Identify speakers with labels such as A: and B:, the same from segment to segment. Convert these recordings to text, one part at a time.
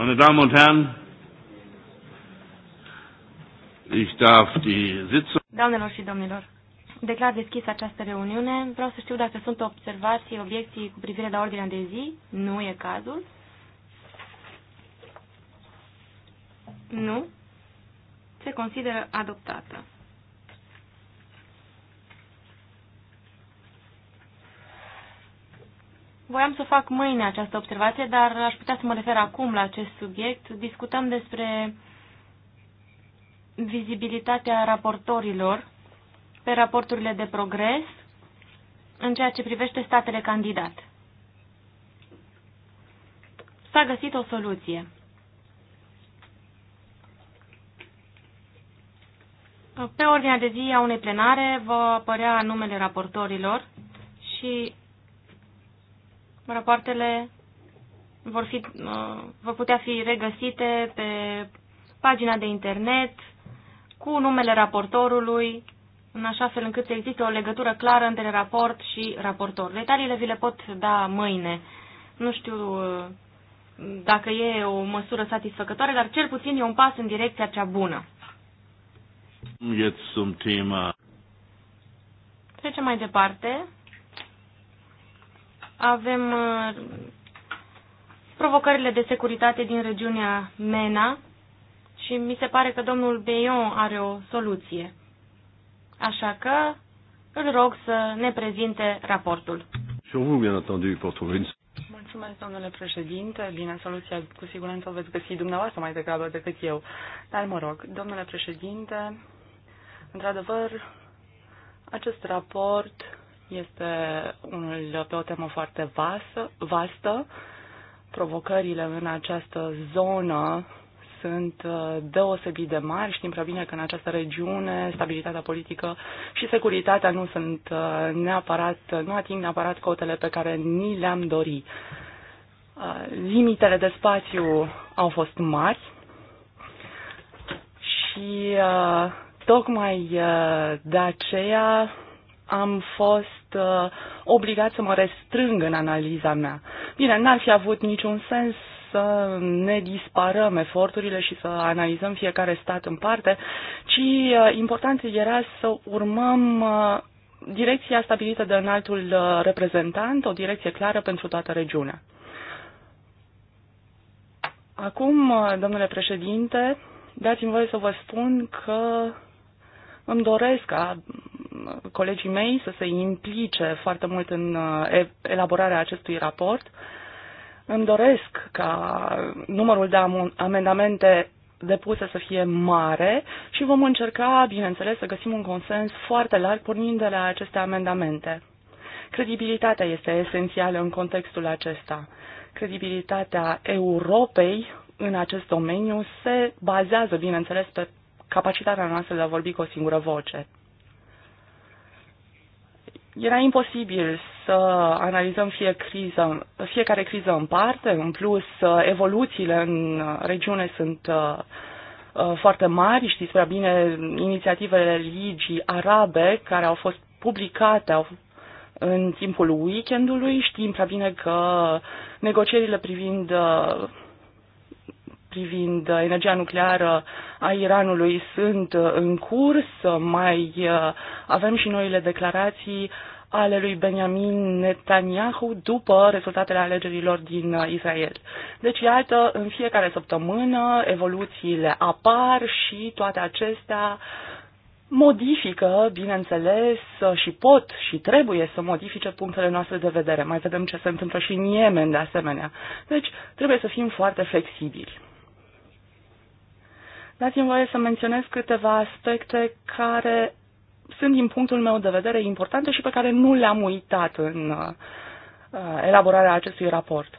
A: Meine Damen und Herren,
B: ich darf die Sitzung.
A: Doamnelor și domnilor, declar deschis această reuniune. Vreau să știu dacă sunt observații, obiecții cu privire la ordinea de zi. Nu e cazul. Nu. Se consideră adoptată. Voiam să fac mâine această observație, dar aș putea să mă refer acum la acest subiect. Discutăm despre vizibilitatea raportorilor pe raporturile de progres în ceea ce privește statele candidat. s-a găsit o soluție. Pe ordinea de zi a unei plenare va apărea numele raportorilor și Rapoartele vor, fi, uh, vor putea fi regăsite pe pagina de internet cu numele raportorului, în așa fel încât să existe o legătură clară între raport și raportor. Detaliile vi le pot da mâine. Nu știu uh, dacă e o măsură satisfăcătoare, dar cel puțin e un pas în direcția cea bună. Trecem mai departe avem uh, provocările de securitate din regiunea MENA și mi se pare că domnul Beion are o soluție. Așa că îl rog să ne prezinte raportul. Mulțumesc, domnule președinte.
C: Bine, soluția cu siguranță o veți găsi dumneavoastră mai degrabă decât eu. Dar mă rog, domnule președinte, într-adevăr, acest raport este unul pe o temă foarte vasă, vastă. Provocările în această zonă sunt uh, deosebit de mari. Știm prea bine că în această regiune stabilitatea politică și securitatea nu sunt uh, neapărat, nu ating neapărat cotele pe care ni le-am dori. Uh, limitele de spațiu au fost mari și tocmai de aceea am fost uh, obligat să mă restrâng în analiza mea. Bine, n-ar fi avut niciun sens să ne disparăm eforturile și să analizăm fiecare stat în parte, ci uh, important era să urmăm uh, direcția stabilită de înaltul uh, reprezentant, o direcție clară pentru toată regiunea. Acum, uh, domnule președinte, dați-mi voie să vă spun că îmi doresc ca colegii mei să se implice foarte mult în uh, elaborarea acestui raport. Îmi doresc ca numărul de amendamente depuse să fie mare și vom încerca, bineînțeles, să găsim un consens foarte larg pornind de la aceste amendamente. Credibilitatea este esențială în contextul acesta. Credibilitatea Europei în acest domeniu se bazează, bineînțeles, pe capacitatea noastră de a vorbi cu o singură voce. Era imposibil să analizăm fie criză, fiecare criză în parte, în plus evoluțiile în regiune sunt uh, uh, foarte mari, știți prea bine inițiativele ligii arabe care au fost publicate, au în timpul weekendului. Știm prea bine că negocierile privind uh, privind energia nucleară a Iranului sunt în curs, mai avem și noile declarații ale lui Benjamin Netanyahu după rezultatele alegerilor din uh, Israel. Deci, iată, în fiecare săptămână evoluțiile apar și toate acestea modifică, bineînțeles, uh, și pot și trebuie să modifice punctele noastre de vedere. Mai vedem ce se întâmplă și în Yemen, de asemenea. Deci, trebuie să fim foarte flexibili. Dați-mi voie să menționez câteva aspecte care sunt, din punctul meu de vedere, importante și pe care nu le-am uitat în uh, elaborarea acestui raport.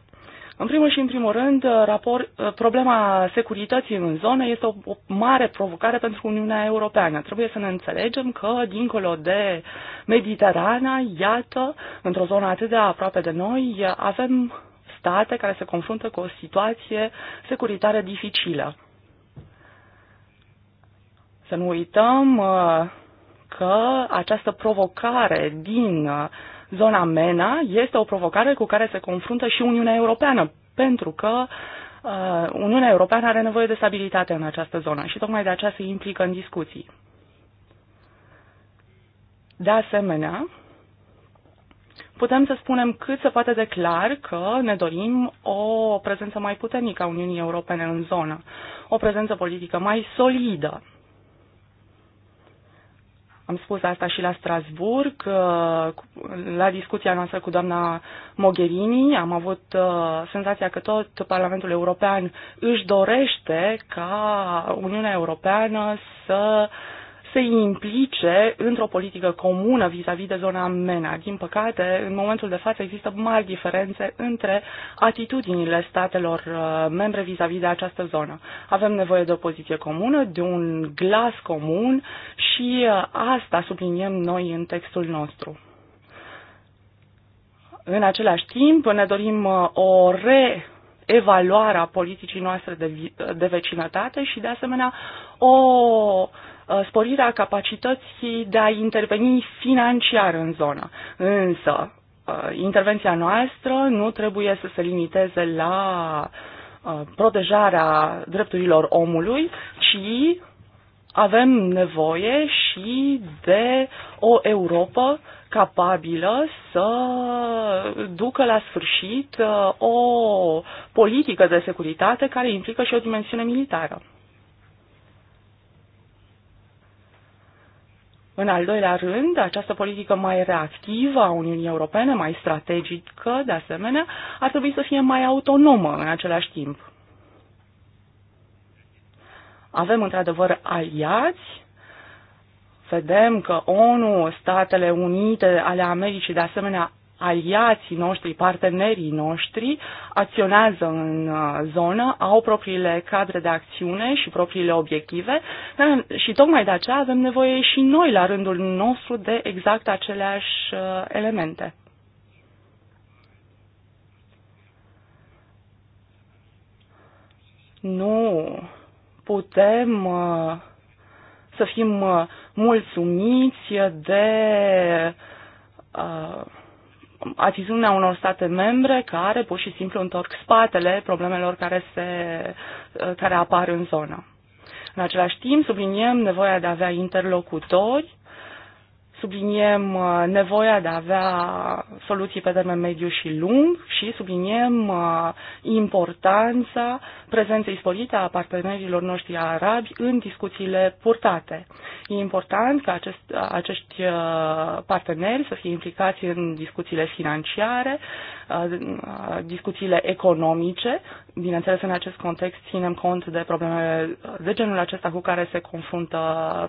C: În primul și în primul rând, uh, raport, uh, problema securității în zonă este o, o mare provocare pentru Uniunea Europeană. Trebuie să ne înțelegem că, dincolo de Mediterana, iată, într-o zonă atât de aproape de noi, avem state care se confruntă cu o situație securitară dificilă. Să nu uităm, că această provocare din uh, zona MENA este o provocare cu care se confruntă și Uniunea Europeană, pentru că uh, Uniunea Europeană are nevoie de stabilitate în această zonă și tocmai de aceea se implică în discuții. De asemenea, putem să spunem cât se poate de clar că ne dorim o prezență mai puternică a Uniunii Europene în zonă, o prezență politică mai solidă. Am spus asta și la Strasburg, uh, la discuția noastră cu doamna Mogherini. Am avut uh, senzația că tot Parlamentul European își dorește ca Uniunea Europeană să uh, se implice într-o politică comună vis-a-vis -vis de zona MENA. Din păcate, în momentul de față există mari diferențe între atitudinile statelor uh, membre vis-a-vis -vis de această zonă. Avem nevoie de o poziție comună, de un glas comun și uh, asta subliniem noi în textul nostru. În același timp, ne dorim uh, o re evaluarea politicii noastre de, de vecinătate și, de asemenea, o uh, Uh, sporirea capacității de a interveni financiar în zonă. Însă, uh, intervenția noastră nu trebuie să se limiteze la uh, protejarea drepturilor omului, ci avem nevoie și de o Europa capabilă să ducă la sfârșit o politică de securitate care implică și o dimensiune militară. În al doilea rând, această politică mai reactivă a Uniunii Europene, mai strategică, de asemenea, ar trebui să fie mai autonomă în același timp. Avem, într-adevăr, aliați. Vedem că ONU, Statele Unite ale Americii, de asemenea, aliații noștri, partenerii noștri acționează în uh, zonă, au propriile cadre de acțiune și propriile obiective și tocmai de aceea avem nevoie și noi la rândul nostru de exact aceleași uh, elemente. Nu putem uh, să fim mulțumiți de uh, atitudinea unor state membre care pur și simplu întorc spatele problemelor care, se, care apar în zonă. În același timp, subliniem nevoia de a avea interlocutori subliniem uh, nevoia de a avea soluții pe termen mediu și lung și subliniem uh, importanța prezenței sporite a partenerilor noștri arabi în discuțiile purtate. E important ca acest, uh, acești parteneri să fie implicați în discuțiile financiare, discuțiile economice. Bineînțeles, în acest context ținem cont de problemele de genul acesta cu care se confruntă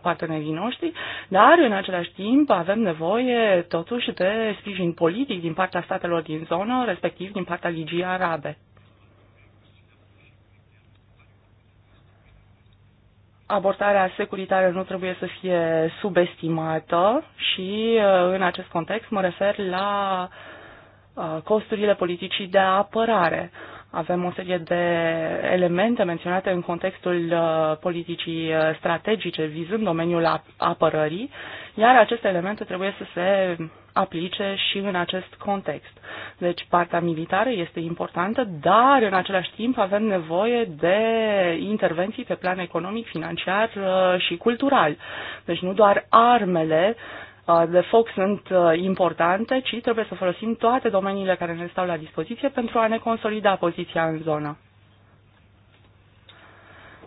C: partenerii noștri, dar în același timp avem nevoie totuși de sprijin politic din partea statelor din zonă, respectiv din partea Ligii Arabe. abordarea securitară nu trebuie să fie subestimată și în acest context mă refer la uh, Uh, costurile politicii de apărare. Avem o serie de elemente menționate în contextul uh, politicii uh, strategice vizând domeniul apărării, iar aceste elemente trebuie să se aplice și în acest context. Deci partea militară este importantă, dar în același timp avem nevoie de intervenții pe plan economic, financiar și cultural. Deci nu doar armele de uh, foc sunt uh, importante, ci trebuie să folosim toate domeniile care ne stau la dispoziție pentru a ne consolida poziția în zonă.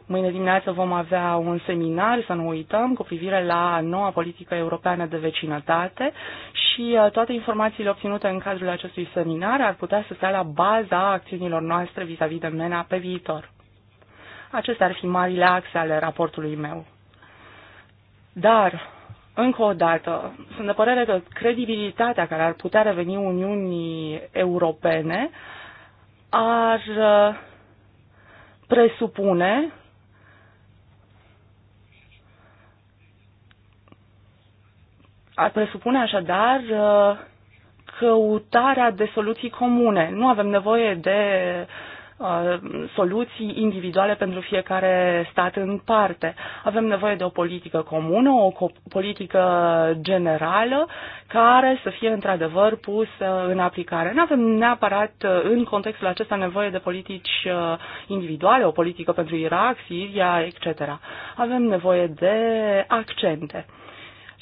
C: Mâine dimineață vom avea un seminar, să nu uităm, cu privire la noua politică europeană de vecinătate și uh, toate informațiile obținute în cadrul acestui seminar ar putea să stea la baza acțiunilor noastre vis-a-vis -vis de MENA pe viitor. Acestea ar fi marile axe ale raportului meu. Dar încă o dată, sunt de părere că credibilitatea care ar putea reveni Uniunii Europene ar uh, presupune ar presupune așadar uh, căutarea de soluții comune. Nu avem nevoie de uh, Uh, soluții individuale pentru fiecare stat în parte. Avem nevoie de o politică comună, o politică generală care să fie într-adevăr pusă în aplicare. Nu avem neapărat uh, în contextul acesta nevoie de politici uh, individuale, o politică pentru Irak, Siria, etc. Avem nevoie de accente.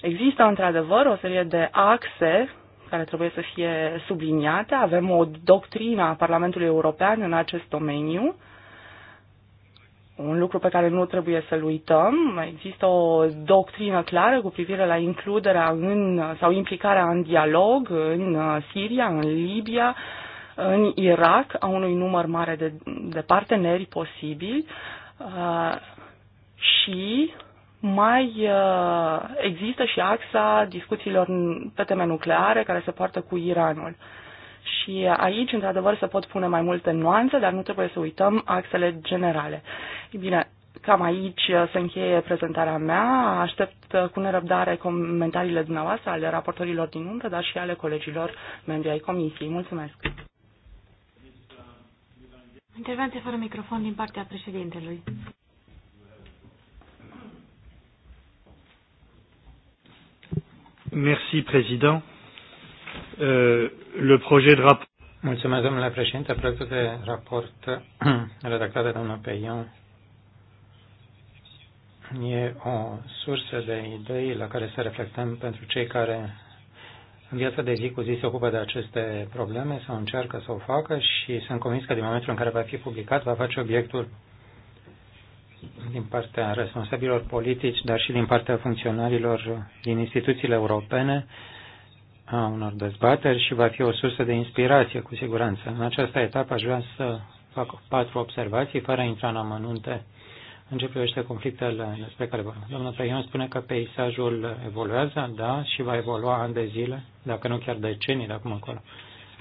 C: Există într-adevăr o serie de axe care trebuie să fie subliniate. Avem o doctrină a Parlamentului European în acest domeniu. Un lucru pe care nu trebuie să-l uităm, există o doctrină clară cu privire la includerea în, sau implicarea în dialog în uh, Siria, în Libia, în Irak, a unui număr mare de, de parteneri posibili uh, și uh, mai uh, există și axa discuțiilor pe teme nucleare care se poartă cu Iranul. Și aici, într-adevăr, se pot pune mai multe nuanțe, dar nu trebuie să uităm axele generale. Ei bine, cam aici uh, se încheie prezentarea mea. Aștept uh, cu nerăbdare comentariile dumneavoastră ale raportorilor din umbră, dar și ale colegilor membri ai comisiei. Mulțumesc!
A: Intervenție fără microfon din partea președintelui.
B: Merci, Président. Euh, le projet de rapport. Mulțumesc, domnule președinte. Proiectul de raport redactat de domnul Peion e o sursă de idei la care să reflectăm pentru cei care în viața de zi cu zi se ocupă de aceste probleme sau încearcă să o facă și sunt convins că din momentul în care va fi publicat va face obiectul din partea responsabilor politici, dar și din partea funcționarilor din instituțiile europene a unor dezbateri și va fi o sursă de inspirație, cu siguranță. În această etapă aș vrea să fac patru observații, fără a intra în amănunte în ce privește conflictele despre care vorbim. Domnul Traian spune că peisajul evoluează, da, și va evolua ani de zile, dacă nu chiar decenii de acum încolo.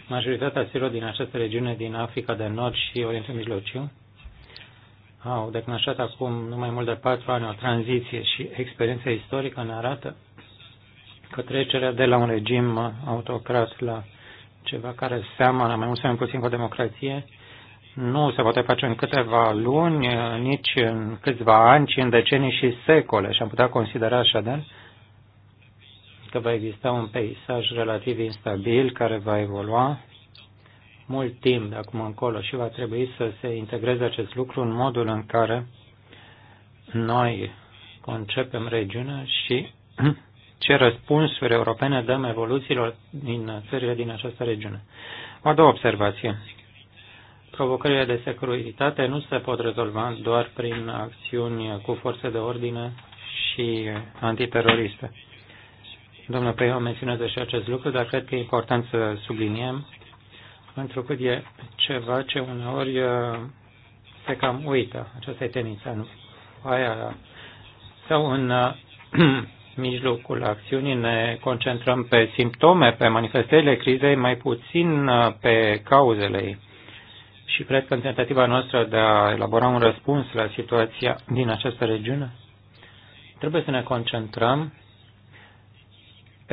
B: Majoritatea sirilor din această regiune din Africa de Nord și Orientul Mijlociu au declanșat acum nu mai mult de patru ani o tranziție și experiența istorică ne arată că trecerea de la un regim autocrat la ceva care seamănă mai mult sau mai puțin cu o democrație nu se poate face în câteva luni, nici în câțiva ani, ci în decenii și secole. Și am putea considera așadar că va exista un peisaj relativ instabil care va evolua mult timp de acum încolo și va trebui să se integreze acest lucru în modul în care noi concepem regiunea și ce răspunsuri europene dăm evoluțiilor din țările din această regiune. O a doua observație. Provocările de securitate nu se pot rezolva doar prin acțiuni cu forțe de ordine și antiteroriste. Domnul Peiu menționează și acest lucru, dar cred că e important să subliniem întrucât e ceva ce uneori se cam uită. Aceasta e tenința, nu? aia. Sau în mijlocul acțiunii ne concentrăm pe simptome, pe manifestările crizei, mai puțin uh, pe cauzele ei. Și cred că în tentativa noastră de a elabora un răspuns la situația din această regiune, trebuie să ne concentrăm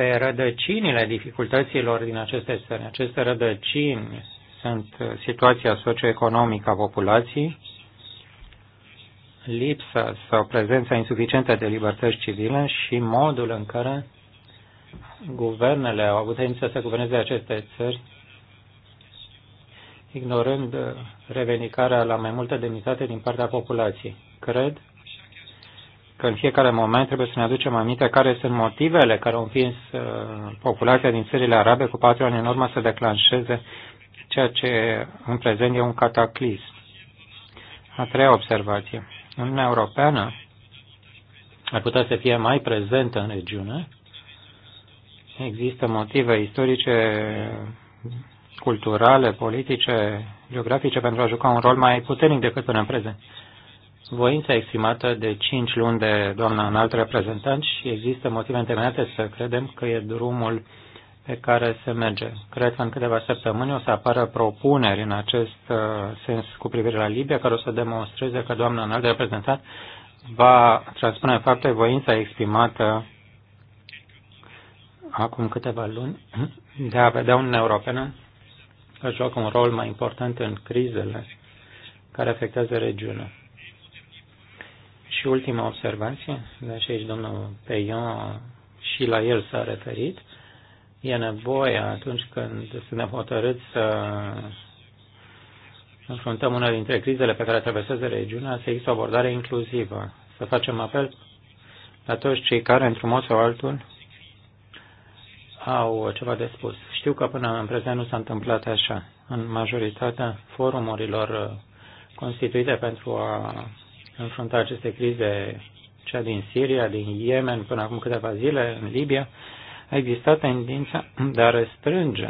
B: pe rădăcinile dificultăților din aceste țări. Aceste rădăcini sunt situația socioeconomică a populației, lipsa sau prezența insuficientă de libertăți civile și modul în care guvernele au avut tendința să guverneze aceste țări, ignorând revendicarea la mai multă demnitate din partea populației. Cred că în fiecare moment trebuie să ne aducem aminte care sunt motivele care au învins uh, populația din țările arabe cu patru ani în urmă să declanșeze ceea ce în prezent e un cataclism. A treia observație. Uniunea Europeană ar putea să fie mai prezentă în regiune. Există motive istorice, culturale, politice, geografice pentru a juca un rol mai puternic decât până în prezent voința exprimată de cinci luni de doamna înalt reprezentant și există motive întemeiate să credem că e drumul pe care se merge. Cred că în câteva săptămâni o să apară propuneri în acest uh, sens cu privire la Libia, care o să demonstreze că doamna înalt reprezentant va transpune în fapte voința exprimată acum câteva luni de a vedea un Europeană că joacă un rol mai important în crizele care afectează regiunea. Și ultima observație, deci aici domnul Peion și la el s-a referit, e nevoie atunci când suntem hotărâți să înfruntăm una dintre crizele pe care traversează regiunea, să există o abordare inclusivă, să facem apel la toți cei care, într-un mod sau altul, au ceva de spus. Știu că până în prezent nu s-a întâmplat așa. În majoritatea forumurilor constituite pentru a înfrunta aceste crize, cea din Siria, din Yemen, până acum câteva zile, în Libia, a existat tendința de a restrânge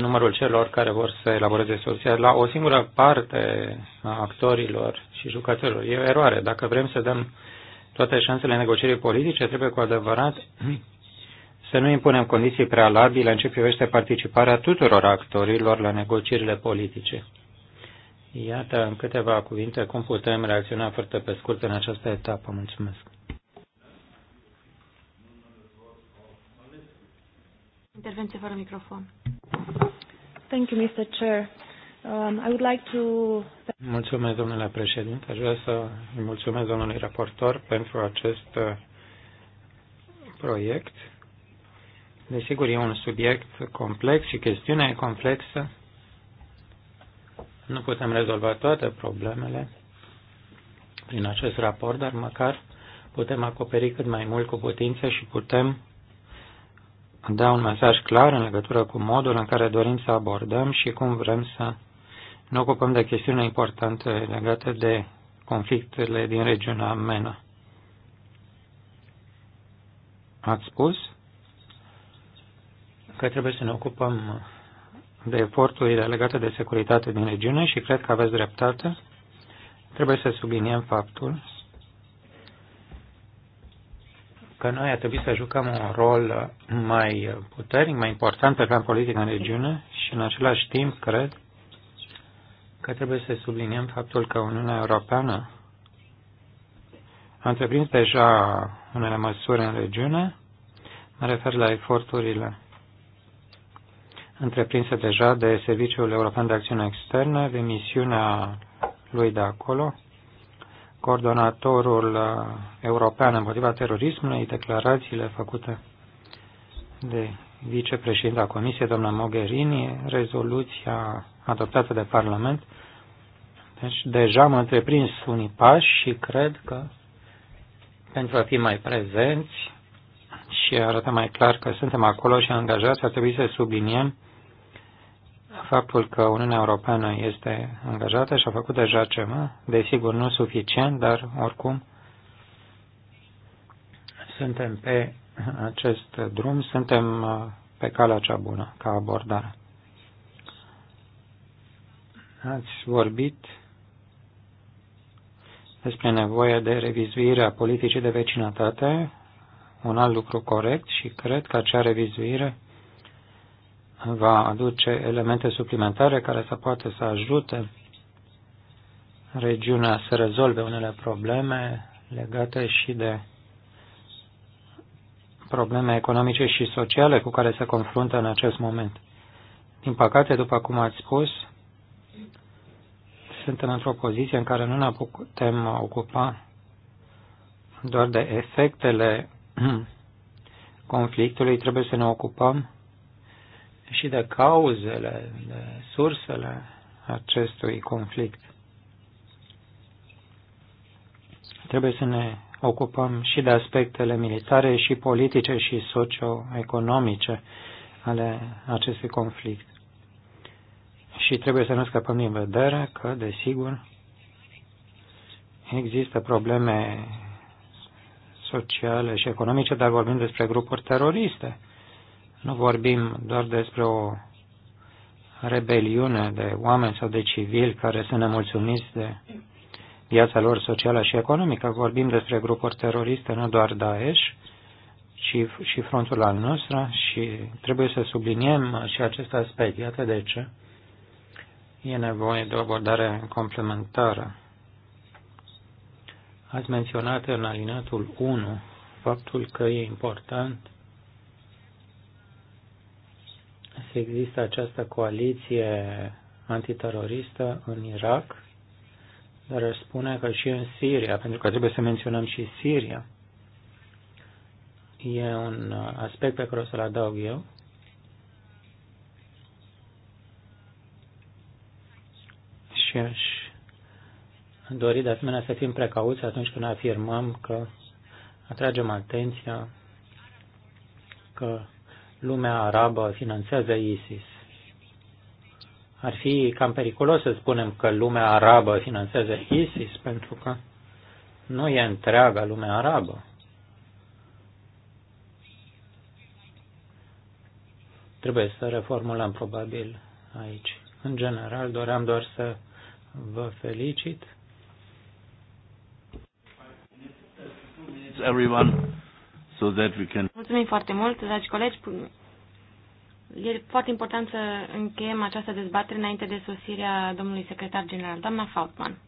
B: numărul celor care vor să elaboreze soluția la o singură parte a actorilor și jucătorilor. E o eroare. Dacă vrem să dăm toate șansele negocierii politice, trebuie cu adevărat să nu impunem condiții prealabile în ce privește participarea tuturor actorilor la negocierile politice. Iată, în câteva cuvinte, cum putem reacționa foarte pe scurt în această etapă. Mulțumesc.
A: Intervenție fără microfon. Thank you, Mr. Chair. Um, I would like to...
B: Mulțumesc, domnule președinte. Aș vrea să îi mulțumesc domnului raportor pentru acest uh, proiect. Desigur, e un subiect complex și e complexă nu putem rezolva toate problemele prin acest raport, dar măcar putem acoperi cât mai mult cu putință și putem da un mesaj clar în legătură cu modul în care dorim să abordăm și cum vrem să ne ocupăm de chestiuni importante legate de conflictele din regiunea MENA. Ați spus că trebuie să ne ocupăm de eforturile legate de securitate din regiune și cred că aveți dreptate. Trebuie să subliniem faptul că noi a trebuit să jucăm un rol mai puternic, mai important pe plan politic în regiune și în același timp cred că trebuie să subliniem faptul că Uniunea Europeană a întreprins deja unele măsuri în regiune. Mă refer la eforturile întreprinse deja de Serviciul European de Acțiune Externă, de misiunea lui de acolo, coordonatorul uh, european împotriva terorismului, declarațiile făcute de vicepreședinta Comisiei, doamna Mogherini, rezoluția adoptată de Parlament. Deci deja am întreprins unii pași și cred că pentru a fi mai prezenți și arată mai clar că suntem acolo și angajați, ar trebui să subliniem faptul că Uniunea Europeană este angajată și a făcut deja ceva, desigur nu suficient, dar oricum suntem pe acest drum, suntem uh, pe calea cea bună ca abordare. Ați vorbit despre nevoia de revizuire a politicii de vecinătate, un alt lucru corect și cred că acea revizuire va aduce elemente suplimentare care să poată să ajute regiunea să rezolve unele probleme legate și de probleme economice și sociale cu care se confruntă în acest moment. Din păcate, după cum ați spus, suntem într-o poziție în care nu ne putem ocupa doar de efectele conflictului, trebuie să ne ocupăm și de cauzele, de sursele acestui conflict. Trebuie să ne ocupăm și de aspectele militare și politice și socioeconomice ale acestui conflict. Și trebuie să nu scăpăm din vedere că, desigur, există probleme sociale și economice, dar vorbim despre grupuri teroriste nu vorbim doar despre o rebeliune de oameni sau de civili care sunt nemulțumiți de viața lor socială și economică. Vorbim despre grupuri teroriste, nu doar Daesh, ci și frontul al nostru și trebuie să subliniem și acest aspect. Iată de ce e nevoie de o abordare complementară. Ați menționat în alinatul 1 faptul că e important există această coaliție antiteroristă în Irak, dar aș spune că și în Siria, pentru că trebuie să menționăm și Siria. E un aspect pe care o să-l adaug eu. Și aș dori de asemenea să fim precauți atunci când afirmăm că atragem atenția că lumea arabă finanțează ISIS. Ar fi cam periculos să spunem că lumea arabă finanțează ISIS, pentru că nu e întreaga lume arabă. Trebuie să reformulăm probabil aici. În general, doream doar să vă felicit.
A: everyone so that we can... Mulțumim foarte mult, dragi colegi. E foarte important să încheiem această dezbatere înainte de sosirea domnului secretar general, doamna Fautman.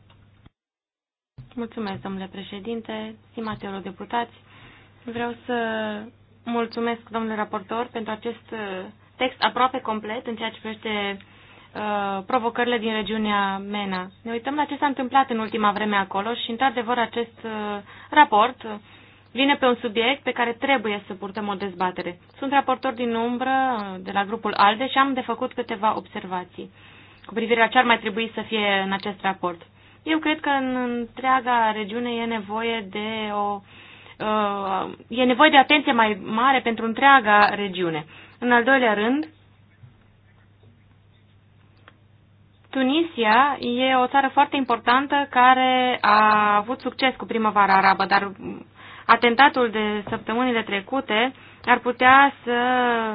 A: Mulțumesc, domnule președinte, stimate eurodeputați. Vreau să mulțumesc, domnule raportor, pentru acest uh, text aproape complet în ceea ce privește uh, provocările din regiunea MENA. Ne uităm la ce s-a întâmplat în ultima vreme acolo și, într-adevăr, acest uh, raport vine pe un subiect pe care trebuie să purtăm o dezbatere. Sunt raportor din umbră de la grupul ALDE și am de făcut câteva observații cu privire la ce ar mai trebui să fie în acest raport. Eu cred că în întreaga regiune e nevoie de o uh, e nevoie de atenție mai mare pentru întreaga regiune. În al doilea rând, Tunisia e o țară foarte importantă care a avut succes cu primăvara arabă, dar atentatul de săptămânile trecute ar putea să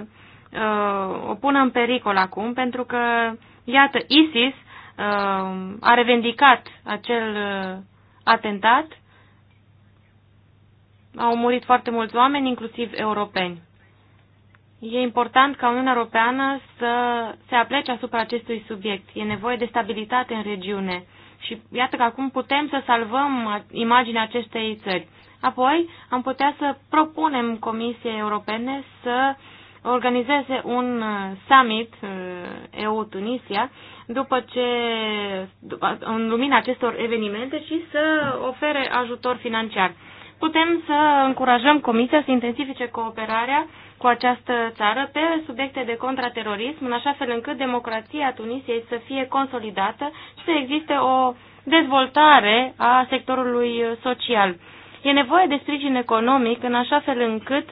A: uh, o pună în pericol acum, pentru că, iată, ISIS uh, a revendicat acel uh, atentat. Au murit foarte mulți oameni, inclusiv europeni. E important ca Uniunea Europeană să se aplece asupra acestui subiect. E nevoie de stabilitate în regiune. Și iată că acum putem să salvăm imaginea acestei țări. Apoi am putea să propunem Comisiei Europene să organizeze un uh, summit uh, EU-Tunisia după ce, în lumina acestor evenimente și să ofere ajutor financiar. Putem să încurajăm Comisia să intensifice cooperarea cu această țară pe subiecte de contraterorism, în așa fel încât democrația Tunisiei să fie consolidată și să existe o dezvoltare a sectorului social. E nevoie de sprijin economic în așa fel încât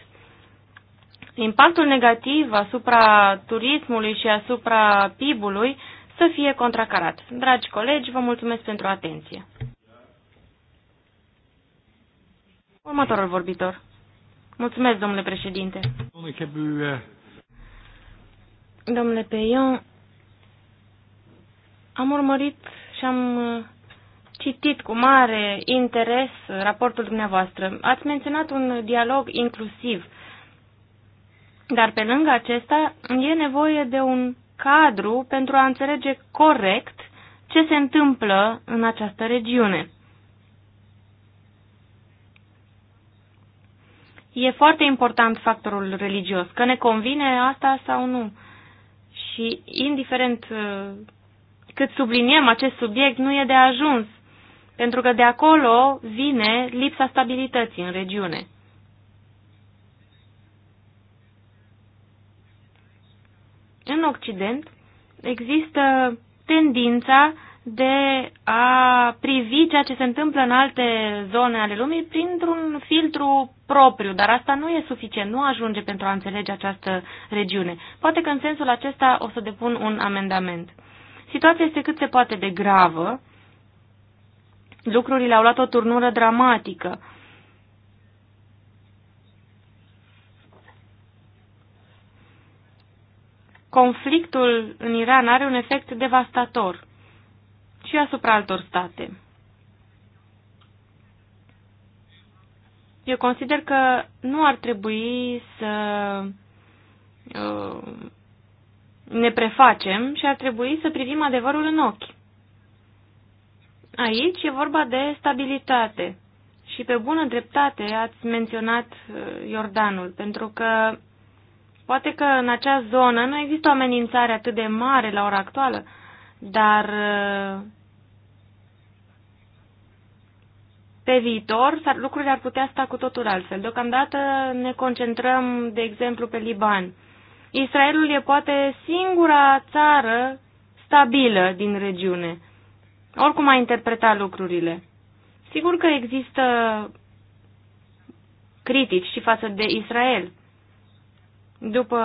A: impactul negativ asupra turismului și asupra PIB-ului să fie contracarat. Dragi colegi, vă mulțumesc pentru atenție. Următorul vorbitor. Mulțumesc, domnule președinte. Domnule Peion, am urmărit și am citit cu mare interes raportul dumneavoastră. Ați menționat un dialog inclusiv, dar pe lângă acesta e nevoie de un cadru pentru a înțelege corect ce se întâmplă în această regiune. E foarte important factorul religios, că ne convine asta sau nu. Și indiferent uh, cât subliniem acest subiect, nu e de ajuns pentru că de acolo vine lipsa stabilității în regiune. În Occident există tendința de a privi ceea ce se întâmplă în alte zone ale lumii printr-un filtru propriu, dar asta nu e suficient, nu ajunge pentru a înțelege această regiune. Poate că în sensul acesta o să depun un amendament. Situația este cât se poate de gravă, lucrurile au luat o turnură dramatică. Conflictul în Iran are un efect devastator și asupra altor state. Eu consider că nu ar trebui să uh, ne prefacem și ar trebui să privim adevărul în ochi. Aici e vorba de stabilitate. Și pe bună dreptate ați menționat uh, Iordanul, pentru că poate că în acea zonă nu există o amenințare atât de mare la ora actuală, dar uh, pe viitor lucrurile ar putea sta cu totul altfel. Deocamdată ne concentrăm, de exemplu, pe Liban. Israelul e poate singura țară stabilă din regiune oricum a interpreta lucrurile. Sigur că există critici și față de Israel. După,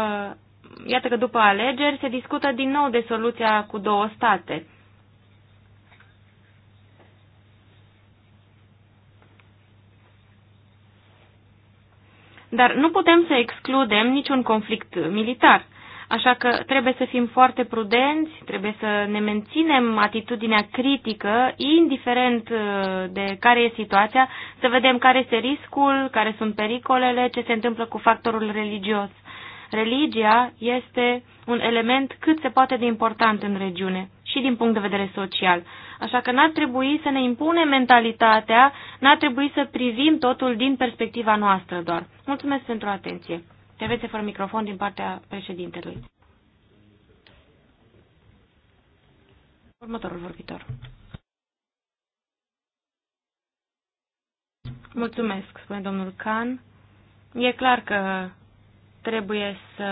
A: iată că după alegeri se discută din nou de soluția cu două state. Dar nu putem să excludem niciun conflict militar. Așa că trebuie să fim foarte prudenți, trebuie să ne menținem atitudinea critică, indiferent uh, de care e situația, să vedem care este riscul, care sunt pericolele, ce se întâmplă cu factorul religios. Religia este un element cât se poate de important în regiune și din punct de vedere social. Așa că n-ar trebui să ne impunem mentalitatea, n-ar trebui să privim totul din perspectiva noastră doar. Mulțumesc pentru atenție! intervenție fără microfon din partea președintelui. Următorul vorbitor. Mulțumesc, spune domnul Can. E clar că trebuie să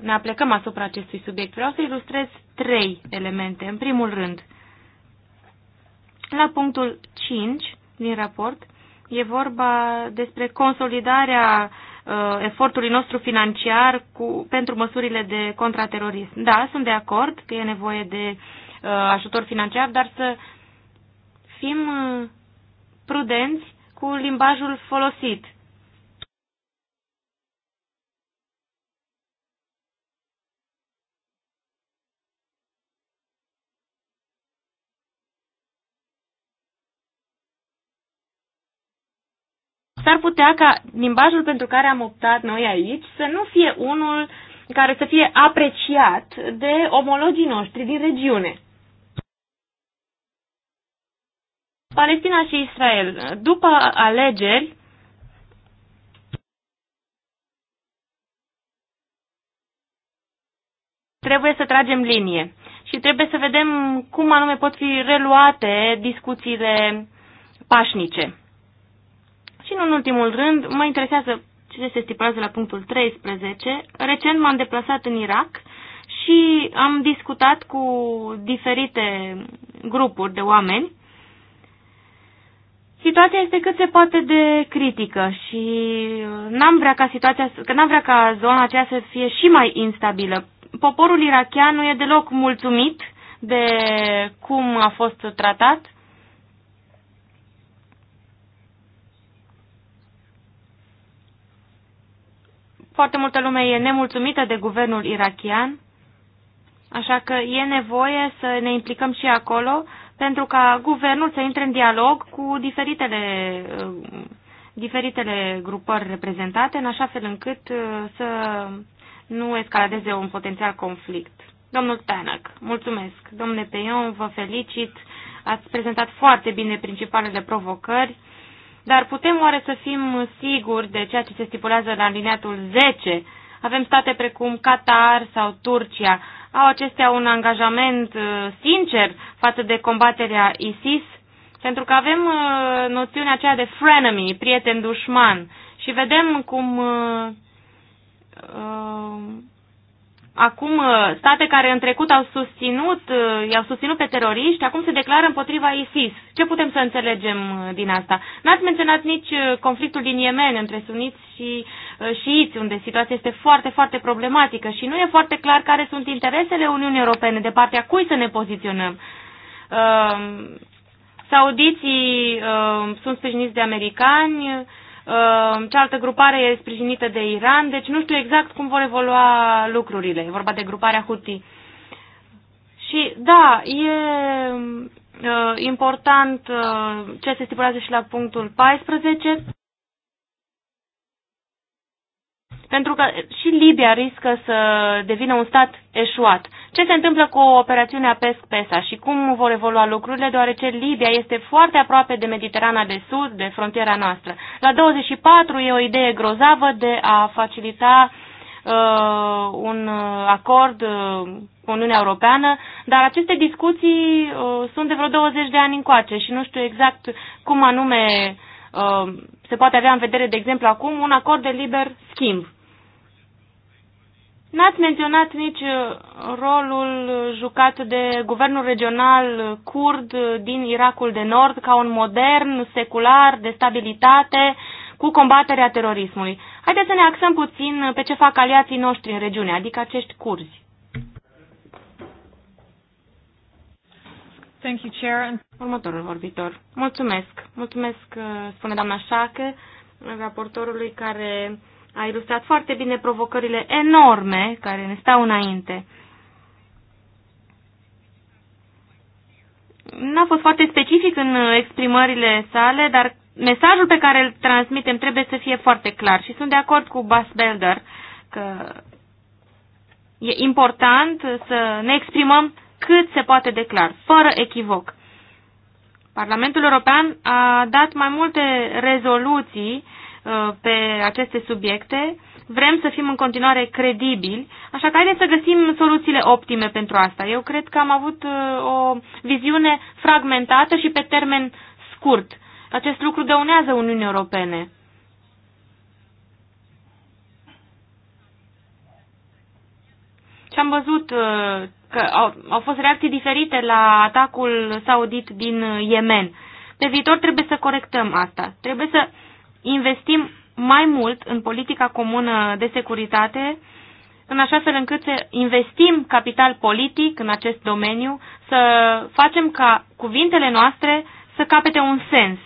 A: ne aplecăm asupra acestui subiect. Vreau să ilustrez trei elemente. În primul rând, la punctul 5 din raport, e vorba despre consolidarea Uh, efortului nostru financiar cu, pentru măsurile de contraterorism. Da, sunt de acord că e nevoie de uh, ajutor financiar, dar să fim uh, prudenți cu limbajul folosit. s-ar putea ca limbajul pentru care am optat noi aici să nu fie unul care să fie apreciat de omologii noștri din regiune. Palestina și Israel. După alegeri, trebuie să tragem linie și trebuie să vedem cum anume pot fi reluate discuțiile pașnice. Și, în ultimul rând, mă interesează ce se stipulează la punctul 13. Recent m-am deplasat în Irak și am discutat cu diferite grupuri de oameni. Situația este cât se poate de critică și uh, n-am vrea ca situația, că n-am vrea ca zona aceea să fie și mai instabilă. Poporul irachian nu e deloc mulțumit de cum a fost tratat Foarte multă lume e nemulțumită de guvernul irachian, așa că e nevoie să ne implicăm și acolo pentru ca guvernul să intre în dialog cu diferitele, uh, diferitele grupări reprezentate, în așa fel încât uh, să nu escaladeze un potențial conflict. Domnul Tanak, mulțumesc. Domnule Peion, vă felicit. Ați prezentat foarte bine principalele provocări dar putem oare să fim siguri de ceea ce se stipulează la alineatul 10? Avem state precum Qatar sau Turcia. Au acestea un angajament uh, sincer față de combaterea ISIS? Pentru că avem uh, noțiunea aceea de frenemy, prieten dușman. Și vedem cum uh, Acum, uh, state care în trecut au susținut, uh, i-au susținut pe teroriști, acum se declară împotriva ISIS. Ce putem să înțelegem uh, din asta? N-ați menționat nici conflictul din Yemen între suniți și șiiți, unde situația este foarte, foarte problematică și nu e foarte clar care sunt interesele Uniunii Europene, de partea cui să ne poziționăm. saudiții sunt sprijiniți de americani, Ehm, cealaltă grupare e sprijinită de Iran, deci nu știu exact cum vor evolua lucrurile. E vorba de gruparea Houthi. Și da, e ehm, important ehm, ce se stipulează și la punctul 14, pentru că și Libia riscă să devină un stat eșuat ce se întâmplă cu operațiunea PESC-PESA și cum vor evolua lucrurile, deoarece Libia este foarte aproape de Mediterana de Sud, de frontiera noastră. La 24 e o idee grozavă de a facilita uh, un acord uh, cu Uniunea Europeană, dar aceste discuții uh, sunt de vreo 20 de ani încoace și nu știu exact cum anume uh, se poate avea în vedere, de exemplu, acum un acord de liber schimb. N-ați menționat nici uh, rolul jucat de guvernul regional kurd din Irakul de Nord ca un modern, secular, de stabilitate, cu combaterea terorismului. Haideți să ne axăm puțin pe ce fac aliații noștri în regiune, adică acești curzi. Thank you, Chair. Următorul vorbitor. Mulțumesc. Mulțumesc, uh, spune doamna Șacă, raportorului care a ilustrat foarte bine provocările enorme care ne stau înainte. N-a fost foarte specific în exprimările sale, dar mesajul pe care îl transmitem trebuie să fie foarte clar și sunt de acord cu Bas Belder că e important să ne exprimăm cât se poate de clar, fără echivoc. Parlamentul European a dat mai multe rezoluții Uh, pe aceste subiecte. Vrem să fim în continuare credibili, așa că haideți să găsim soluțiile optime pentru asta. Eu cred că am avut uh, o viziune fragmentată și pe termen scurt. Acest lucru dăunează Uniunii Europene. Și am văzut uh, că au, au fost reacții diferite la atacul saudit din Yemen. Pe viitor trebuie să corectăm asta. Trebuie să investim mai mult în politica comună de securitate, în așa fel încât să investim capital politic în acest domeniu, să facem ca cuvintele noastre să capete un sens.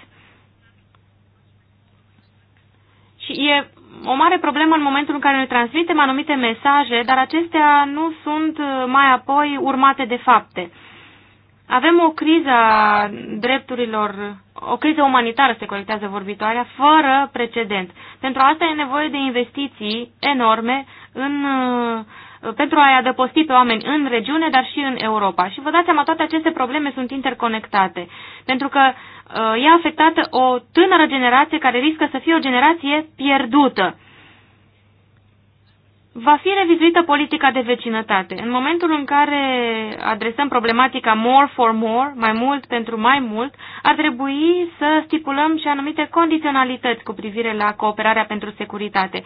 A: Și e o mare problemă în momentul în care ne transmitem anumite mesaje, dar acestea nu sunt mai apoi urmate de fapte. Avem o criză a drepturilor o criză umanitară, se corectează vorbitoarea, fără precedent. Pentru asta e nevoie de investiții enorme în, uh, pentru a-i adăposti pe oameni în regiune, dar și în Europa. Și vă dați seama, toate aceste probleme sunt interconectate, pentru că uh, e afectată o tânără generație care riscă să fie o generație pierdută va fi revizuită politica de vecinătate. În momentul în care adresăm problematica more for more, mai mult pentru mai mult, ar trebui să stipulăm și anumite condiționalități cu privire la cooperarea pentru securitate.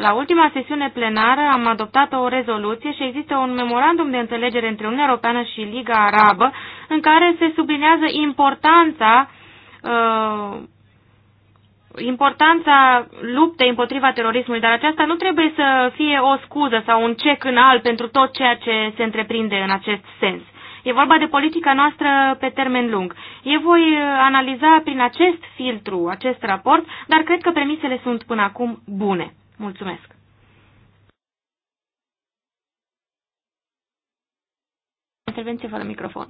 A: La ultima sesiune plenară am adoptat o rezoluție și există un memorandum de înțelegere între Uniunea Europeană și Liga Arabă în care se sublinează importanța uh, importanța luptei împotriva terorismului, dar aceasta nu trebuie să fie o scuză sau un cec în alt pentru tot ceea ce se întreprinde în acest sens. E vorba de politica noastră pe termen lung. Eu voi uh, analiza prin acest filtru acest raport, dar cred că premisele sunt până acum bune. Mulțumesc! Intervenție fără microfon.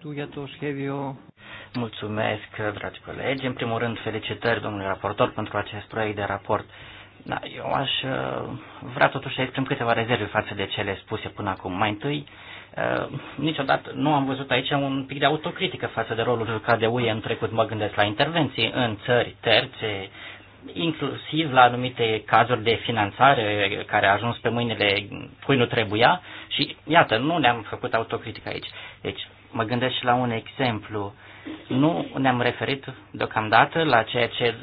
D: tu, Mulțumesc, dragi colegi. În primul rând, felicitări, domnule raportor, pentru acest proiect de raport. Da, eu aș uh, vrea totuși să exprim câteva rezerve față de cele spuse până acum. Mai întâi, uh, niciodată nu am văzut aici un pic de autocritică față de rolul jucat de UE în trecut. Mă gândesc la intervenții în țări terțe, inclusiv la anumite cazuri de finanțare care a ajuns pe mâinile cui nu trebuia și iată, nu ne-am făcut autocritică aici. Deci, Mă gândesc și la un exemplu. Nu ne-am referit deocamdată la ceea ce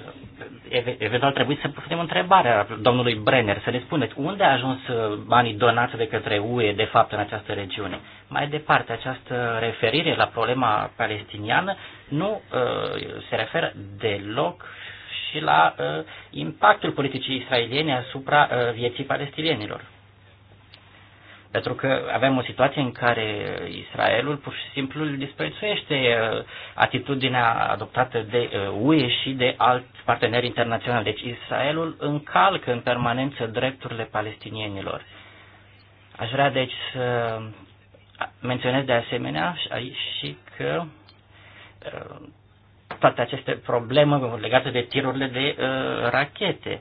D: eventual trebuie să punem întrebarea domnului Brenner, să ne spuneți unde a ajuns uh, banii donați de către UE de fapt în această regiune. Mai departe, această referire la problema palestiniană nu uh, se referă deloc și la uh, impactul politicii israeliene asupra uh, vieții palestinienilor. Pentru că avem o situație în care Israelul pur și simplu disprețuiește atitudinea adoptată de UE și de alți parteneri internaționali. Deci Israelul încalcă în permanență drepturile palestinienilor. Aș vrea deci să menționez de asemenea și că toate aceste probleme legate de tirurile de rachete.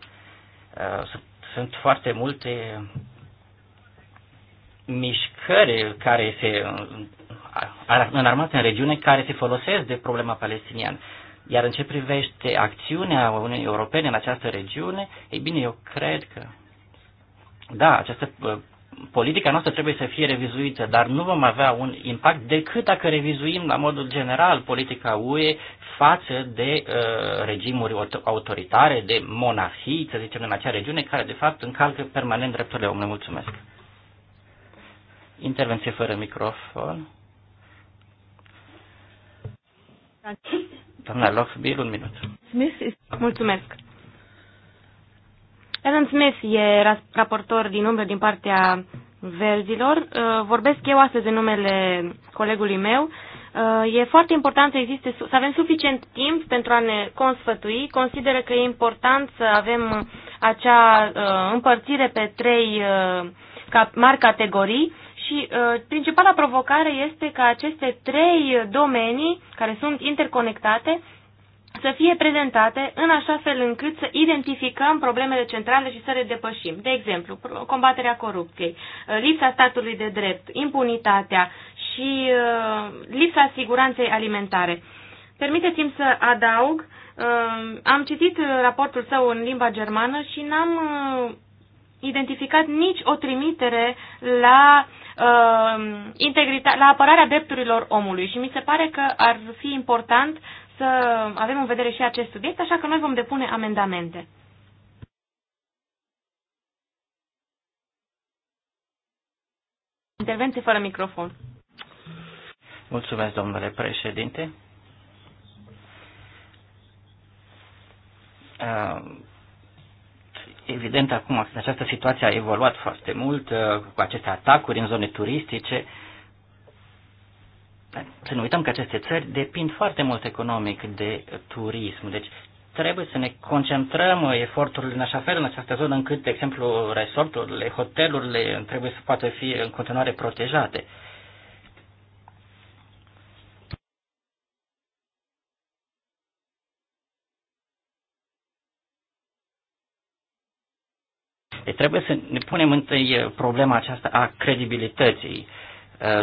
D: Sunt foarte multe mișcări care se în armată în regiune care se folosesc de problema palestiniană. Iar în ce privește acțiunea Uniunii Europene în această regiune, ei bine, eu cred că, da, această politica noastră trebuie să fie revizuită, dar nu vom avea un impact decât dacă revizuim la modul general politica UE față de uh, regimuri autoritare, de monarhii, să zicem, în acea regiune, care de fapt încalcă permanent drepturile omului. Mulțumesc! Intervenție fără microfon. Doamna bine un minut.
A: Mulțumesc. Alan Smith e raportor din umbră din partea verzilor. Uh, vorbesc eu astăzi în numele colegului meu. Uh, e foarte important să existe, să avem suficient timp pentru a ne consfătui. Consideră că e important să avem acea uh, împărțire pe trei mari categorii și uh, principala provocare este ca aceste trei domenii care sunt interconectate să fie prezentate în așa fel încât să identificăm problemele centrale și să le depășim. De exemplu, combaterea corupției, uh, lipsa statului de drept, impunitatea și uh, lipsa siguranței alimentare. Permiteți-mi să adaug, uh, am citit raportul său în limba germană și n-am identificat nici o trimitere la Um, la apărarea drepturilor omului și mi se pare că ar fi important să avem în vedere și acest subiect, așa că noi vom depune amendamente. Intervenție fără microfon.
D: Mulțumesc, domnule președinte. Uh, Evident, acum această situație a evoluat foarte mult uh, cu aceste atacuri în zone turistice. Să nu uităm că aceste țări depind foarte mult economic de turism. Deci trebuie să ne concentrăm eforturile în așa fel în această zonă încât, de exemplu, resorturile, hotelurile trebuie să poată fi în continuare protejate. Trebuie să ne punem întâi problema aceasta a credibilității.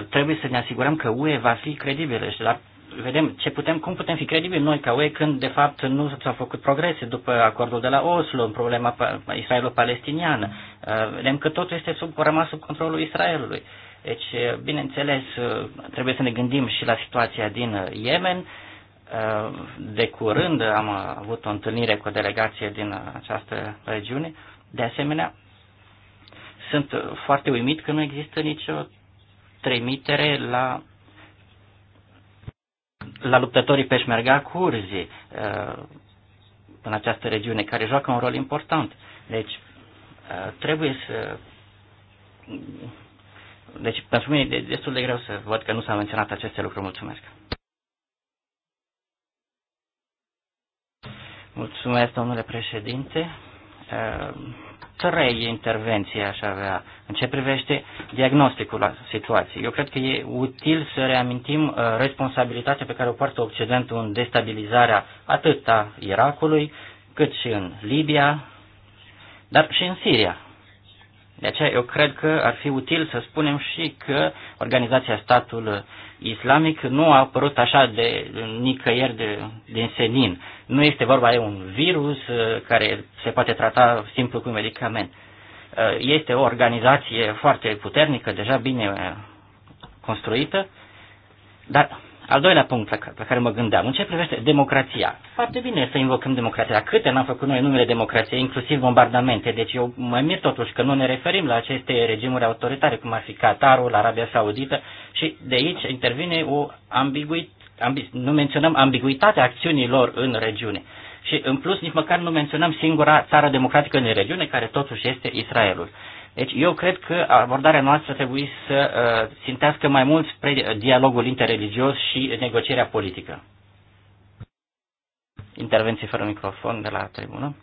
D: Trebuie să ne asigurăm că UE va fi credibilă și la vedem ce putem, cum putem fi credibili noi ca UE când de fapt nu s-au făcut progrese după acordul de la Oslo în problema israelo-palestiniană. Vedem că totul este sub, rămas sub controlul Israelului. Deci, bineînțeles, trebuie să ne gândim și la situația din Yemen. De curând am avut o întâlnire cu o delegație din această regiune. De asemenea, sunt foarte uimit că nu există nicio trimitere la la luptătorii peșmerga curzi uh, în această regiune, care joacă un rol important. Deci, uh, trebuie să... Deci, pentru mine e destul de greu să văd că nu s a menționat aceste lucruri. Mulțumesc! Mulțumesc, domnule președinte. Uh, trei intervenții aș avea în ce privește diagnosticul la situației. Eu cred că e util să reamintim uh, responsabilitatea pe care o poartă Occidentul în destabilizarea atât a Irakului, cât și în Libia, dar și în Siria. De aceea eu cred că ar fi util să spunem și că organizația statul islamic nu a apărut așa de nicăieri de, din senin. Nu este vorba de un virus uh, care se poate trata simplu cu un medicament. Uh, este o organizație foarte puternică, deja bine uh, construită, dar al doilea punct la, la care mă gândeam, în ce privește democrația. Foarte bine să invocăm democrația. Câte n-am făcut noi numele democrației, inclusiv bombardamente. Deci eu mă mir totuși că nu ne referim la aceste regimuri autoritare, cum ar fi Qatarul, Arabia Saudită și de aici intervine o ambiguitate, ambi, nu menționăm ambiguitatea acțiunilor în regiune. Și în plus nici măcar nu menționăm singura țară democratică în regiune, care totuși este Israelul. Deci eu cred că abordarea noastră trebuie să uh, mai mult spre dialogul interreligios și negocierea politică. Intervenții fără microfon de la tribună.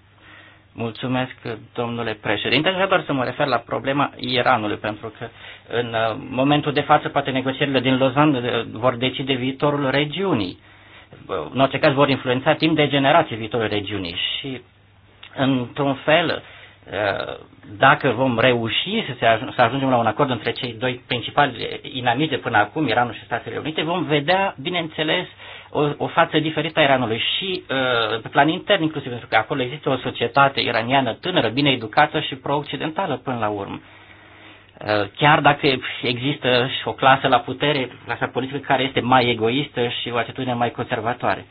D: Mulțumesc, domnule președinte. Vreau doar să mă refer la problema Iranului, pentru că în uh, momentul de față poate negocierile din Lausanne uh, vor decide viitorul regiunii. Uh, în orice caz vor influența timp de generații viitorul regiunii și, într-un fel, uh, Eh, dacă vom reuși să, se ajung, să ajungem la un acord între cei doi principali inamici de până acum, Iranul și Statele Unite, vom vedea, bineînțeles, o, o față diferită a Iranului și uh, pe plan intern, inclusiv pentru că acolo există o societate iraniană tânără, bine educată și pro-occidentală până la urmă. Eh, chiar dacă există și o clasă la putere, clasa politică care este mai egoistă și o atitudine mai conservatoare.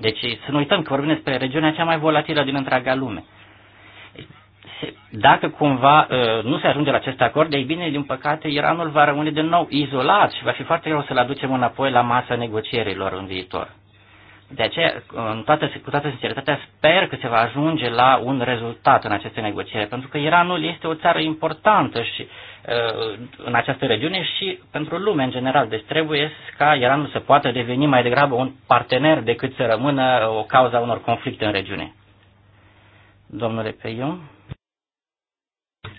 D: Deci să nu uităm că vorbim despre regiunea cea mai volatilă din întreaga lume. Deci, dacă cumva uh, nu se ajunge la acest acord, ei bine, din păcate, Iranul va rămâne din nou izolat și va fi foarte greu să-l aducem înapoi la masa negocierilor în viitor. De aceea, în toată, cu toată sinceritatea, sper că se va ajunge la un rezultat în aceste negocieri, pentru că Iranul este o țară importantă și uh, în această regiune și pentru lume în general. Deci trebuie ca Iranul să poată deveni mai degrabă un partener decât să rămână o cauza unor conflicte în regiune. Domnule Peiu.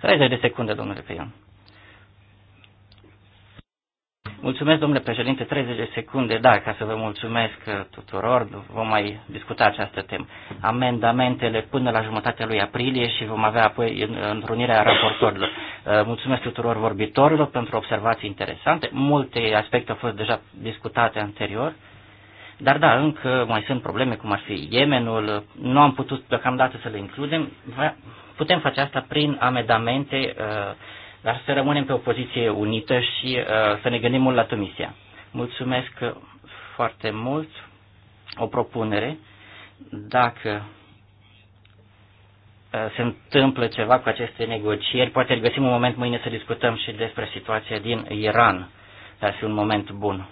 D: 30 de secunde, domnule Peion. Mulțumesc, domnule președinte, 30 de secunde, da, ca să vă mulțumesc uh, tuturor, vom mai discuta această temă. Amendamentele până la jumătatea lui aprilie și vom avea apoi uh, întrunirea raportorilor. Uh, mulțumesc tuturor vorbitorilor pentru observații interesante. Multe aspecte au fost deja discutate anterior. Dar da, încă mai sunt probleme, cum ar fi Yemenul, nu am putut deocamdată să le includem. Putem face asta prin amendamente, uh, dar să rămânem pe o poziție unită și uh, să ne gândim mult la Tunisia. Mulțumesc foarte mult. O propunere. Dacă uh, se întâmplă ceva cu aceste negocieri, poate găsim un moment mâine să discutăm și despre situația din Iran. Ar fi un moment bun.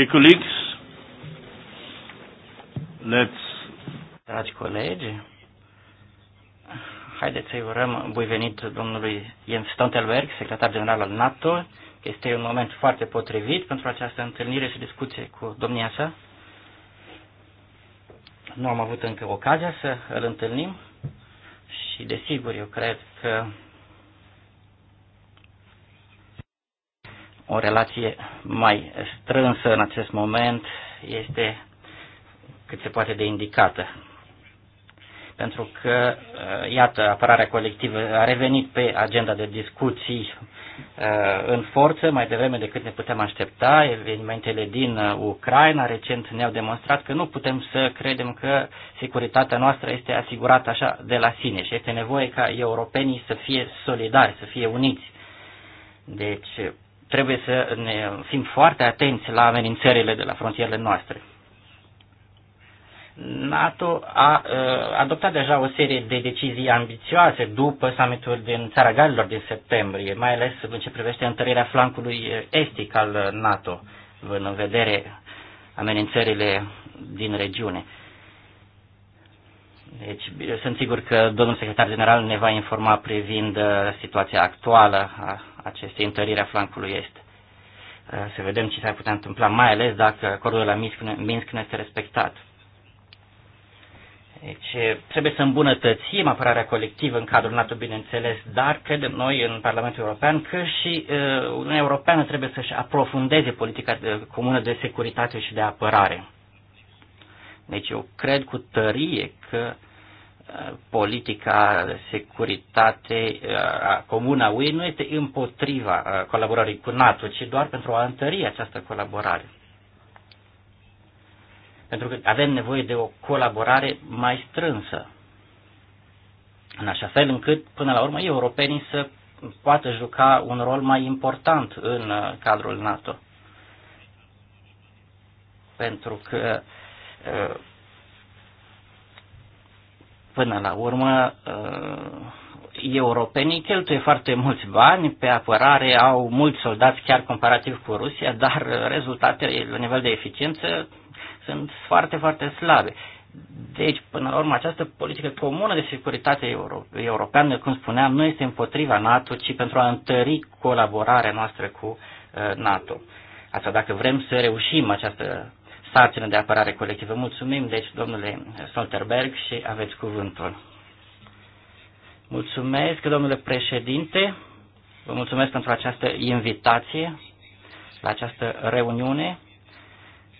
D: Dear colleagues, let's... Dragi colegi, haideți să-i urăm bun venit domnului Jens Stoltenberg, secretar general al NATO, că este un moment foarte potrivit pentru această întâlnire și discuție cu domnia sa. Nu am avut încă ocazia să îl întâlnim și, desigur, eu cred că o relație mai strânsă în acest moment este cât se poate de indicată. Pentru că, uh, iată, apărarea colectivă a revenit pe agenda de discuții uh, în forță mai devreme decât ne putem aștepta. Evenimentele din uh, Ucraina recent ne-au demonstrat că nu putem să credem că securitatea noastră este asigurată așa de la sine și este nevoie ca europenii să fie solidari, să fie uniți. Deci, trebuie să ne fim foarte atenți la amenințările de la frontierele noastre. NATO a uh, adoptat deja o serie de decizii ambițioase după summitul din Țara Galilor din septembrie, mai ales în ce privește întărirea flancului estic al NATO, în, vedere amenințările din regiune. Deci, sunt sigur că domnul secretar general ne va informa privind uh, situația actuală a acestei întărirea a flancului est. Uh, să vedem ce s-ar putea întâmpla, mai ales dacă acordul la Minsk, Minsk nu este respectat. Deci trebuie să îmbunătățim apărarea colectivă în cadrul NATO, bineînțeles, dar credem noi în Parlamentul European că și uh, Uniunea Europeană trebuie să-și aprofundeze politica de, comună de securitate și de apărare. Deci eu cred cu tărie că uh, politica securitate securitate comună a UE nu este împotriva colaborării cu NATO, ci doar pentru a întări această colaborare. Pentru că avem nevoie de o colaborare mai strânsă, în așa fel încât, până la urmă, europenii să poată juca un rol mai important în cadrul NATO. Pentru că Până la urmă, uh, europenii cheltuie foarte mulți bani pe apărare, au mulți soldați chiar comparativ cu Rusia, dar rezultatele la nivel de eficiență sunt foarte, foarte slabe. Deci, până la urmă, această politică comună de securitate euro- europeană, cum spuneam, nu este împotriva NATO, ci pentru a întări colaborarea noastră cu uh, NATO. Asta dacă vrem să reușim această sarcină de apărare colectivă. Mulțumim, deci, domnule Solterberg, și aveți cuvântul. Mulțumesc, domnule președinte, vă mulțumesc pentru această invitație la această reuniune,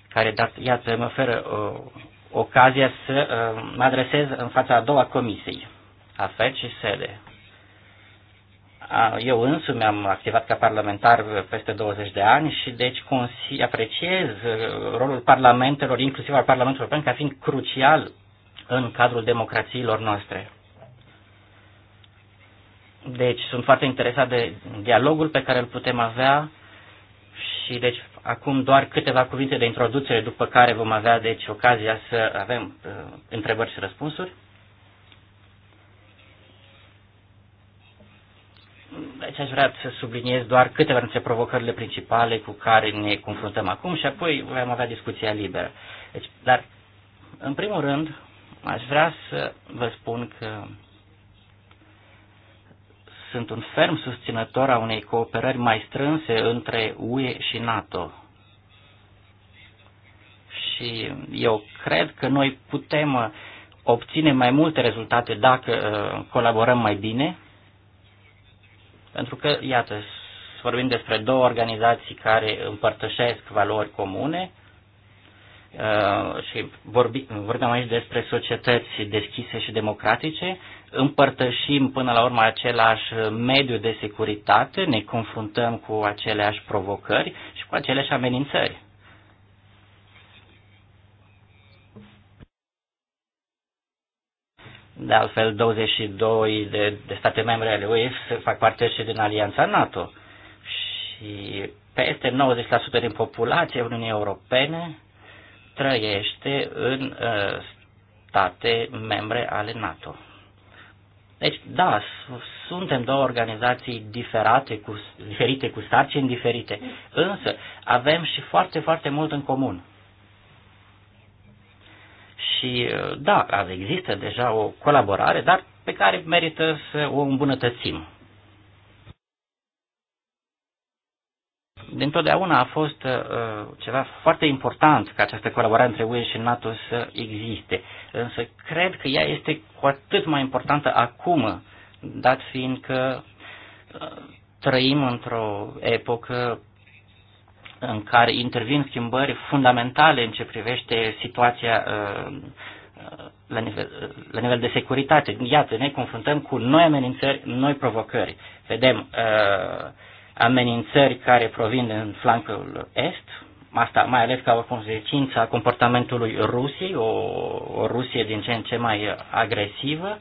D: care, iată, mă oferă o, ocazia să uh, mă adresez în fața a doua comisii, AFET și SEDE eu însumi am activat ca parlamentar peste 20 de ani și deci apreciez uh, rolul parlamentelor, inclusiv al Parlamentului European, ca fiind crucial în cadrul democrațiilor noastre. Deci sunt foarte interesat de dialogul pe care îl putem avea și deci acum doar câteva cuvinte de introducere, după care vom avea deci ocazia să avem uh, întrebări și răspunsuri. Aici aș vrea să subliniez doar câteva dintre provocările principale cu care ne confruntăm acum și apoi vom avea discuția liberă. Deci, dar, în primul rând, aș vrea să vă spun că sunt un ferm susținător a unei cooperări mai strânse între UE și NATO. Și eu cred că noi putem uh, obține mai multe rezultate dacă uh, colaborăm mai bine pentru că, iată, vorbim despre două organizații care împărtășesc valori comune uh, și vorbim, vorbim aici despre societăți deschise și democratice, împărtășim până la urmă același mediu de securitate, ne confruntăm cu aceleași provocări și cu aceleași amenințări. De altfel, 22 de, de state membre ale UE fac parte și din Alianța NATO. Și peste 90% din populația Uniunii Europene trăiește în uh, state membre ale NATO. Deci, da, suntem două organizații diferate, cu, diferite, cu sarcini diferite, însă avem și foarte, foarte mult în comun. Și da, există deja o colaborare, dar pe care merită să o îmbunătățim. dintotdeauna a fost uh, ceva foarte important ca această colaborare între UE și NATO să existe. Însă cred că ea este cu atât mai importantă acum, dat fiind că uh, trăim într-o epocă în care intervin schimbări fundamentale în ce privește situația uh, uh, la nivel, uh, la nivel de securitate. Iată, ne confruntăm cu noi amenințări, noi provocări. Vedem amenințări care provin din flancul est, asta mai ales ca o consecință a comportamentului Rusiei, o, o Rusie din ce în ce mai agresivă, uh,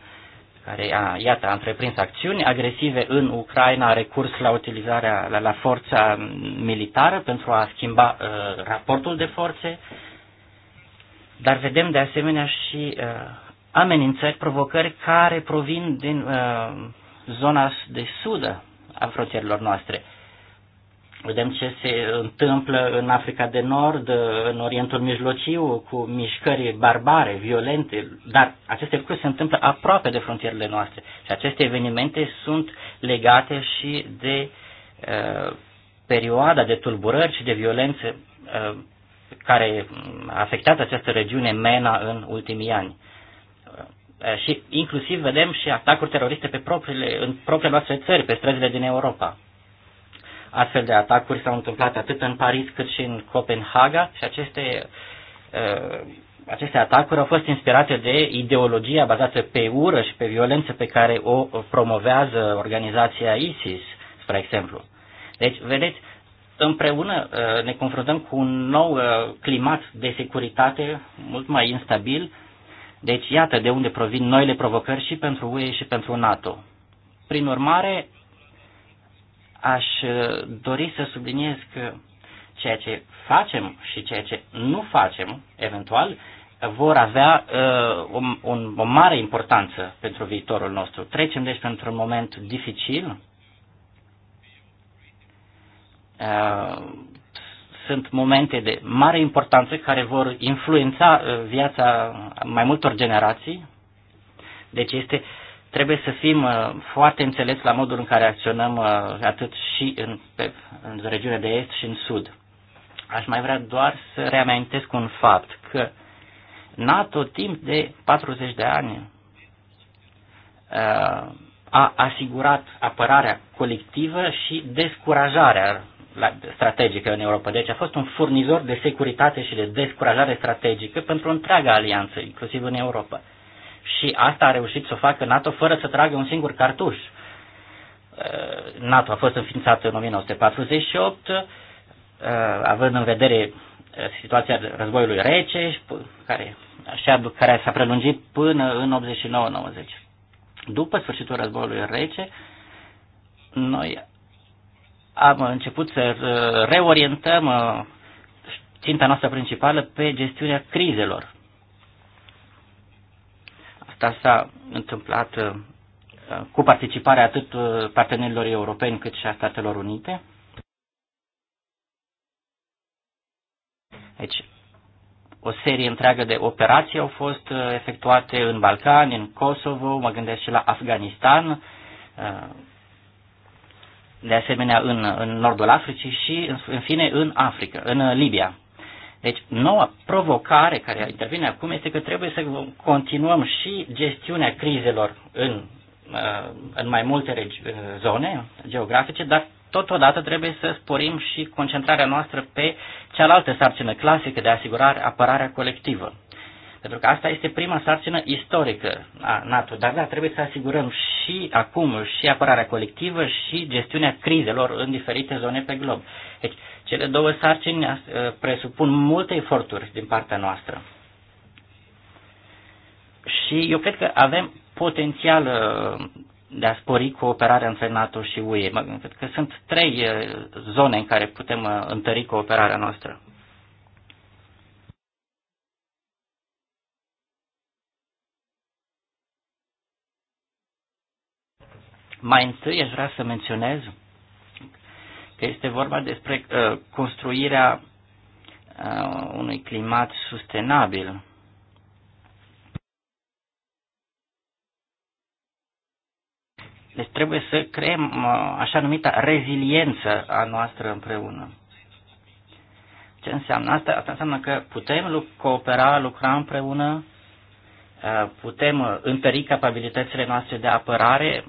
D: care a, iată, a întreprins acțiuni agresive în Ucraina, a recurs la utilizarea, la, la forța militară pentru a schimba uh, raportul de forțe, dar vedem de asemenea și uh, amenințări, provocări care provin din uh, zona de sud a frontierilor noastre. Uh, Vedem ce se întâmplă în Africa de Nord, în Orientul Mijlociu, cu mișcări barbare, violente, dar aceste lucruri se întâmplă aproape de frontierele noastre și aceste evenimente sunt legate și de uh, perioada de tulburări și de violențe uh, care a afectat această regiune MENA în ultimii ani. Uh, și inclusiv vedem și atacuri teroriste pe propriile, în propriile noastre țări, pe străzile din Europa Astfel de atacuri s-au întâmplat atât în Paris cât și în Copenhaga și aceste, ă, aceste atacuri au fost inspirate de ideologia bazată pe ură și pe violență pe care o promovează organizația ISIS, spre exemplu. Deci, vedeți, împreună ă, ne confruntăm cu un nou ă, climat de securitate mult mai instabil. Deci iată de unde provin noile provocări și pentru UE și pentru NATO. Prin urmare, Aș uh, dori să subliniez că ceea ce facem și ceea ce nu facem, eventual, vor avea uh, un, un, o mare importanță pentru viitorul nostru. Trecem deci pentru un moment dificil. Uh, sunt momente de mare importanță care vor influența uh, viața mai multor generații. Deci este Trebuie să fim uh, foarte înțeleți la modul în care acționăm uh, atât și în, pe, în regiunea de est și în sud. Aș mai vrea doar să reamintesc un fapt, că NATO timp de 40 de ani uh, a asigurat apărarea colectivă și descurajarea strategică în Europa. Deci a fost un furnizor de securitate și de descurajare strategică pentru întreaga alianță, inclusiv în Europa și asta a reușit să o facă NATO fără să tragă un singur cartuș. Uh, NATO a fost înființată în 1948, uh, având în vedere uh, situația războiului rece, care, așa, care s-a prelungit până în 89-90. După sfârșitul războiului rece, noi am început să reorientăm ținta noastră principală pe gestiunea crizelor. Asta s-a întâmplat uh, cu participarea atât uh, partenerilor europeni cât și a Statelor Unite. Deci, o serie întreagă de operații au fost uh, efectuate în Balcani, în Kosovo, mă gândesc și la Afganistan, de asemenea în, în nordul Africii și, în fine, în Africa, în Libia. Deci, noua provocare care intervine acum este că trebuie să continuăm și gestiunea crizelor în, uh, în mai multe uh, zone geografice, dar totodată trebuie să sporim și concentrarea noastră pe cealaltă sarcină clasică de asigurare, apărarea colectivă. Pentru că asta este prima sarcină istorică a NATO. Dar da, trebuie să asigurăm și acum și apărarea colectivă și gestiunea crizelor în diferite zone pe glob. Deci, cele două sarcini uh, presupun multe eforturi din partea noastră. Și eu cred că avem potențial uh, de a spori cooperarea între NATO și UE. Mă că sunt trei uh, zone în care putem întări cooperarea noastră. Mai întâi aș vrea să menționez că este vorba despre uh, construirea uh, unui climat sustenabil. Deci trebuie să creăm uh, așa numita reziliență a noastră împreună. Ce înseamnă asta? Asta înseamnă că putem coopera, lucra împreună, uh, putem uh, întări capabilitățile noastre de apărare,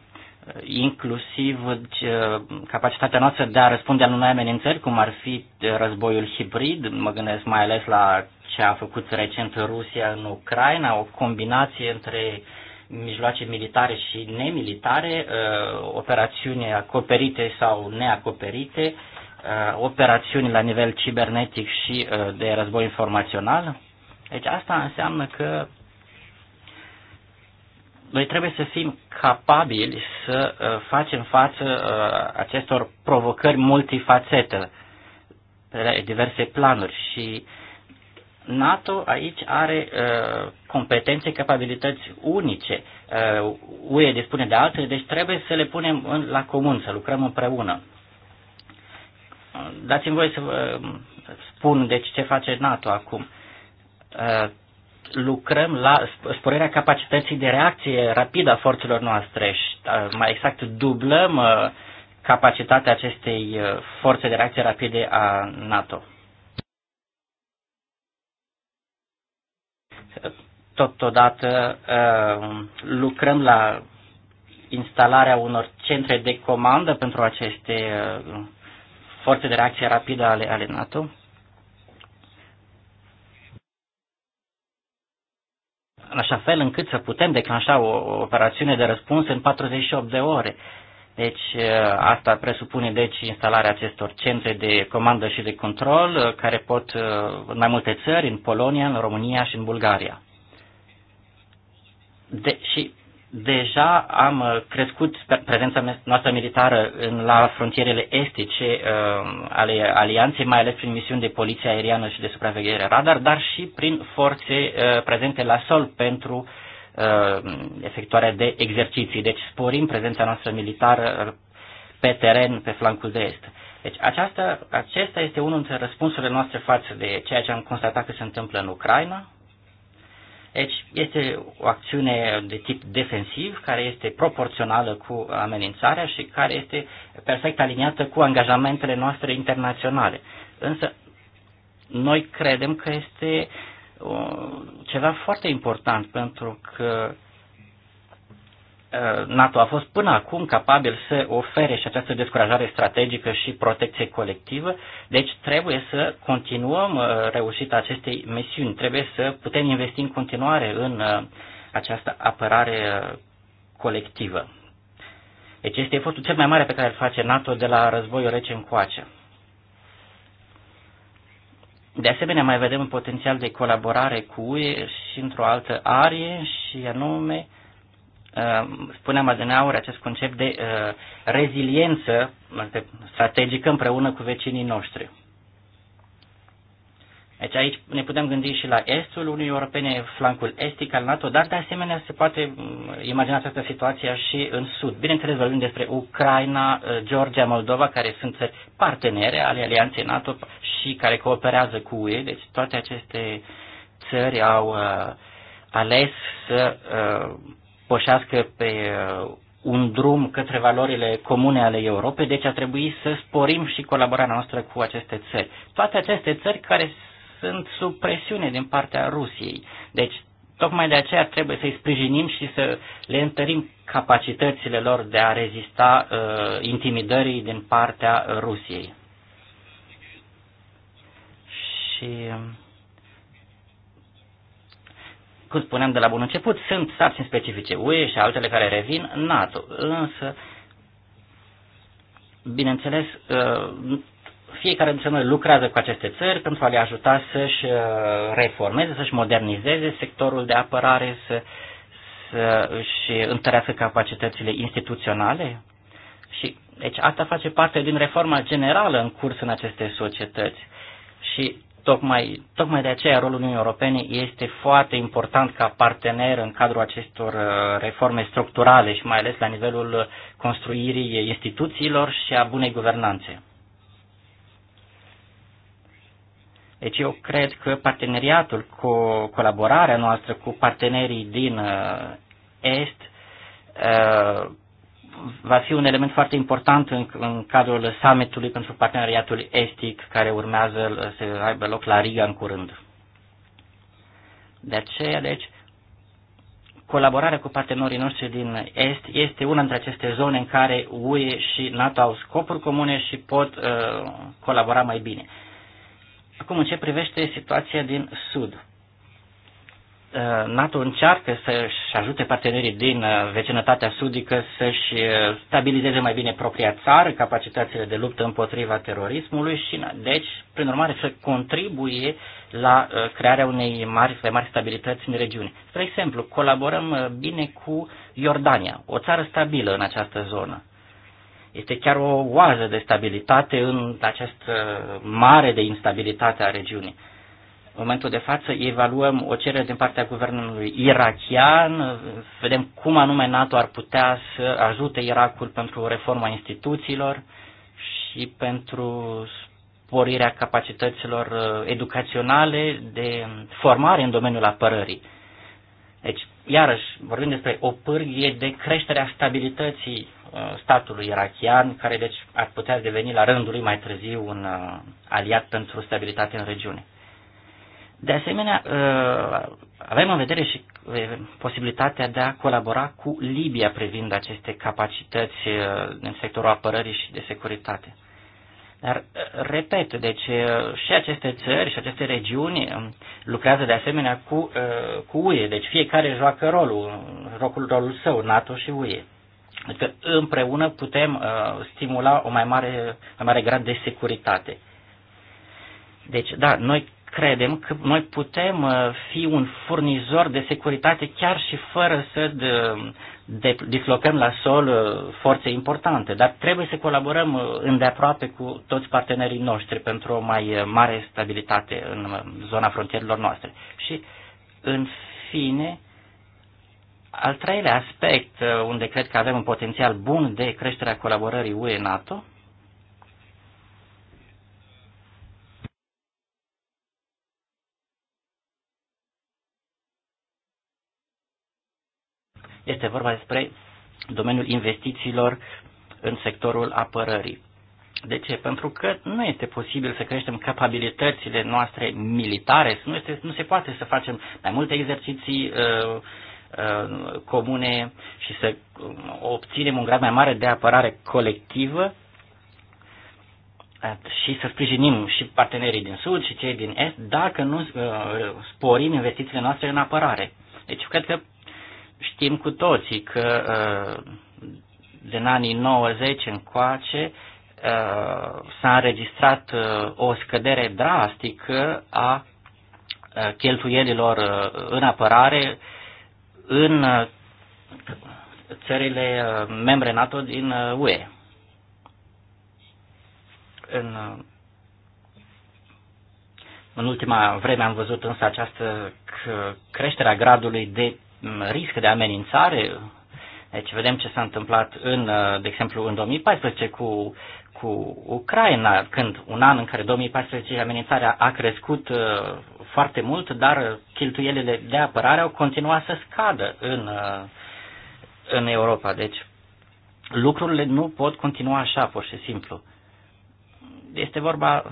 D: inclusiv uh, capacitatea noastră de a răspunde la noi amenințări, cum ar fi uh, războiul hibrid, mă gândesc mai ales la ce a făcut recent Rusia în Ucraina, o combinație între mijloace militare și nemilitare, uh, operațiuni acoperite sau neacoperite, operațiuni la nivel cibernetic și de război informațional. Deci asta înseamnă că noi trebuie să fim capabili să uh, facem față uh, acestor provocări multifacete, pe diverse planuri și NATO aici are uh, competențe, capabilități unice. Uh, UE dispune de altele, deci trebuie să le punem în, la comun, să lucrăm împreună. Dați-mi voie să vă uh, spun deci ce face NATO acum. Uh, lucrăm la sporirea capacității de reacție rapidă a forțelor noastre și mai exact dublăm capacitatea acestei forțe de reacție rapide a NATO. Totodată lucrăm la instalarea unor centre de comandă pentru aceste forțe de reacție rapidă ale, ale NATO în așa fel încât să putem declanșa o operațiune de răspuns în 48 de ore. Deci asta presupune deci instalarea acestor centre de comandă și de control care pot în mai multe țări, în Polonia, în România și în Bulgaria. De, și Deja am uh, crescut prezența noastră militară în, la frontierele estice uh, ale alianței, mai ales prin misiuni de poliție aeriană și de supraveghere radar, dar și prin forțe uh, prezente la sol pentru uh, efectuarea de exerciții. Deci sporim prezența noastră militară pe teren, pe flancul de est. Deci aceasta, acesta este unul dintre răspunsurile noastre față de ceea ce am constatat că se întâmplă în Ucraina, deci este o acțiune de tip defensiv care este proporțională cu amenințarea și care este perfect aliniată cu angajamentele noastre internaționale. Însă noi credem că este uh, ceva foarte important pentru că Uh, NATO a fost până acum capabil să ofere și această descurajare strategică și protecție colectivă, deci trebuie să continuăm uh, reușita acestei misiuni, trebuie să putem investi în continuare în uh, această apărare colectivă. Deci este efortul cel mai mare pe care îl face NATO de la războiul rece încoace. De asemenea, mai vedem un potențial de colaborare cu UE și într-o altă arie și anume uh, Uh, spuneam adineauri acest concept de uh, reziliență adică strategică împreună cu vecinii noștri. Deci aici ne putem gândi și la estul Uniunii Europene, flancul estic al NATO, dar de asemenea se poate mm, imagina această situație și în sud. Bineînțeles, vorbim despre Ucraina, uh, Georgia, Moldova, care sunt țări partenere ale Alianței NATO și care cooperează cu UE. Deci toate aceste țări au uh, ales să uh, pășească pe uh, un drum către valorile comune ale Europei, deci a trebuit să sporim și colaborarea noastră cu aceste țări. Toate aceste țări care sunt sub presiune din partea Rusiei. Deci, tocmai de aceea trebuie să-i sprijinim și să le întărim capacitățile lor de a rezista uh, intimidării din partea Rusiei. Și um, cum spuneam de la bun început, sunt sarcini specifice UE și altele care revin NATO. Însă, bineînțeles, ă, fiecare dintre noi lucrează cu aceste țări pentru a le ajuta să-și ă, reformeze, să-și modernizeze sectorul de apărare, să, să își întărească capacitățile instituționale. Și, deci, asta face parte din reforma generală în curs în aceste societăți. Și Tocmai, tocmai de aceea rolul Uniunii Europene este foarte important ca partener în cadrul acestor uh, reforme structurale și mai ales la nivelul construirii instituțiilor și a bunei guvernanțe. Deci eu cred că parteneriatul, cu colaborarea noastră cu partenerii din uh, Est uh, va fi un element foarte important în, în cadrul summitului pentru parteneriatul estic care urmează să aibă loc la Riga în curând. De aceea, deci, colaborarea cu partenerii noștri din Est este una dintre aceste zone în care UE și NATO au scopuri comune și pot uh, colabora mai bine. Acum, în ce privește situația din Sud. Uh, NATO încearcă să-și ajute partenerii din uh, vecinătatea sudică să-și uh, stabilizeze mai bine propria țară, capacitățile de luptă împotriva terorismului și, deci, prin urmare, să contribuie la crearea unei mari, de mari stabilități în regiune. Spre exemplu, colaborăm bine cu Iordania, o țară stabilă în această zonă. Este chiar o oază de stabilitate în acest mare de instabilitate a regiunii. În momentul de față evaluăm o cerere din partea guvernului irachian, vedem cum anume NATO ar putea să ajute Irakul pentru reforma instituțiilor și pentru sporirea capacităților uh, educaționale de formare în domeniul apărării. Deci, iarăși, vorbim despre o pârghie de creșterea stabilității uh, statului irachian, care deci ar putea deveni la rândul lui mai târziu un uh, aliat pentru stabilitate în regiune. De asemenea, ă, avem în vedere și posibilitatea de a colabora cu Libia privind aceste capacități ă, în sectorul apărării și de securitate. Dar, ă, repet, deci și aceste țări și aceste regiuni lucrează de asemenea cu, cu UE, deci fiecare joacă rolul, rolul, rolul său, NATO și UE. Adică împreună putem stimula o mai mare, mai mare grad de securitate. Deci, da, noi credem că noi putem uh, fi un furnizor de securitate chiar și fără să de, dislocăm la sol uh, forțe importante, dar trebuie să colaborăm uh, îndeaproape cu toți partenerii noștri pentru o mai mare stabilitate în zona frontierilor noastre. Și, în fine, al treilea aspect unde cred că avem un potențial bun de creșterea colaborării UE-NATO Este vorba despre domeniul investițiilor în sectorul apărării. De ce? Pentru că nu este posibil să creștem capabilitățile noastre militare, nu, este, nu se poate să facem mai multe exerciții uh, uh, comune și să uh, obținem un grad mai mare de apărare colectivă uh, și să sprijinim și partenerii din Sud și cei din Est dacă nu uh, sporim investițiile noastre în apărare. Deci cred că Știm cu toții că uh, din anii 90 încoace uh, s-a înregistrat uh, o scădere drastică a cheltuielilor în apărare în țările membre NATO din UE. În, în ultima vreme am văzut însă această creșterea gradului de risc de amenințare. Deci vedem ce s-a întâmplat în, uh, de exemplu, în 2014 cu, cu Ucraina, când un an în care 2014 amenințarea a crescut uh, foarte mult, dar cheltuielile de apărare au continuat să scadă în, uh, în Europa. Deci lucrurile nu pot continua așa, pur și simplu. Este vorba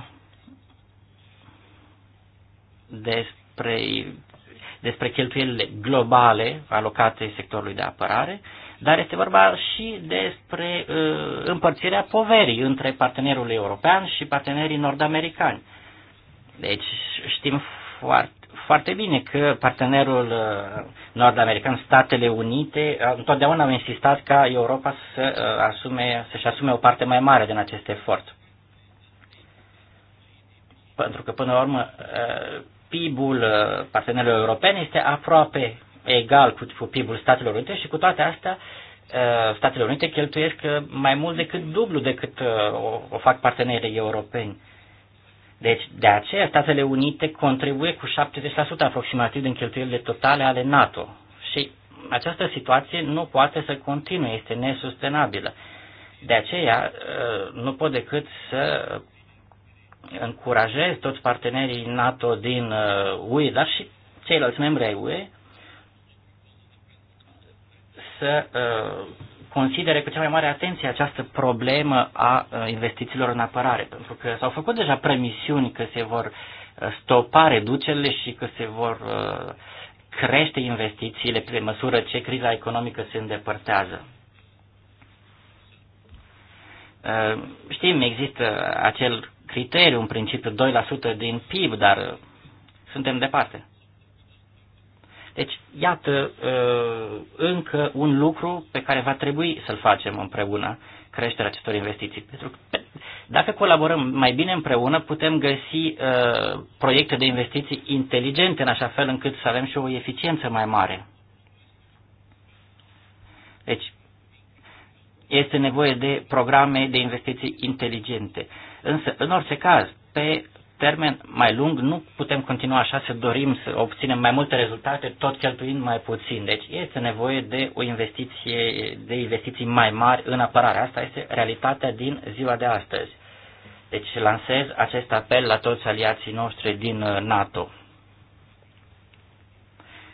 D: despre despre cheltuielile globale alocate sectorului de apărare, dar este vorba și despre uh, împărțirea poverii între partenerul european și partenerii nord-americani. Deci știm foarte foarte bine că partenerul uh, nord-american, Statele Unite, uh, întotdeauna au insistat ca Europa să uh, asume, să-și asume o parte mai mare din acest efort. Pentru că, până la urmă, PIB-ul uh, partenerilor europene este aproape egal cu PIB-ul Statelor Unite și cu toate astea uh, Statele Unite cheltuiesc uh, mai mult decât dublu decât o fac partenerii europeni. Deci, de aceea, Statele Unite contribuie cu 70% aproximativ din cheltuielile totale ale NATO. Și această situație nu poate să continue, este nesustenabilă. De aceea, nu pot decât să încurajez toți partenerii NATO din UE, uh, dar și ceilalți membri ai UE, să uh, considere cu cea mai mare atenție această problemă a uh, investițiilor în apărare, pentru că s-au făcut deja premisiuni că se vor stopa reducerile și că se vor crește investițiile pe măsură ce criza economică se îndepărtează. Știm, există acel criteriu, în principiu 2% din PIB, dar uh, suntem departe. Deci, iată uh, încă un lucru pe care va trebui să-l facem împreună, creșterea acestor investiții. Pentru că dacă colaborăm mai bine împreună, putem găsi uh, proiecte de investiții inteligente în așa fel încât să avem și o eficiență mai mare. Deci, este nevoie de programe de investiții inteligente. Însă, în orice caz, pe termen mai lung nu putem continua așa să dorim să obținem mai multe rezultate tot cheltuind mai puțin. Deci este nevoie de o investiție, de investiții mai mari în apărare. Asta este realitatea din ziua de astăzi. Deci lansez acest apel la toți aliații noștri din uh, NATO.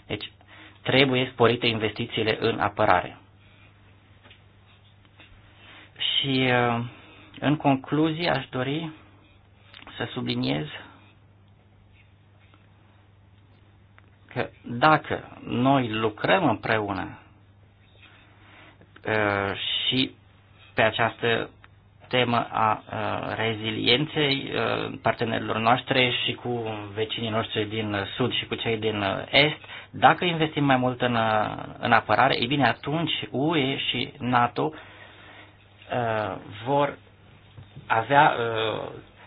D: Deci trebuie sporite investițiile în apărare. Și uh, în concluzie, aș dori să subliniez că dacă noi lucrăm împreună uh, și pe această temă a uh, rezilienței uh, partenerilor noștri și cu vecinii noștri din sud și cu cei din est, dacă investim mai mult în, în apărare, ei bine, atunci UE și NATO vor avea uh,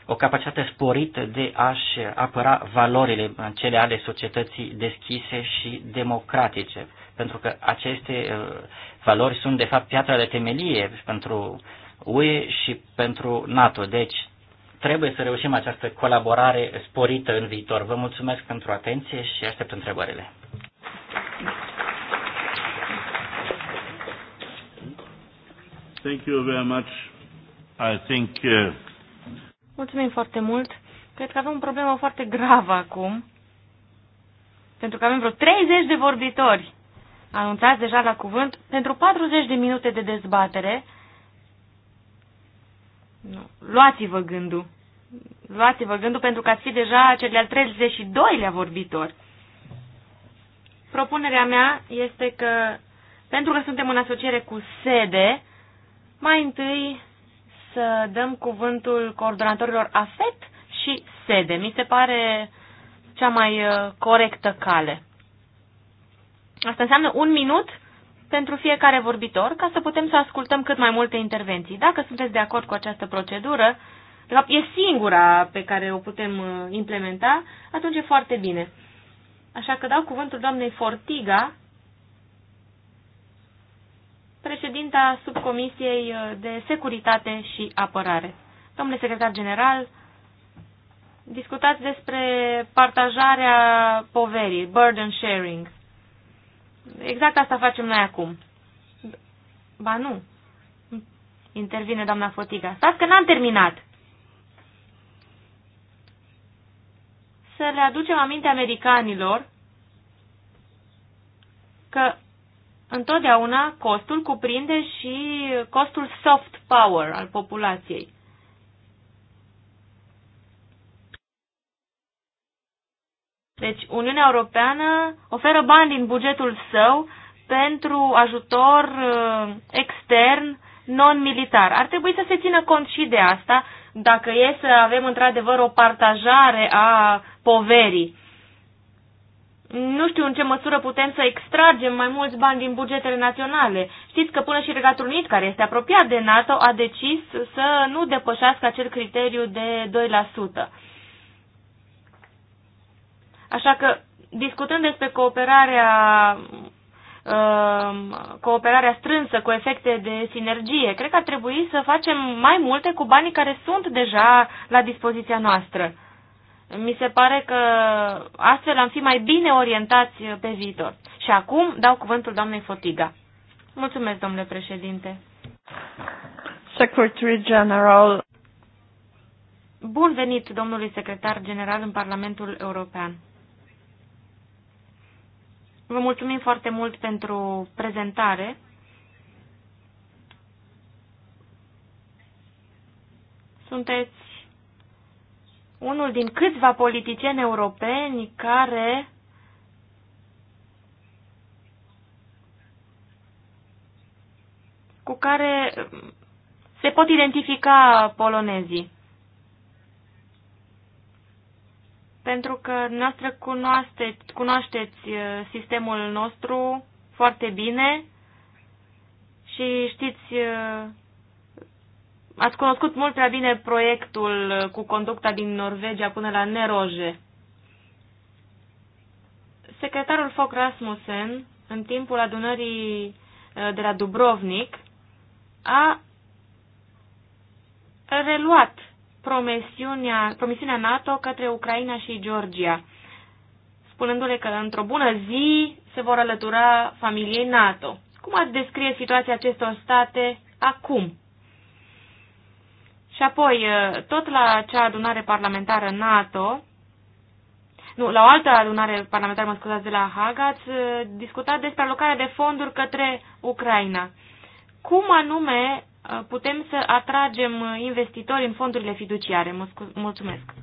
D: o capacitate sporită de a-și apăra valorile cele ale societății deschise și democratice, pentru că aceste uh, valori sunt de fapt piatra de temelie pentru UE și pentru NATO. Deci trebuie să reușim această colaborare sporită în viitor. Vă mulțumesc pentru atenție și aștept întrebările.
B: Thank you very much. I think, uh...
A: Mulțumim foarte mult. Cred că avem o problemă foarte gravă acum, pentru că avem vreo 30 de vorbitori anunțați deja la cuvânt pentru 40 de minute de dezbatere. Nu. Luați-vă gândul. Luați-vă gândul pentru că ați fi deja cel de-al 32-lea vorbitor. Propunerea mea este că, pentru că suntem în asociere cu sede, mai întâi să dăm cuvântul coordonatorilor AFET și SEDE. Mi se pare cea mai uh, corectă cale. Asta înseamnă un minut pentru fiecare vorbitor, ca să putem să ascultăm cât mai multe intervenții. Dacă sunteți de acord cu această procedură, e singura pe care o putem uh, implementa, atunci e foarte bine. Așa că dau cuvântul doamnei Fortiga președinta Subcomisiei uh, de Securitate și Apărare. Domnule secretar general, discutați despre partajarea poverii, burden sharing. Exact asta facem noi acum. Ba nu, intervine doamna Fotiga. Stați că n-am terminat. Să le aducem aminte americanilor că întotdeauna costul cuprinde și costul soft power al populației. Deci Uniunea Europeană oferă bani din bugetul său pentru ajutor uh, extern non-militar. Ar trebui să se țină cont și de asta dacă e să avem într-adevăr o partajare a poverii nu știu în ce măsură putem să extragem mai mulți bani din bugetele naționale. Știți că până și Regatul Unit, care este apropiat de NATO, a decis să nu depășească acel criteriu de 2%. Așa că, discutând despre cooperarea, um, cooperarea strânsă cu efecte de sinergie, cred că ar trebui să facem mai multe cu banii care sunt deja la dispoziția noastră. Mi se pare că astfel am fi mai bine orientați pe viitor. Și acum dau cuvântul doamnei Fotiga. Mulțumesc, domnule președinte.
C: Secretary General.
A: Bun venit, domnului secretar general în Parlamentul European. Vă mulțumim foarte mult pentru prezentare. Sunteți unul din câțiva politicieni europeni care cu care se pot identifica polonezii. Pentru că noastră cunoașteți, cunoașteți uh, sistemul nostru foarte bine și știți uh, Ați cunoscut mult prea bine proiectul uh, cu conducta din Norvegia până la Neroje. Secretarul Foc Rasmussen, în timpul adunării uh, de la Dubrovnik, a reluat promisiunea, promisiunea NATO către Ucraina și Georgia, spunându-le că într-o bună zi se vor alătura familiei NATO. Cum ați descrie situația acestor state acum? Și apoi, ă, tot la acea adunare parlamentară NATO, nu, la o altă adunare parlamentară, mă scuzați, de la Haga, ați ă, discutat despre alocarea de fonduri către Ucraina. Cum anume ă, putem să atragem investitori în fondurile fiduciare? Mulțumesc.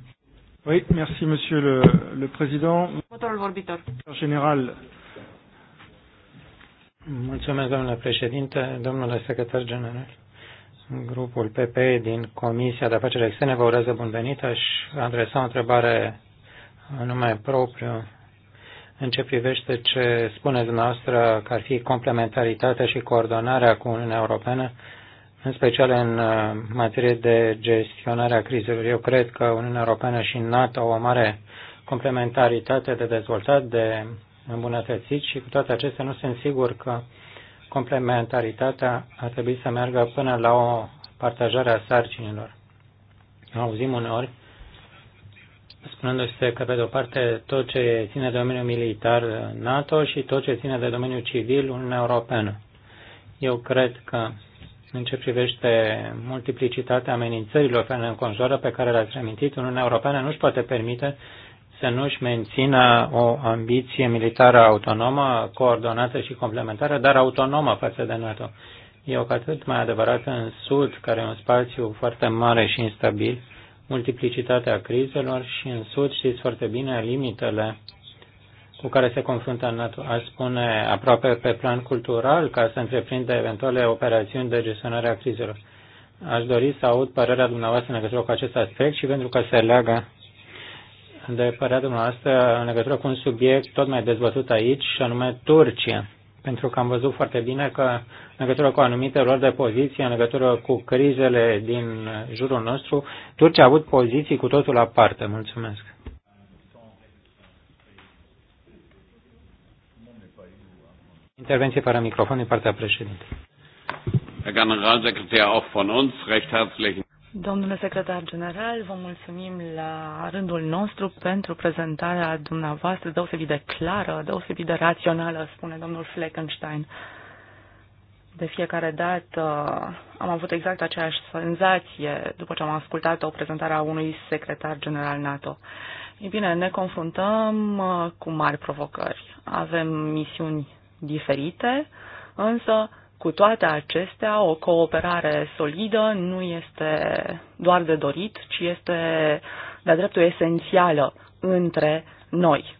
B: Oui, merci, monsieur le, le président. Următorul vorbitor. General. Mulțumesc, domnule președinte, domnule secretar general grupul PP din Comisia de Afaceri Externe vă urează bun venit. Aș adresa o întrebare în nume propriu în ce privește ce spuneți dumneavoastră că ar fi complementaritatea și coordonarea cu Uniunea Europeană, în special în uh, materie de gestionare a crizelor. Eu cred că Uniunea Europeană și NATO au o mare complementaritate de dezvoltat, de îmbunătățit și cu toate acestea nu sunt sigur că uh, complementaritatea ar trebui să meargă până la o partajare a sarcinilor. Auzim uneori spunându-se că, pe de-o parte, tot ce ține de domeniul militar NATO și tot ce ține de domeniul civil Uniunea Europeană. Eu cred că, în ce privește multiplicitatea amenințărilor care ne înconjoară, pe care le-ați remintit, Uniunea Europeană nu-și poate permite să nu-și mențină o ambiție militară autonomă, coordonată și complementară, dar autonomă față de NATO. E o atât mai adevărat în Sud, care e un spațiu foarte mare și instabil, multiplicitatea crizelor și în Sud știți foarte bine limitele cu care se confruntă NATO, aș spune aproape pe plan cultural, ca să întreprinde eventuale operațiuni de gestionare a crizelor. Aș dori să aud părerea dumneavoastră în legătură cu acest aspect și pentru că se leagă de părerea dumneavoastră în legătură cu un subiect tot mai dezbătut aici, și anume Turcia. Pentru că am văzut foarte bine că în legătură cu anumite lor de poziții, în legătură cu crizele din jurul nostru, Turcia a avut poziții cu totul aparte. Mulțumesc. Intervenție fără microfon din partea președintelui. Herr Generalsekretär, auch von uns recht herzlichen
C: Domnule secretar general, vă mulțumim la rândul nostru pentru prezentarea dumneavoastră deosebit de clară, deosebit de rațională, spune domnul Fleckenstein. De fiecare dată uh, am avut exact aceeași senzație după ce am ascultat o prezentare a unui secretar general NATO. Ei bine, ne confruntăm uh, cu mari provocări. Avem misiuni diferite, însă cu toate acestea, o cooperare solidă nu este doar de dorit, ci este de-a dreptul esențială între noi.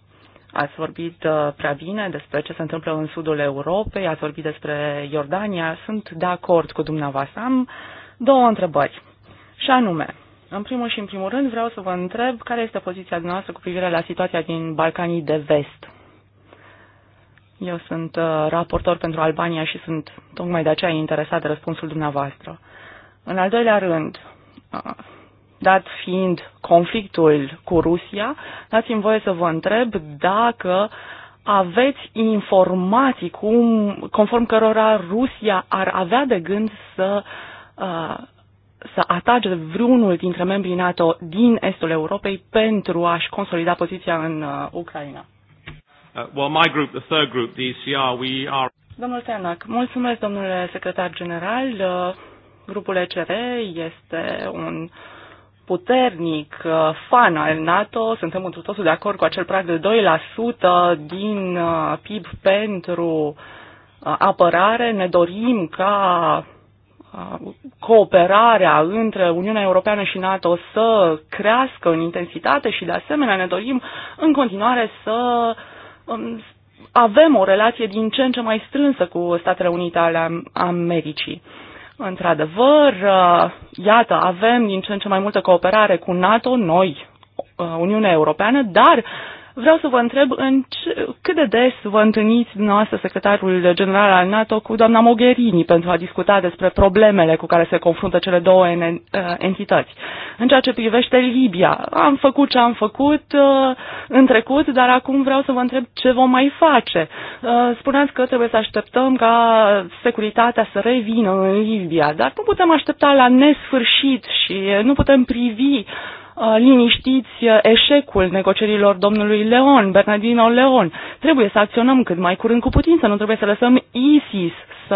C: Ați vorbit uh, prea bine despre ce se întâmplă în sudul Europei, ați vorbit despre Iordania. Sunt de acord cu dumneavoastră. Am două întrebări. Și anume, în primul și în primul rând vreau să vă întreb care este poziția noastră cu privire la situația din Balcanii de Vest. Eu sunt uh, raportor pentru Albania și sunt tocmai de aceea interesat de răspunsul dumneavoastră. În al doilea rând, uh, dat fiind conflictul cu Rusia, dați-mi voie să vă întreb dacă aveți informații cum, conform cărora Rusia ar avea de gând să, uh, să atace vreunul dintre membrii NATO din estul Europei pentru a-și consolida poziția în Ucraina.
B: Uh, well, my group, the third group, the ECR, we are...
C: Domnul Tenac, mulțumesc, domnule secretar general. Uh, grupul ECR este un puternic uh, fan al NATO. Suntem într totul de acord cu acel prag de 2% din uh, PIB pentru apărare. Ne dorim ca cooperarea între Uniunea Europeană și NATO să crească în intensitate și, de asemenea, ne dorim în continuare să uh, Um, avem o relație din ce în ce mai strânsă cu Statele Unite ale Americii. Într-adevăr, uh, iată, avem din ce în ce mai multă cooperare cu NATO, noi, uh, Uniunea Europeană, dar Vreau să vă întreb în ce, cât de des vă întâlniți dumneavoastră secretarul general al NATO cu doamna Mogherini pentru a discuta despre problemele cu care se confruntă cele două uh, entități. În ceea ce privește Libia, am făcut ce am făcut uh, în trecut, dar acum vreau să vă întreb ce vom mai face. Uh, spuneați că trebuie să așteptăm ca securitatea să revină în Libia, dar nu putem aștepta la nesfârșit și nu putem privi uh, Uh, liniștiți uh, eșecul negocierilor domnului Leon, Bernardino Leon. Trebuie să acționăm cât mai curând cu putință, nu trebuie să lăsăm ISIS să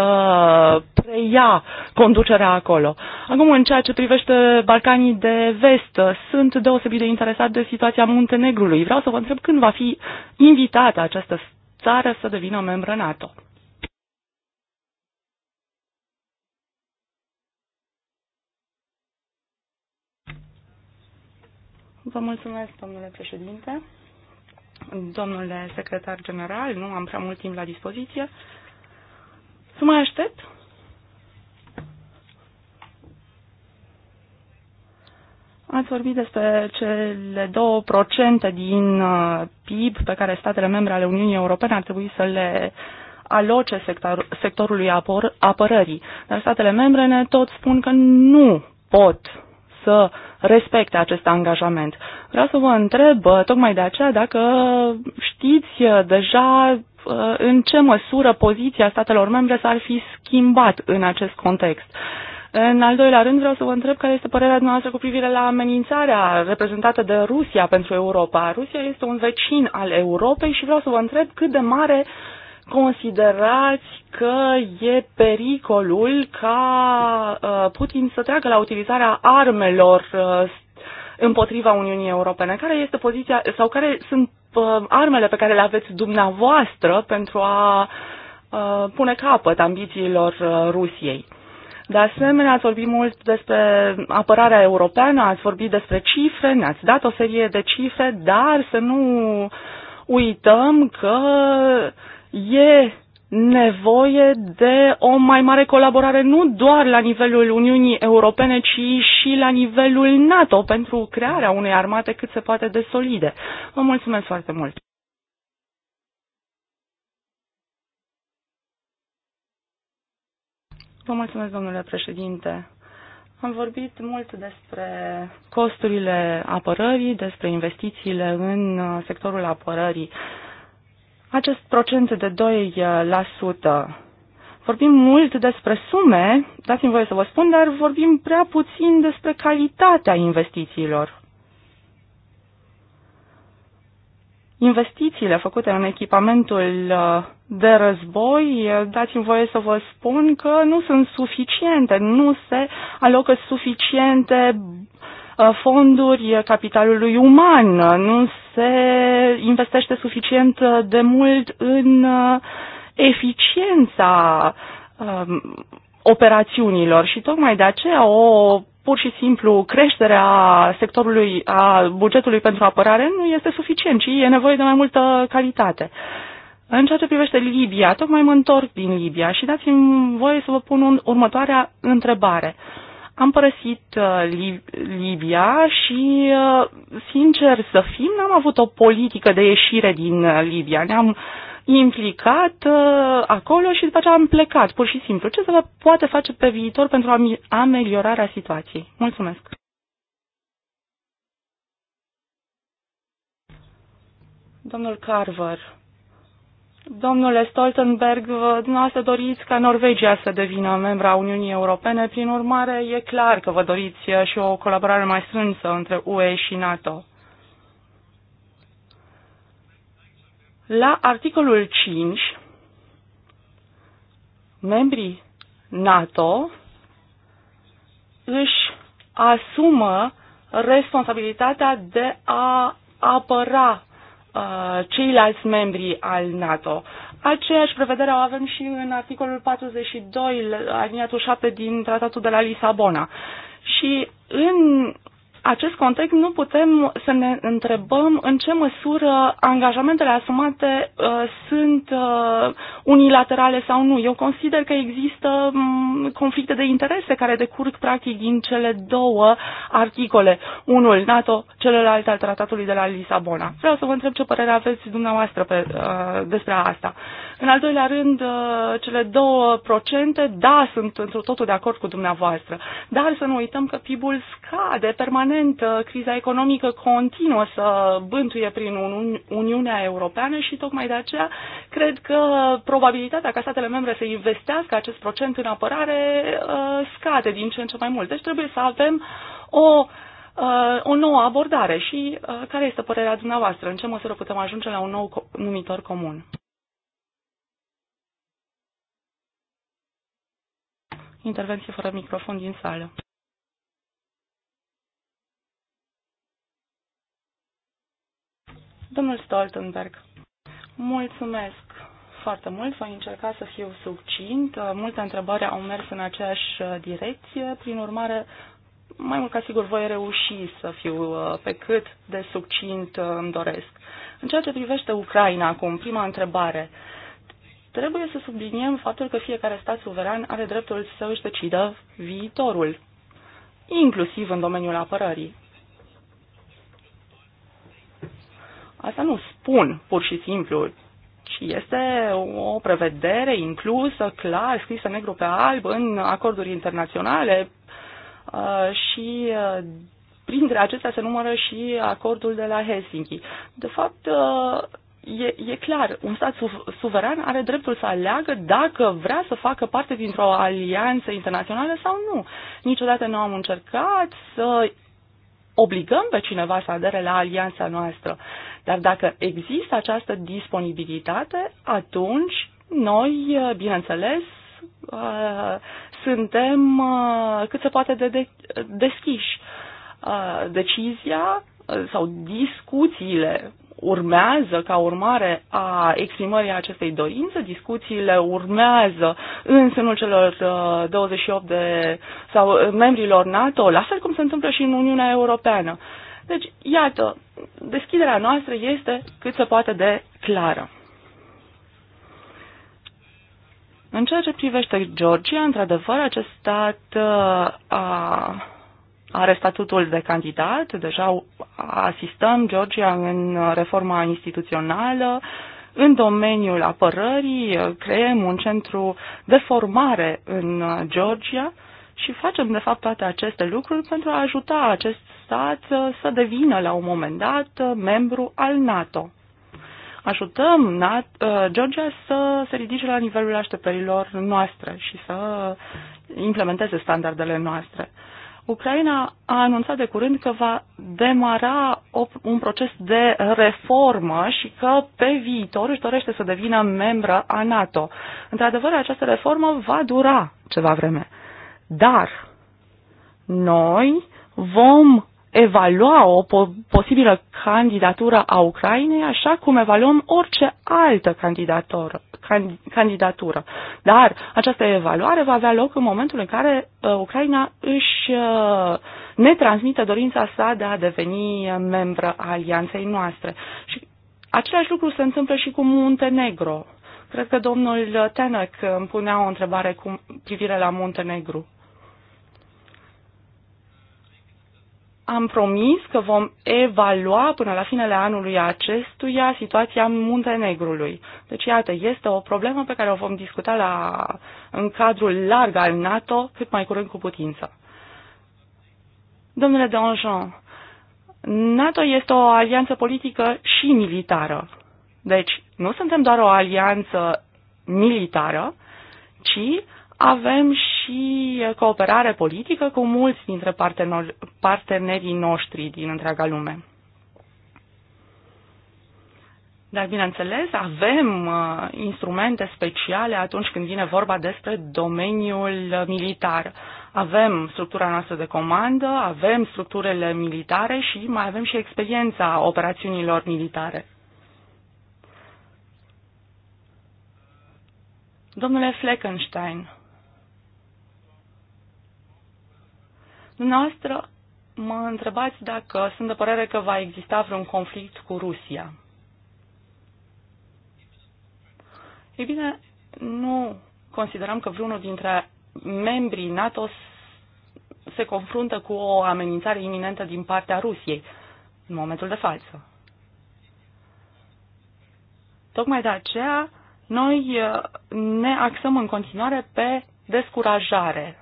C: preia conducerea acolo. Acum, în ceea ce privește Balcanii de vest, uh, sunt deosebit de interesat de situația Muntenegrului. Vreau să vă întreb când va fi invitată această țară să devină membră NATO. Vă mulțumesc, domnule președinte. Domnule secretar general, nu am prea mult timp la dispoziție. Să mai aștept? Ați vorbit despre cele 2% din uh, PIB pe care statele membre ale Uniunii Europene ar trebui să le aloce sector, sectorului apor, apărării. Dar statele membre ne tot spun că nu pot să respecte acest angajament. Vreau să vă întreb uh, tocmai de aceea dacă știți uh, deja uh, în ce măsură poziția statelor membre s-ar fi schimbat în acest context. În al doilea rând, vreau să vă întreb care este părerea noastră cu privire la amenințarea reprezentată de Rusia pentru Europa. Rusia este un vecin al Europei și vreau să vă întreb cât de mare uh, considerați că e pericolul ca uh, Putin să treacă la utilizarea armelor uh, împotriva Uniunii Europene? Care este poziția sau care sunt uh, armele pe care le aveți dumneavoastră pentru a pune capăt ambițiilor Rusiei? De asemenea, ați vorbit mult despre apărarea europeană, ați vorbit despre cifre, ne-ați dat o serie de cifre, dar să nu uităm că e nevoie de o mai mare colaborare nu doar la nivelul Uniunii Europene, ci și la nivelul NATO pentru crearea unei armate cât se poate de solide. Vă mulțumesc foarte mult! Vă mulțumesc, domnule președinte. Am vorbit mult despre costurile apărării, despre investițiile în sectorul apărării. Uh, acest procent de 2%. Uh, vorbim mult despre sume, dați-mi voie să vă spun, dar vorbim prea puțin despre calitatea investițiilor. investițiile făcute în echipamentul uh, de război, uh, dați-mi voie să vă spun că nu sunt suficiente, nu se alocă suficiente Uh, fonduri capitalului uman, nu se investește suficient uh, de mult în uh, eficiența um, operațiunilor și tocmai de aceea o pur și simplu creșterea sectorului, a bugetului pentru apărare nu este suficient, ci e nevoie de mai multă calitate. În ceea ce privește Libia, tocmai mă întorc din Libia și dați-mi voie să vă pun următoarea întrebare. Uh, am părăsit uh, Libia și, uh, sincer să fim, n-am avut o politică de ieșire din uh, Libia. Ne-am implicat acolo și după aceea am plecat, pur și simplu. Ce se poate face pe viitor pentru am ameliorarea situației? Mulțumesc! Domnul Carver. Domnule Stoltenberg, dumneavoastră doriți ca Norvegia să devină membra Uniunii Europene, prin urmare e clar că vă doriți și o colaborare mai strânsă între UE și NATO. La articolul 5, membrii NATO își asumă responsabilitatea de a apăra Uh, ceilalți membri al NATO. Aceeași prevedere o avem și în articolul 42, aliniatul 7 din Tratatul de la Lisabona. Și în acest context nu putem să ne întrebăm în ce măsură angajamentele asumate uh, sunt uh, unilaterale sau nu. Eu consider că există um, conflicte de interese care decurg practic din cele două articole, unul NATO, celălalt al Tratatului de la Lisabona. Vreau să vă întreb ce părere aveți dumneavoastră pe, uh, despre asta. În al doilea rând, uh, cele două procente, da, sunt într totul de acord cu dumneavoastră, dar să nu uităm că PIB-ul scade permanent moment uh, criza economică continuă să bântuie prin Uniunea Europeană și tocmai de aceea cred că probabilitatea ca statele membre să investească acest procent în apărare uh, scade din ce în ce mai mult. Deci trebuie să avem o uh, o nouă abordare și care este părerea dumneavoastră? În ce măsură putem ajunge la un nou numitor comun? Intervenție fără microfon din sală. Domnul Stoltenberg, mulțumesc foarte mult, voi încerca să fiu succint. Multe întrebări au mers în aceeași direcție, prin urmare, mai mult ca sigur voi reuși să fiu pe cât de succint îmi doresc. În ceea ce privește Ucraina acum, prima întrebare. Trebuie să subliniem faptul că fiecare stat suveran are dreptul să își decidă viitorul, inclusiv în domeniul apărării. Asta nu spun pur și simplu, ci este o prevedere inclusă, clar, scrisă negru pe alb în acorduri internaționale uh, și uh, printre acestea se numără și acordul de la Helsinki. De fapt, uh, e, e clar, un stat su- suveran are dreptul să aleagă dacă vrea să facă parte dintr-o alianță internațională sau nu. Niciodată nu am încercat să obligăm pe cineva să adere la alianța noastră. Dar dacă există această disponibilitate, atunci noi, eh, bineînțeles, eh, suntem eh, cât se poate de, deschiși. Decizia sau discuțiile urmează ca urmare a exprimării acestei dorințe, discuțiile urmează în sânul celor 28 de sau membrilor NATO, la fel cum se întâmplă și în Uniunea Europeană. Uh, deci, iată, deschiderea noastră este cât se poate de clară. În ceea ce privește Georgia, într-adevăr, acest stat uh, a, are statutul de candidat, deja asistăm Georgia în reforma instituțională, în domeniul apărării, creăm un centru de formare în Georgia și facem, de fapt, toate aceste lucruri pentru a ajuta acest stat să devină la un moment dat membru al NATO. Ajutăm NATO, uh, Georgia să se ridice la nivelul așteptărilor noastre și să implementeze standardele noastre. Ucraina a anunțat de curând că va demara o, un proces de reformă și că pe viitor își dorește să devină membră a NATO. Într-adevăr, această reformă va dura ceva vreme. Dar noi vom evalua o po- posibilă candidatură a Ucrainei așa cum evaluăm orice altă candidatură. Can- candidatură. Dar această evaluare va avea loc în momentul în care uh, Ucraina își uh, ne transmite dorința sa de a deveni membră a alianței noastre. Și același lucru se întâmplă și cu Muntenegro. Cred că domnul Tenăc îmi punea o întrebare cu privire la Muntenegru. am promis că vom evalua până la finele anului acestuia situația Muntenegrului. Deci, iată, este o problemă pe care o vom discuta la, în cadrul larg al NATO cât mai curând cu putință. Domnule Donjon, NATO este o alianță politică și militară. Deci, nu suntem doar o alianță militară, ci avem și și cooperare politică cu mulți dintre partenerii noștri din întreaga lume. Dar, bineînțeles, avem uh, instrumente speciale atunci când vine vorba despre domeniul militar. Avem structura noastră de comandă, avem structurile militare și mai avem și experiența operațiunilor militare. Domnule Fleckenstein, Dumneavoastră mă întrebați dacă sunt de părere că va exista vreun conflict cu Rusia. Ei bine, nu considerăm că vreunul dintre membrii NATO se confruntă cu o amenințare iminentă din partea Rusiei în momentul de față. Tocmai de aceea, noi uh, ne axăm în continuare pe descurajare,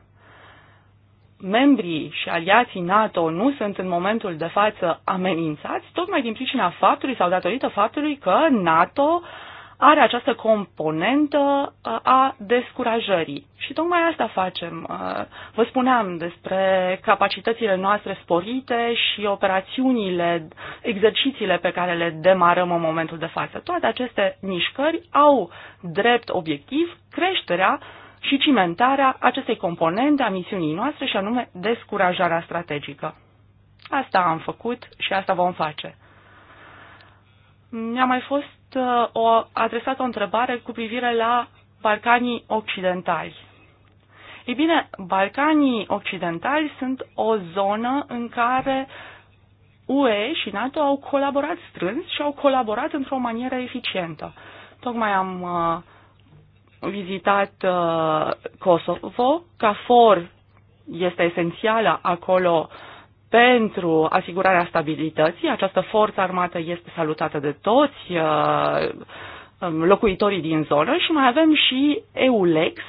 C: membrii și aliații NATO nu sunt în momentul de față amenințați, tocmai din pricina faptului sau datorită faptului că NATO are această componentă uh, a descurajării. Și tocmai asta facem. Uh, vă spuneam despre capacitățile noastre sporite și operațiunile, exercițiile pe care le demarăm în momentul de față. Toate aceste mișcări au drept obiectiv creșterea uh, și cimentarea acestei componente a misiunii noastre și anume descurajarea strategică. Asta am făcut și asta vom face. Mi-a mai fost uh, o, adresată o întrebare cu privire la Balcanii Occidentali. Ei bine, Balcanii Occidentali sunt o zonă în care UE și NATO au colaborat strâns și au colaborat într-o manieră eficientă. Tocmai am uh, vizitat uh, Kosovo. Ca for este esențială acolo pentru asigurarea stabilității. Această forță armată este salutată de toți uh, um, locuitorii din zonă și mai avem și EULEX,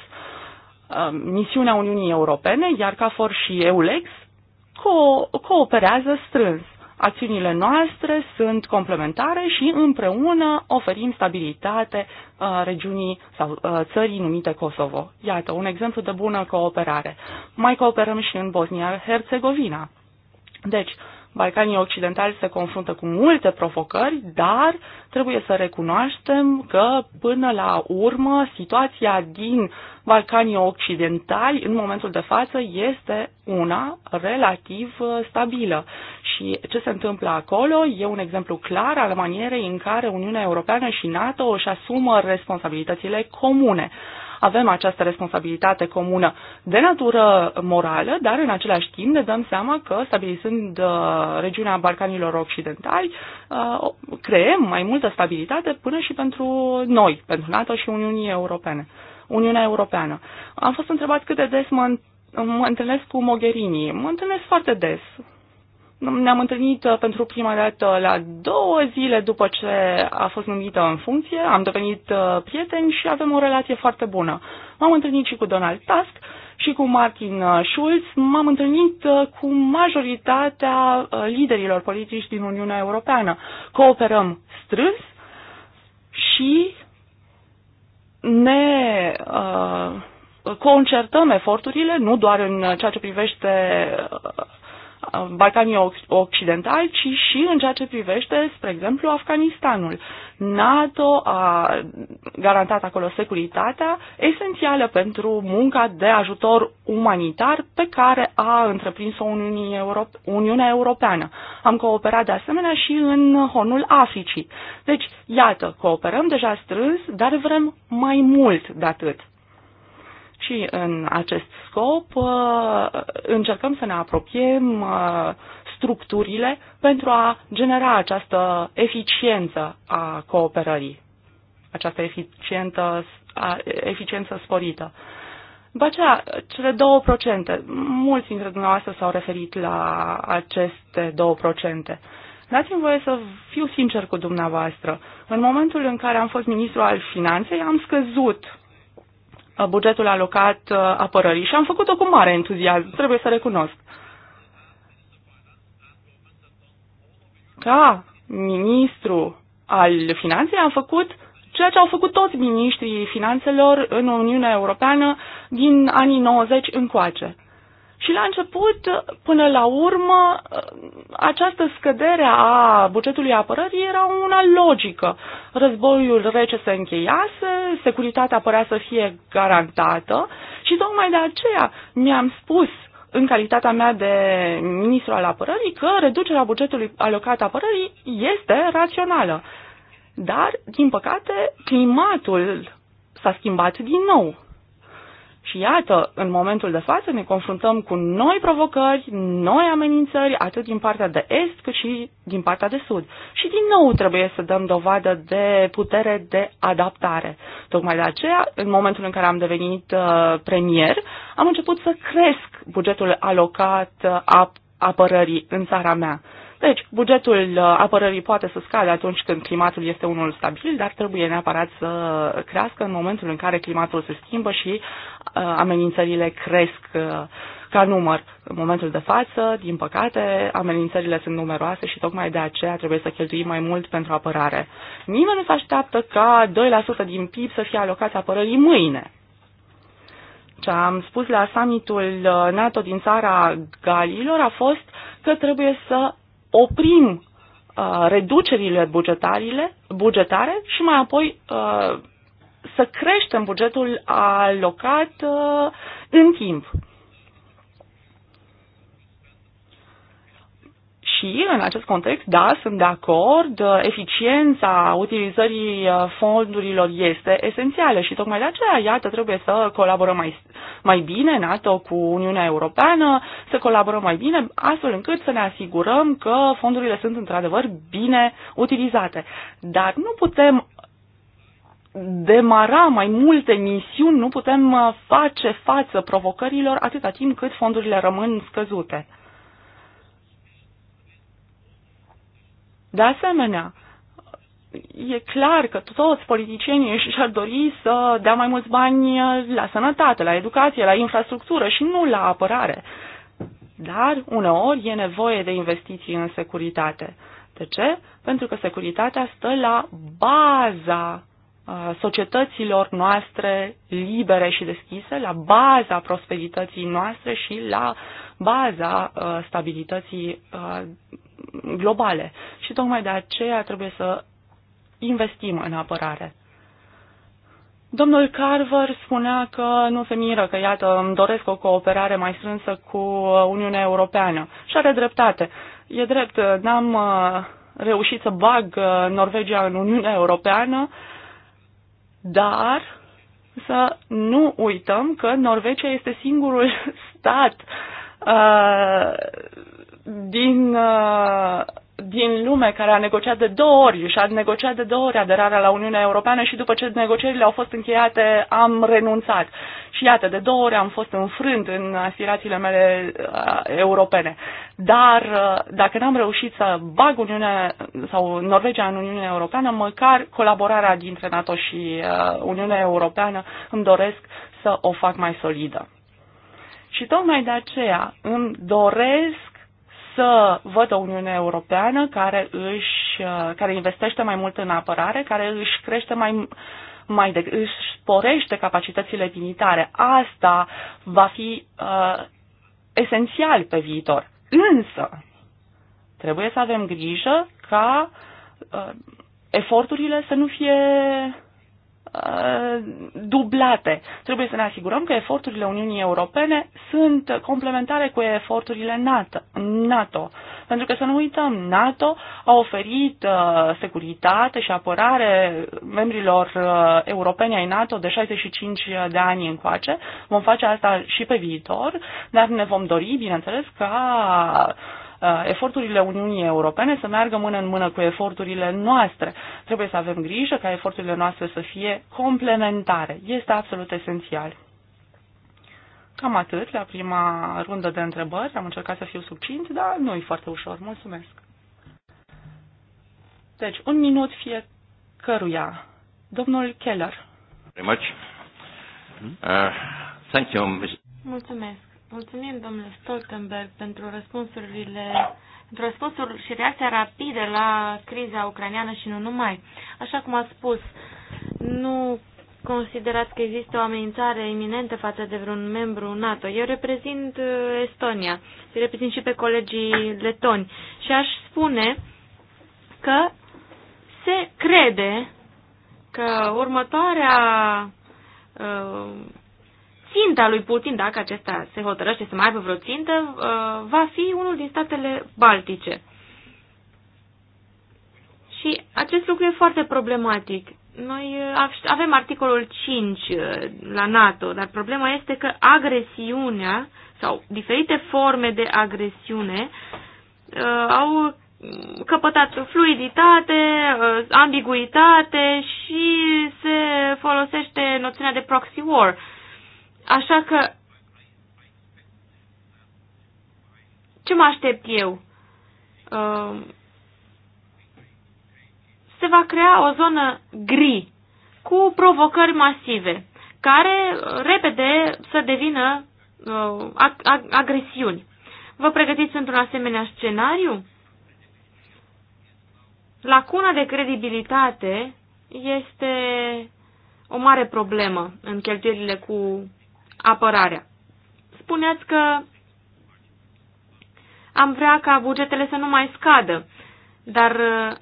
C: um, misiunea Uniunii Europene, iar CAFOR și EULEX co- cooperează strâns. Acțiunile noastre sunt complementare și împreună oferim stabilitate uh, regiunii sau uh, țării numite Kosovo. Iată, un exemplu de bună cooperare. Mai cooperăm și în Bosnia-Herzegovina. Deci, uh, Balcanii Occidentali se confruntă cu multe provocări, dar trebuie să recunoaștem că până la urmă situația din Balcanii Occidentali în momentul de față este una relativ uh, stabilă. Și ce se întâmplă acolo e un exemplu clar al manierei în care Uniunea Europeană și NATO își asumă responsabilitățile comune avem această responsabilitate comună de natură morală, dar în același timp ne dăm seama că stabilizând uh, regiunea Balcanilor Occidentali, uh, creăm mai multă stabilitate până și pentru noi, pentru NATO și Uniunii Europene. Uniunea Europeană. Am fost întrebat cât de des mă, mă întâlnesc cu Mogherini. Mă întâlnesc foarte des. Ne-am întâlnit uh, pentru prima dată la două zile după ce a fost numită în funcție, am devenit uh, prieteni și avem o relație foarte bună. M-am întâlnit și cu Donald Tusk și cu Martin uh, Schulz, m-am întâlnit cu majoritatea liderilor politici din Uniunea Europeană. Cooperăm strâns și ne uh, concertăm eforturile, nu doar în ceea ce privește uh, Balcanii Occidentali, ci și în ceea ce privește, spre exemplu, Afganistanul. NATO a garantat acolo securitatea esențială pentru munca de ajutor umanitar pe care a întreprins-o Uniunea Europeană. Am cooperat de asemenea și în Hornul Africii. Deci, iată, cooperăm deja strâns, dar vrem mai mult de atât. Și în acest scop uh, încercăm să ne apropiem uh, structurile pentru a genera această eficiență a cooperării, această eficientă, eficiență sporită. După aceea, cele două procente, mulți dintre dumneavoastră s-au referit la aceste două procente. Dați-mi voie să fiu sincer cu dumneavoastră. În momentul în care am fost ministru al finanței, am scăzut bugetul alocat uh, apărării și am făcut-o cu mare entuziasm, trebuie să recunosc. Ca ministru al finanței am făcut ceea ce au făcut toți ministrii finanțelor în Uniunea Europeană din anii 90 încoace. Și la început, până la urmă, această scădere a bugetului apărării era una logică. Războiul rece se încheiase, securitatea părea să fie garantată și tocmai de aceea mi-am spus în calitatea mea de ministru al apărării că reducerea bugetului alocat apărării este rațională. Dar, din păcate, climatul s-a schimbat din nou. Și iată, în momentul de față ne confruntăm cu noi provocări, noi amenințări, atât din partea de est cât și din partea de sud. Și din nou trebuie să dăm dovadă de putere de adaptare. Tocmai de aceea, în momentul în care am devenit uh, premier, am început să cresc bugetul alocat uh, a apărării în țara mea. Deci, bugetul uh, apărării poate să scadă atunci când climatul este unul stabil, dar trebuie neapărat să crească în momentul în care climatul se schimbă și uh, amenințările cresc uh, ca număr. În momentul de față, din păcate, amenințările sunt numeroase și tocmai de aceea trebuie să cheltuim mai mult pentru apărare. Nimeni nu se așteaptă ca 2% din PIB să fie alocați apărării mâine. Ce am spus la summitul NATO din țara Galilor a fost că trebuie să oprim uh, reducerile bugetarile, bugetare și mai apoi uh, să creștem bugetul alocat uh, în timp. Și în acest context, da, sunt de acord, eficiența utilizării uh, fondurilor este esențială și tocmai de aceea, iată, trebuie să colaborăm mai, mai bine NATO cu Uniunea Europeană, să colaborăm mai bine, astfel încât să ne asigurăm că fondurile sunt într-adevăr bine utilizate. Dar nu putem demara mai multe misiuni, nu putem uh, face față provocărilor atâta timp cât fondurile rămân scăzute. De asemenea, e clar că toți politicienii și-ar dori să dea mai mulți bani la sănătate, la educație, la infrastructură și nu la apărare. Dar uneori e nevoie de investiții în securitate. De ce? Pentru că securitatea stă la baza societăților noastre libere și deschise, la baza prosperității noastre și la baza stabilității globale. Și tocmai de aceea trebuie să investim în apărare. Domnul Carver spunea că nu se miră, că iată, îmi doresc o cooperare mai strânsă cu Uniunea Europeană. Și are dreptate. E drept, n-am uh, reușit să bag uh, Norvegia în Uniunea Europeană, dar să nu uităm că Norvegia este singurul stat uh, din, uh, din lume care a negociat de două ori și a negociat de două ori aderarea la Uniunea Europeană și după ce negocierile au fost încheiate am renunțat. Și iată, de două ori am fost înfrânt în aspirațiile mele uh, europene. Dar uh, dacă n-am reușit să bag Uniunea sau Norvegia în Uniunea Europeană, măcar colaborarea dintre NATO și Uniunea Europeană îmi doresc să o fac mai solidă. Și tocmai de aceea îmi doresc să văd o Uniune Europeană care, își, care investește mai mult în apărare, care își crește mai, mai de, își sporește capacitățile militare. Asta va fi uh, esențial pe viitor. Însă, trebuie să avem grijă ca uh, eforturile să nu fie Uh, dublate. Trebuie să ne asigurăm că eforturile Uniunii Europene sunt complementare cu eforturile NATO. Pentru că să nu uităm, NATO a oferit uh, securitate și apărare membrilor uh, europeni ai NATO de 65 de ani încoace. Vom face asta și pe viitor, dar ne vom dori, bineînțeles, ca Uh, eforturile Uniunii Europene să meargă mână în mână cu eforturile noastre. Trebuie să avem grijă ca eforturile noastre să fie complementare. Este absolut esențial. Cam atât la prima rundă de întrebări. Am încercat să fiu succint, dar nu e foarte ușor. Mulțumesc. Deci, un minut căruia. Domnul Keller.
B: Very much. Hmm? Uh, thank you, Mr.
A: Mulțumesc. Mulțumim, domnule Stoltenberg, pentru răspunsurile pentru răspunsul și reacția rapidă la criza ucraineană și nu numai. Așa cum ați spus, nu considerați că există o amenințare iminentă față de vreun membru NATO. Eu reprezint uh, Estonia, îi reprezint și pe colegii letoni și aș spune că se crede că următoarea uh, ținta lui Putin, dacă acesta se hotărăște să mai aibă vreo țintă, uh, va fi unul din statele baltice. Și acest lucru e foarte problematic. Noi uh, avem articolul 5 uh, la NATO, dar problema este că agresiunea sau diferite forme de agresiune au căpătat fluiditate, ambiguitate și se folosește noțiunea de proxy war. Așa că ce mă aștept eu? Uh, se va crea o zonă gri cu provocări masive care repede să devină uh, agresiuni. Vă pregătiți într-un asemenea scenariu? Lacuna de credibilitate este o mare problemă în cheltuielile cu apărarea. Spuneați că am vrea ca bugetele să nu mai scadă, dar uh,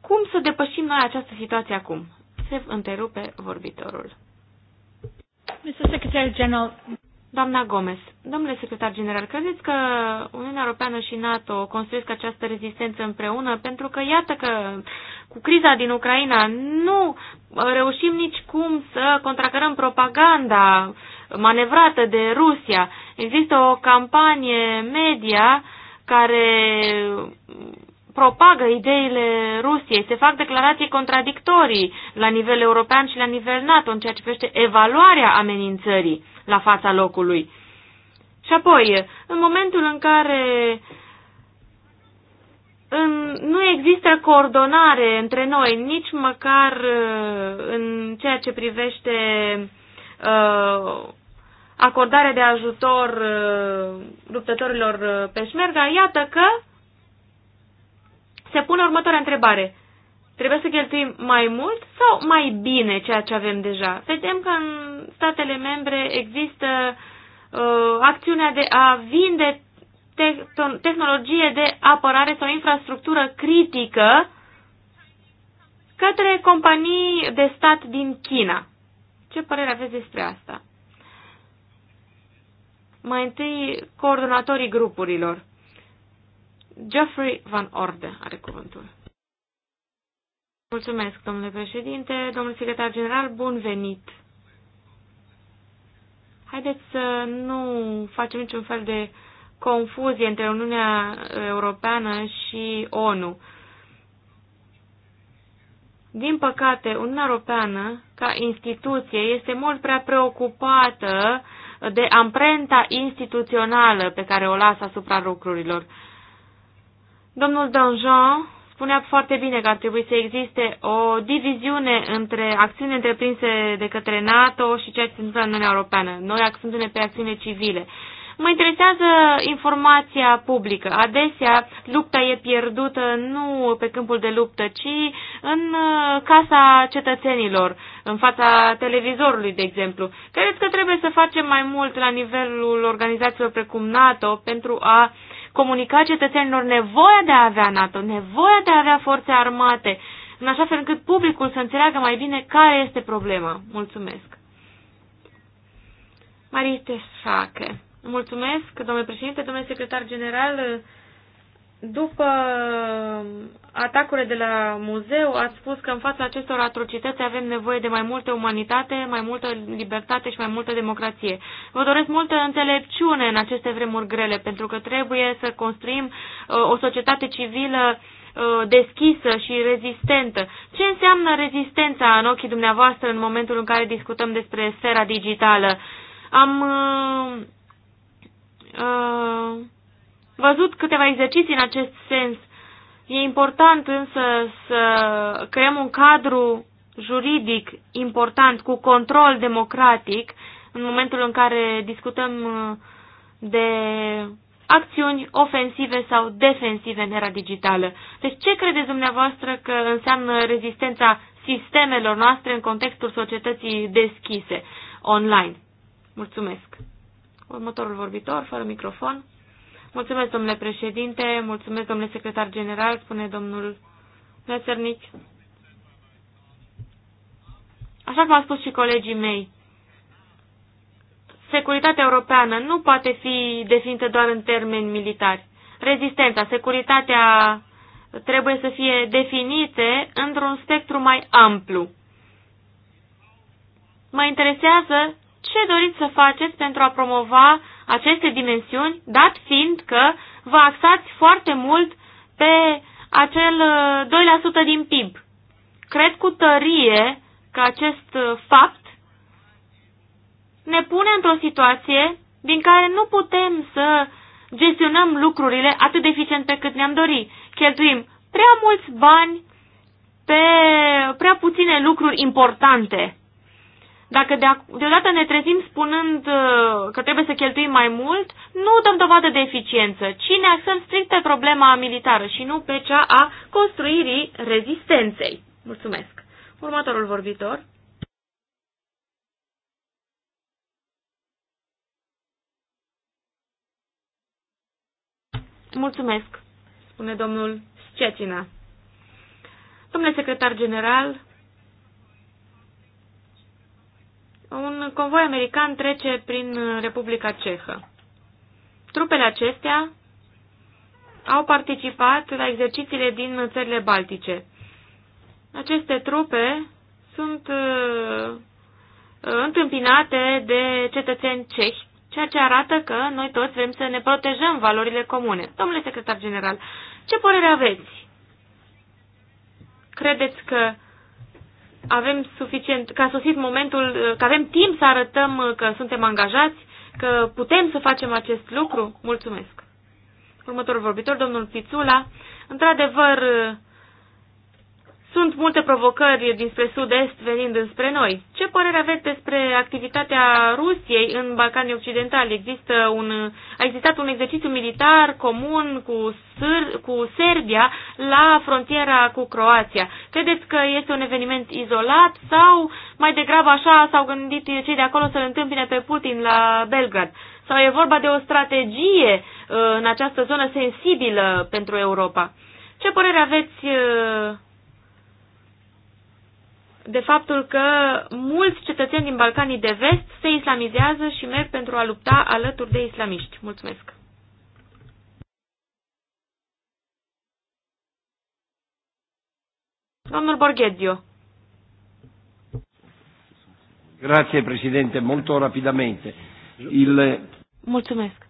A: cum să depășim noi această situație acum? Se întrerupe vorbitorul. Mr. Secretary General. Doamna Gomez, domnule secretar general, credeți că Uniunea Europeană și NATO construiesc această rezistență împreună? Pentru că iată că cu criza din Ucraina nu reușim nici cum să contracărăm propaganda manevrată de Rusia. Există o campanie media care propagă ideile Rusiei, se fac declarații contradictorii la nivel european și la nivel NATO în ceea ce privește evaluarea amenințării la fața locului. Și apoi, în momentul în care în, nu există coordonare între noi, nici măcar uh, în ceea ce privește uh, acordarea de ajutor uh, luptătorilor uh, peșmerga, iată că se pune următoarea întrebare. Trebuie să cheltuim mai mult sau mai bine ceea ce avem deja? Vedem că în statele membre există uh, acțiunea de a vinde te- tehnologie de apărare sau infrastructură critică către companii de stat din China. Ce părere aveți despre asta? Mai întâi, coordonatorii grupurilor. Geoffrey Van Orde are cuvântul. Mulțumesc, domnule președinte, domnule secretar general, bun venit. Haideți să nu facem niciun fel de confuzie între Uniunea Europeană și ONU. Din păcate, Uniunea Europeană, ca instituție, este mult prea preocupată de amprenta instituțională pe care o lasă asupra lucrurilor. Domnul Danjean spunea foarte bine că ar trebui să existe o diviziune între acțiuni întreprinse de către NATO și ceea ce se întâmplă în Uniunea Europeană. Noi acționăm pe acțiune civile. Mă interesează informația publică. Adesea lupta e pierdută nu pe câmpul de luptă, ci în uh, casa cetățenilor, în fața televizorului, de exemplu. Credeți că trebuie să facem mai mult la nivelul organizațiilor precum NATO pentru a uh, comunica cetățenilor nevoia de a avea NATO, nevoia de a avea forțe armate, în așa fel încât publicul să înțeleagă mai bine care este problema. Mulțumesc! Marite Sache. Mulțumesc, domnule președinte, domnule secretar general, după atacurile de la muzeu, ați spus că în fața acestor atrocități avem nevoie de mai multă umanitate, mai multă libertate și mai multă democrație. Vă doresc multă înțelepciune în aceste vremuri grele, pentru că trebuie să construim uh, o societate civilă uh, deschisă și rezistentă. Ce înseamnă rezistența în ochii dumneavoastră în momentul în care discutăm despre sfera digitală? Am... Uh, uh, văzut câteva exerciții în acest sens. E important însă să creăm un cadru juridic important cu control democratic în momentul în care discutăm uh, de acțiuni ofensive sau defensive în era digitală. Deci ce credeți dumneavoastră că înseamnă rezistența sistemelor noastre în contextul societății deschise online? Mulțumesc. Următorul vorbitor, fără microfon. Mulțumesc, domnule președinte, mulțumesc, domnule secretar general, spune domnul Năsărnic. Așa cum au spus și colegii mei, securitatea europeană nu poate fi definită doar în termeni militari. Rezistența, securitatea trebuie să fie definite într-un spectru mai amplu. Mă interesează ce doriți să faceți pentru a promova aceste dimensiuni, dat fiind că vă axați foarte mult pe acel 2% uh, din PIB. Cred cu tărie că acest uh, fapt ne pune într-o situație din care nu putem să gestionăm lucrurile atât de eficient pe cât ne-am dorit. Cheltuim prea mulți bani pe prea puține lucruri importante. Dacă deodată ne trezim spunând uh, că trebuie să cheltuim mai mult, nu dăm dovadă de eficiență, ci ne axăm strict pe problema militară și nu pe cea a construirii rezistenței. Mulțumesc. Următorul vorbitor. Mulțumesc, spune domnul Scetina. Domnule secretar general, un convoi american trece prin Republica Cehă. Trupele acestea au participat la exercițiile din țările baltice. Aceste trupe sunt uh, uh, întâmpinate de cetățeni cehi, ceea ce arată că noi toți vrem să ne protejăm valorile comune. Domnule secretar general, ce părere aveți? Credeți că avem suficient, că a sosit momentul, că avem timp să arătăm că suntem angajați, că putem să facem acest lucru? Mulțumesc! Următorul vorbitor, domnul Pițula, într-adevăr sunt multe provocări dinspre sud-est venind înspre noi. Ce părere aveți despre activitatea Rusiei în Balcanii Occidentali? Există un, a existat un exercițiu militar comun cu, Sâr, cu Serbia la frontiera cu Croația. Credeți că este un eveniment izolat sau mai degrabă așa s-au gândit cei de acolo să-l întâmpine pe Putin la Belgrad? Sau e vorba de o strategie uh, în această zonă sensibilă pentru Europa? Ce părere aveți uh, de faptul că mulți cetățeni din Balcanii de vest se islamizează și merg pentru a lupta alături de islamiști. Mulțumesc! Domnul Borghezio.
B: Grazie Presidente, molto rapidamente. Il...
A: Mulțumesc.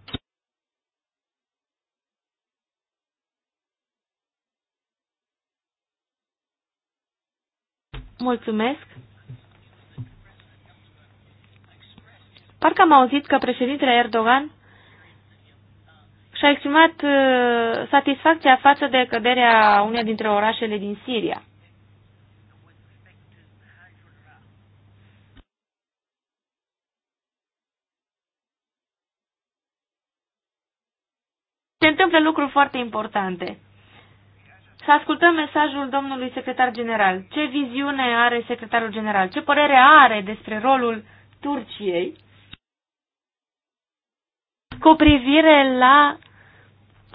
A: Mulțumesc. Parcă am auzit că președintele Erdogan și-a exprimat uh, satisfacția față de căderea uneia dintre orașele din Siria. se întâmplă lucruri foarte importante să ascultăm mesajul domnului secretar general. Ce viziune are secretarul general? Ce părere are despre rolul Turciei cu privire la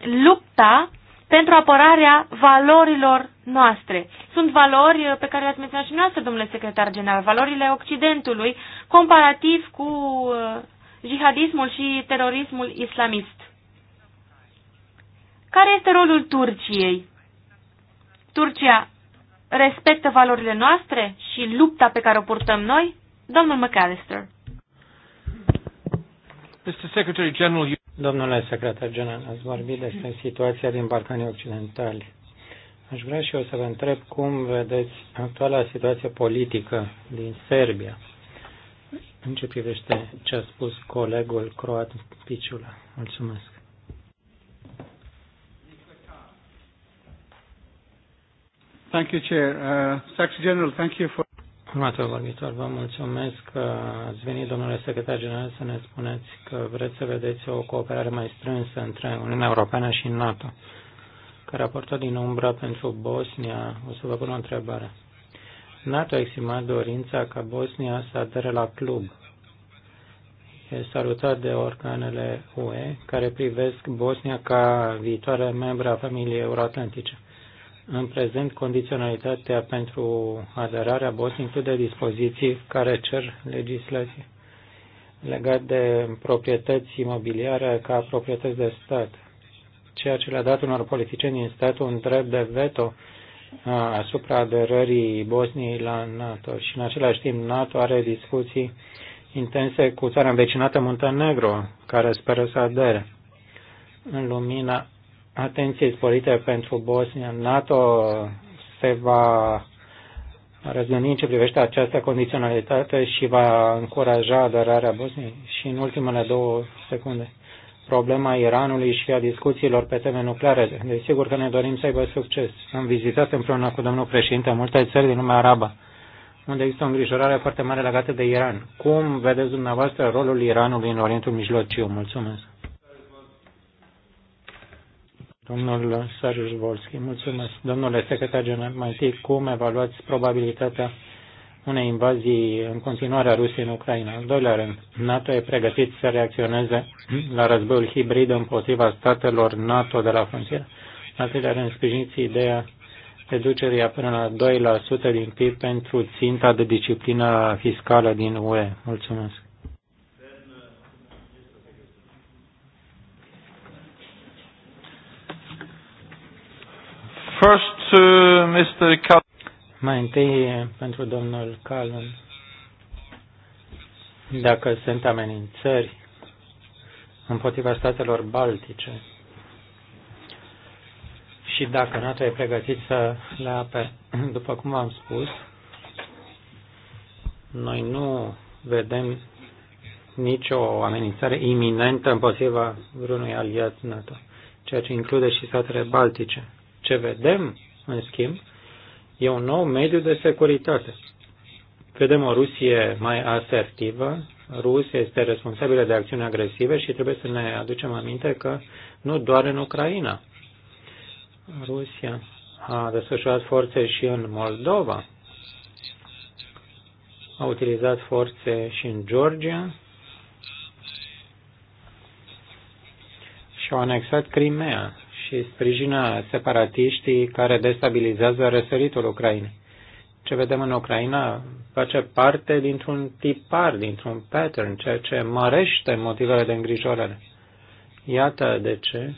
A: lupta pentru apărarea valorilor noastre. Sunt valori pe care le-ați menționat și noastră, domnule secretar general, valorile Occidentului, comparativ cu uh, jihadismul și terorismul islamist. Care este rolul Turciei? Turcia respectă valorile noastre și lupta pe care o purtăm noi? Domnul McAllister.
B: Mr. Secretary General, you... Domnule secretar general, ați vorbit despre situația din Balcanii Occidentali. Aș vrea și eu să vă întreb cum vedeți actuala situație politică din Serbia în ce privește ce a spus colegul croat Piciula. Mulțumesc. Thank you, Chair. Uh, Secretary General, thank you for... Următorul vorbitor, vă mulțumesc că ați venit, domnule secretar general, să ne spuneți că vreți să vedeți o cooperare mai strânsă între Uniunea Europeană și NATO. a portat din umbră pentru Bosnia, o să vă pun o întrebare. NATO a exprimat dorința ca Bosnia să adere la club. E salutat de organele UE care privesc Bosnia ca viitoare membră a familiei euroatlantice. În prezent, condiționalitatea pentru aderarea BOS include dispoziții care cer legislație legat de proprietăți imobiliare ca proprietăți de stat, ceea ce le-a dat unor politicieni din stat un drept de veto asupra aderării Bosniei la NATO. Și în același timp NATO are discuții intense cu țara învecinată Muntenegro, care speră să adere. În lumina atenție sporită pentru Bosnia. NATO se va răzgândi în ce privește această condiționalitate și va încuraja aderarea Bosniei. Și în ultimele două secunde, problema Iranului și a discuțiilor pe teme nucleare. Desigur că ne dorim să aibă succes. Am vizitat împreună cu domnul președinte multe țări din lumea arabă, unde există o îngrijorare foarte mare legată de Iran. Cum vedeți dumneavoastră rolul Iranului în Orientul Mijlociu? Mulțumesc! Domnul Sarius Volski, mulțumesc. Domnule secretar general, mai întâi, cum evaluați probabilitatea unei invazii în continuare a Rusiei în Ucraina? Al doilea rând, NATO e pregătit să reacționeze la războiul hibrid împotriva statelor NATO de la frontieră? Al treilea rând, sprijiniți ideea reducerea până la 2% din PIB pentru ținta de disciplină fiscală din UE. Mulțumesc. First to uh, Mr. Cal Mai întâi pentru domnul Calvin. Dacă sunt amenințări împotriva statelor baltice și dacă NATO e pregătit să le ape, după cum am spus, noi nu vedem nicio amenințare iminentă împotriva vreunui aliat NATO, ceea ce include și statele baltice. Ce vedem, în schimb, e un nou mediu de securitate. Vedem o Rusie mai asertivă, Rusia este responsabilă de acțiuni agresive și trebuie să ne aducem aminte că nu doar în Ucraina. Rusia a desfășurat forțe și în Moldova, a utilizat forțe și în Georgia și au anexat Crimea și sprijină separatiștii care destabilizează răsăritul Ucrainei. Ce vedem în Ucraina face parte dintr-un tipar, dintr-un pattern, ceea ce mărește motivele de îngrijorare. Iată de ce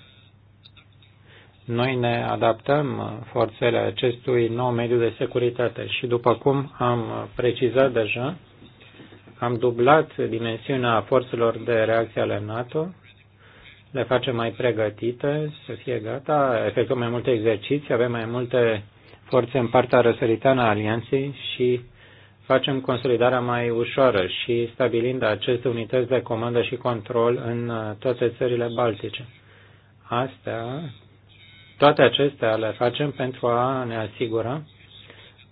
B: noi ne adaptăm forțele acestui nou mediu de securitate și după cum am precizat deja, am dublat dimensiunea forțelor de reacție ale NATO le facem mai pregătite, să fie gata, efectuăm mai multe exerciții, avem mai multe forțe în partea răsăritană a alianței și facem consolidarea mai ușoară și stabilind aceste unități de comandă și control în uh, toate țările baltice. Astea, toate acestea le facem pentru a ne asigura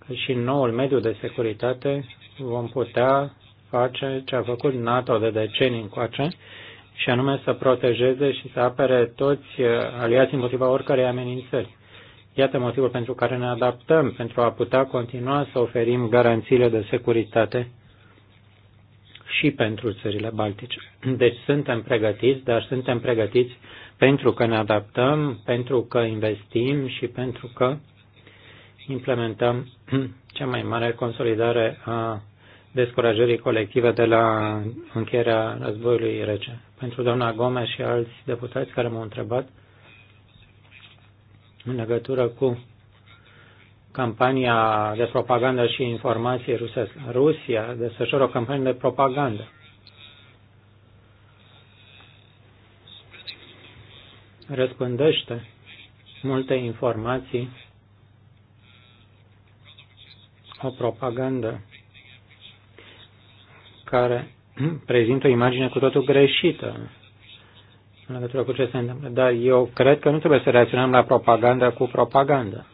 B: că și în noul mediu de securitate vom putea face ce a făcut NATO de decenii încoace, și anume să protejeze și să apere toți uh, aliații împotriva oricărei amenințări. Iată motivul pentru care ne adaptăm, pentru a putea continua să oferim garanțiile de securitate și pentru țările baltice. Deci suntem pregătiți, dar suntem pregătiți pentru că ne adaptăm, pentru că investim și pentru că implementăm cea mai mare consolidare a descurajării colective de la încheierea războiului rece. Pentru doamna Gomes și alți deputați care m-au întrebat în legătură cu campania de propagandă și informație rusească. Rusia desfășoară o campanie de propagandă. Răspândește multe informații, o propagandă care prezintă o imagine cu totul greșită în legătură cu ce se întâmplă. Dar eu cred că nu trebuie să reacționăm la propaganda cu propaganda.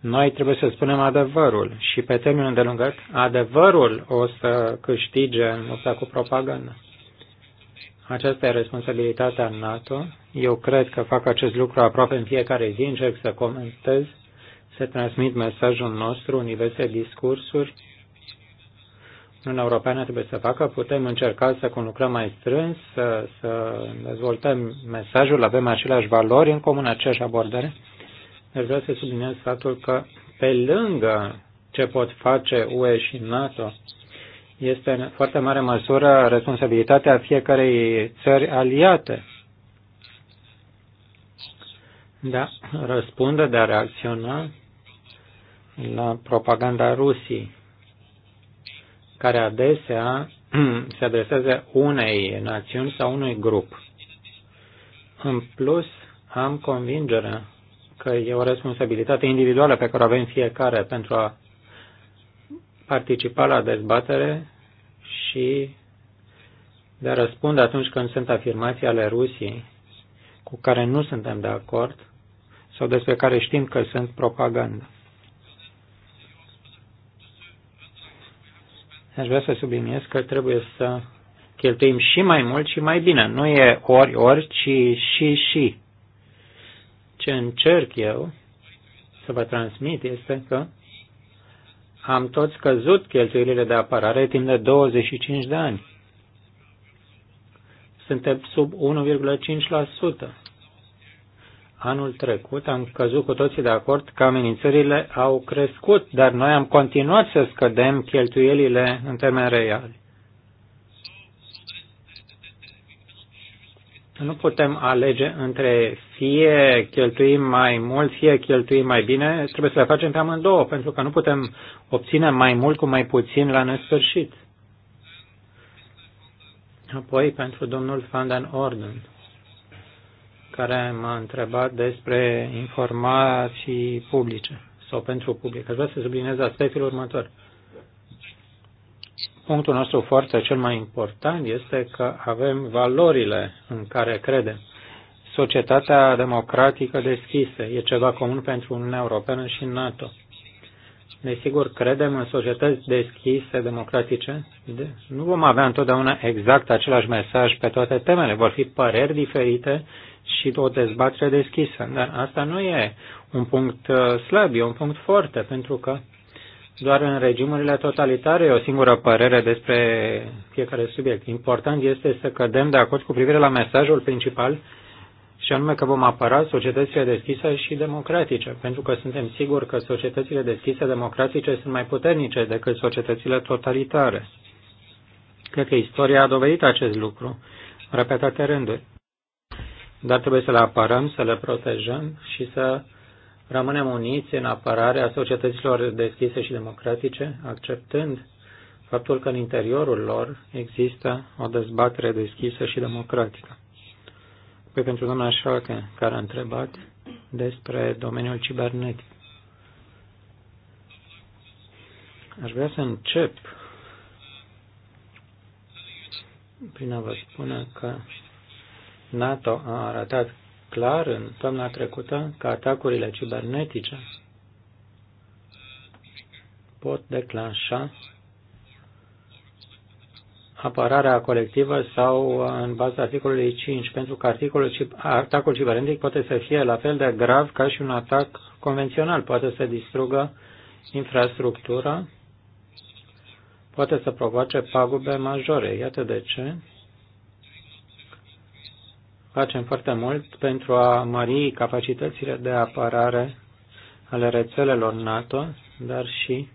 B: Noi trebuie să spunem adevărul și pe termen îndelungat, adevărul o să câștige în lupta cu propaganda. Aceasta e responsabilitatea NATO. Eu cred că fac acest lucru aproape în fiecare zi, încerc să comentez, să transmit mesajul nostru în diverse discursuri, Uniunea Europeană trebuie să facă, putem încerca să conlucrăm mai strâns, să, să dezvoltăm mesajul, avem aceleași valori în comun, aceeași abordare. Dar vreau să subliniez faptul că pe lângă ce pot face UE și NATO, este în foarte mare măsură responsabilitatea fiecarei țări aliate. Da, răspunde de a reacționa la propaganda Rusiei care adesea se adresează unei națiuni sau unui grup. În plus, am convingerea că e o responsabilitate individuală pe care o avem fiecare pentru a participa la dezbatere și de a răspunde atunci când sunt afirmații ale Rusiei cu care nu suntem de acord sau despre care știm că sunt propagandă. Aș vrea să subliniez că trebuie să cheltuim și mai mult și mai bine. Nu e ori-ori, ci și-și. Ce încerc eu să vă transmit este că am tot scăzut cheltuielile de apărare timp de 25 de ani. Suntem sub 1,5%. Anul trecut am căzut cu toții de acord că amenințările au crescut, dar noi am continuat să scădem cheltuielile în termeni reali. Nu putem alege între fie cheltuim mai mult, fie cheltuim mai bine, trebuie să le facem pe amândouă, pentru că nu putem obține mai mult cu mai puțin la nesfârșit. Apoi pentru domnul Van den Orden care m-a întrebat despre informații publice sau pentru public. Aș vrea să subliniez aspectul următor. Punctul nostru foarte cel mai important este că avem valorile în care credem. Societatea democratică deschisă e ceva comun pentru Uniunea Europeană și NATO. Desigur, credem în societăți deschise, democratice. De, nu vom avea întotdeauna exact același mesaj pe toate temele. Vor fi păreri diferite și o dezbatere deschisă. Dar asta nu e un punct uh, slab, e un punct foarte, pentru că doar în regimurile totalitare e o singură părere despre fiecare subiect. Important este să cădem de acord cu privire la mesajul principal și anume că vom apăra societățile deschise și democratice, pentru că suntem siguri că societățile deschise democratice sunt mai puternice decât societățile totalitare. Cred că istoria a dovedit acest lucru, repetate rânduri dar trebuie să le apărăm, să le protejăm și să rămânem uniți în apărarea societăților deschise și democratice, acceptând faptul că în interiorul lor există o dezbatere deschisă și democratică. Păi pentru doamna Șoacă, care a întrebat despre domeniul cibernetic. Aș vrea să încep prin a vă spune că NATO a arătat clar în toamna trecută că atacurile cibernetice pot declanșa apărarea colectivă sau uh, în baza articolului 5, pentru că articolul, atacul cibernetic poate să fie la fel de grav ca și un atac convențional. Poate să distrugă infrastructura, poate să provoace pagube majore. Iată de ce Facem foarte mult pentru a mări capacitățile de apărare ale rețelelor NATO, dar și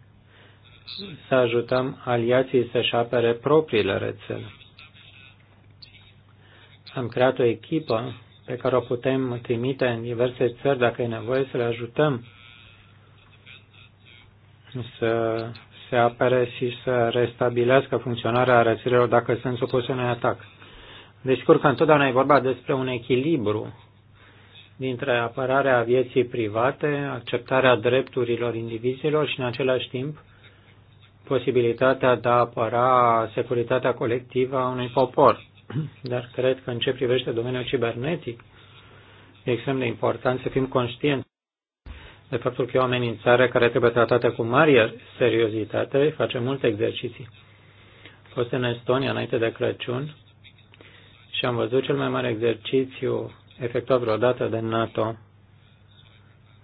B: să ajutăm aliații să-și apere propriile rețele. Am creat o echipă pe care o putem trimite în diverse țări dacă e nevoie să le ajutăm să se apere și să restabilească funcționarea rețelelor dacă sunt supuse unui atac. Desigur deci, că întotdeauna e vorba despre un echilibru dintre apărarea vieții private, acceptarea drepturilor indivizilor și, în același timp, posibilitatea de a apăra securitatea colectivă a unui popor. Dar cred că în ce privește domeniul cibernetic, e extrem de important să fim conștienți de faptul că e o amenințare care trebuie tratată cu mare seriozitate, face multe exerciții. A fost în Estonia înainte de Crăciun și am văzut cel mai mare exercițiu efectuat vreodată de NATO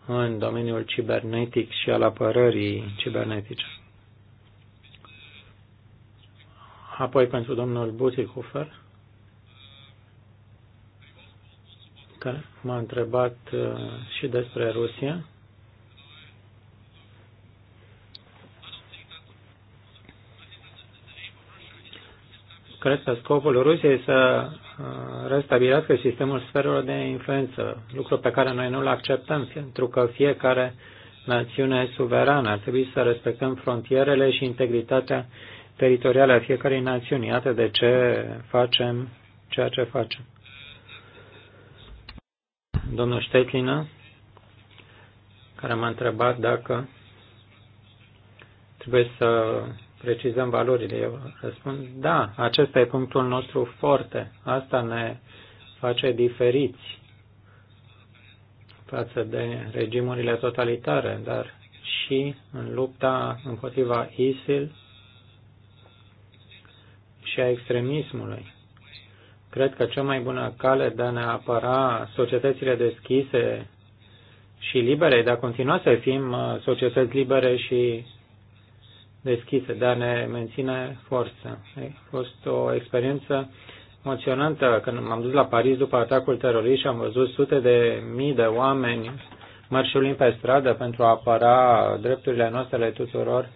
B: în domeniul cibernetic și al apărării cibernetice. Apoi pentru domnul Busichufer, care m-a întrebat uh, și despre Rusia. Cred că scopul Rusiei să restabilească sistemul sferelor de influență, lucru pe care noi nu-l acceptăm, pentru că fiecare națiune suverană ar trebui să respectăm frontierele și integritatea teritorială a fiecarei națiuni. Iată de ce facem ceea ce facem. Domnul Ștetlină, care m-a întrebat dacă trebuie să precizăm valorile. Eu răspund, da, acesta e punctul nostru foarte. Asta ne face diferiți față de regimurile totalitare, dar și în lupta împotriva ISIL și a extremismului. Cred că cea mai bună cale de a ne apăra societățile deschise și libere, de a continua să fim uh, societăți libere și deschise, de a ne menține forță. A fost o experiență emoționantă când m-am dus la Paris după atacul terorist și am văzut sute de mii de oameni mărșulind pe stradă pentru a apăra drepturile noastre ale tuturor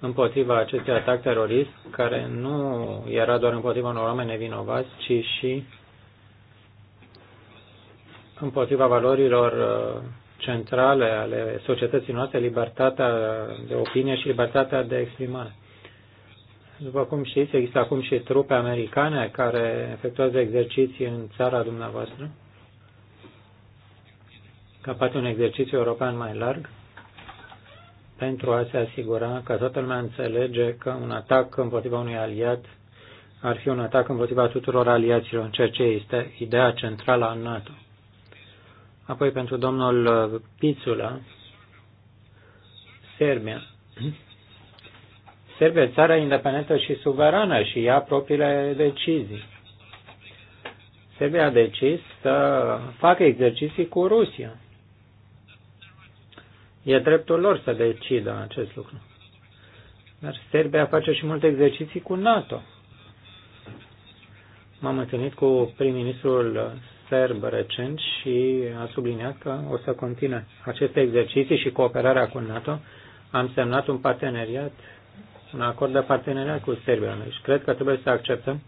B: împotriva acestui atac terorist, care nu era doar împotriva unor oameni nevinovați, ci și împotriva valorilor uh, centrale ale societății noastre, libertatea de opinie și libertatea de exprimare. După cum știți, există acum și trupe americane care efectuează exerciții în țara dumneavoastră, ca poate un exercițiu european mai larg, pentru a se asigura că toată lumea înțelege că un atac împotriva unui aliat ar fi un atac împotriva tuturor aliaților, în ceea ce este ideea centrală a NATO. Apoi pentru domnul uh, Pițula, Serbia. Serbia, țara independentă și suverană și ia propriile decizii. Serbia a decis să facă exerciții cu Rusia. E dreptul lor să decidă acest lucru. Dar Serbia face și multe exerciții cu NATO. M-am întâlnit cu prim-ministrul serb recent și a subliniat că o să continue aceste exerciții și cooperarea cu NATO. Am semnat un parteneriat, un acord de parteneriat cu Serbia. Deci cred că trebuie să acceptăm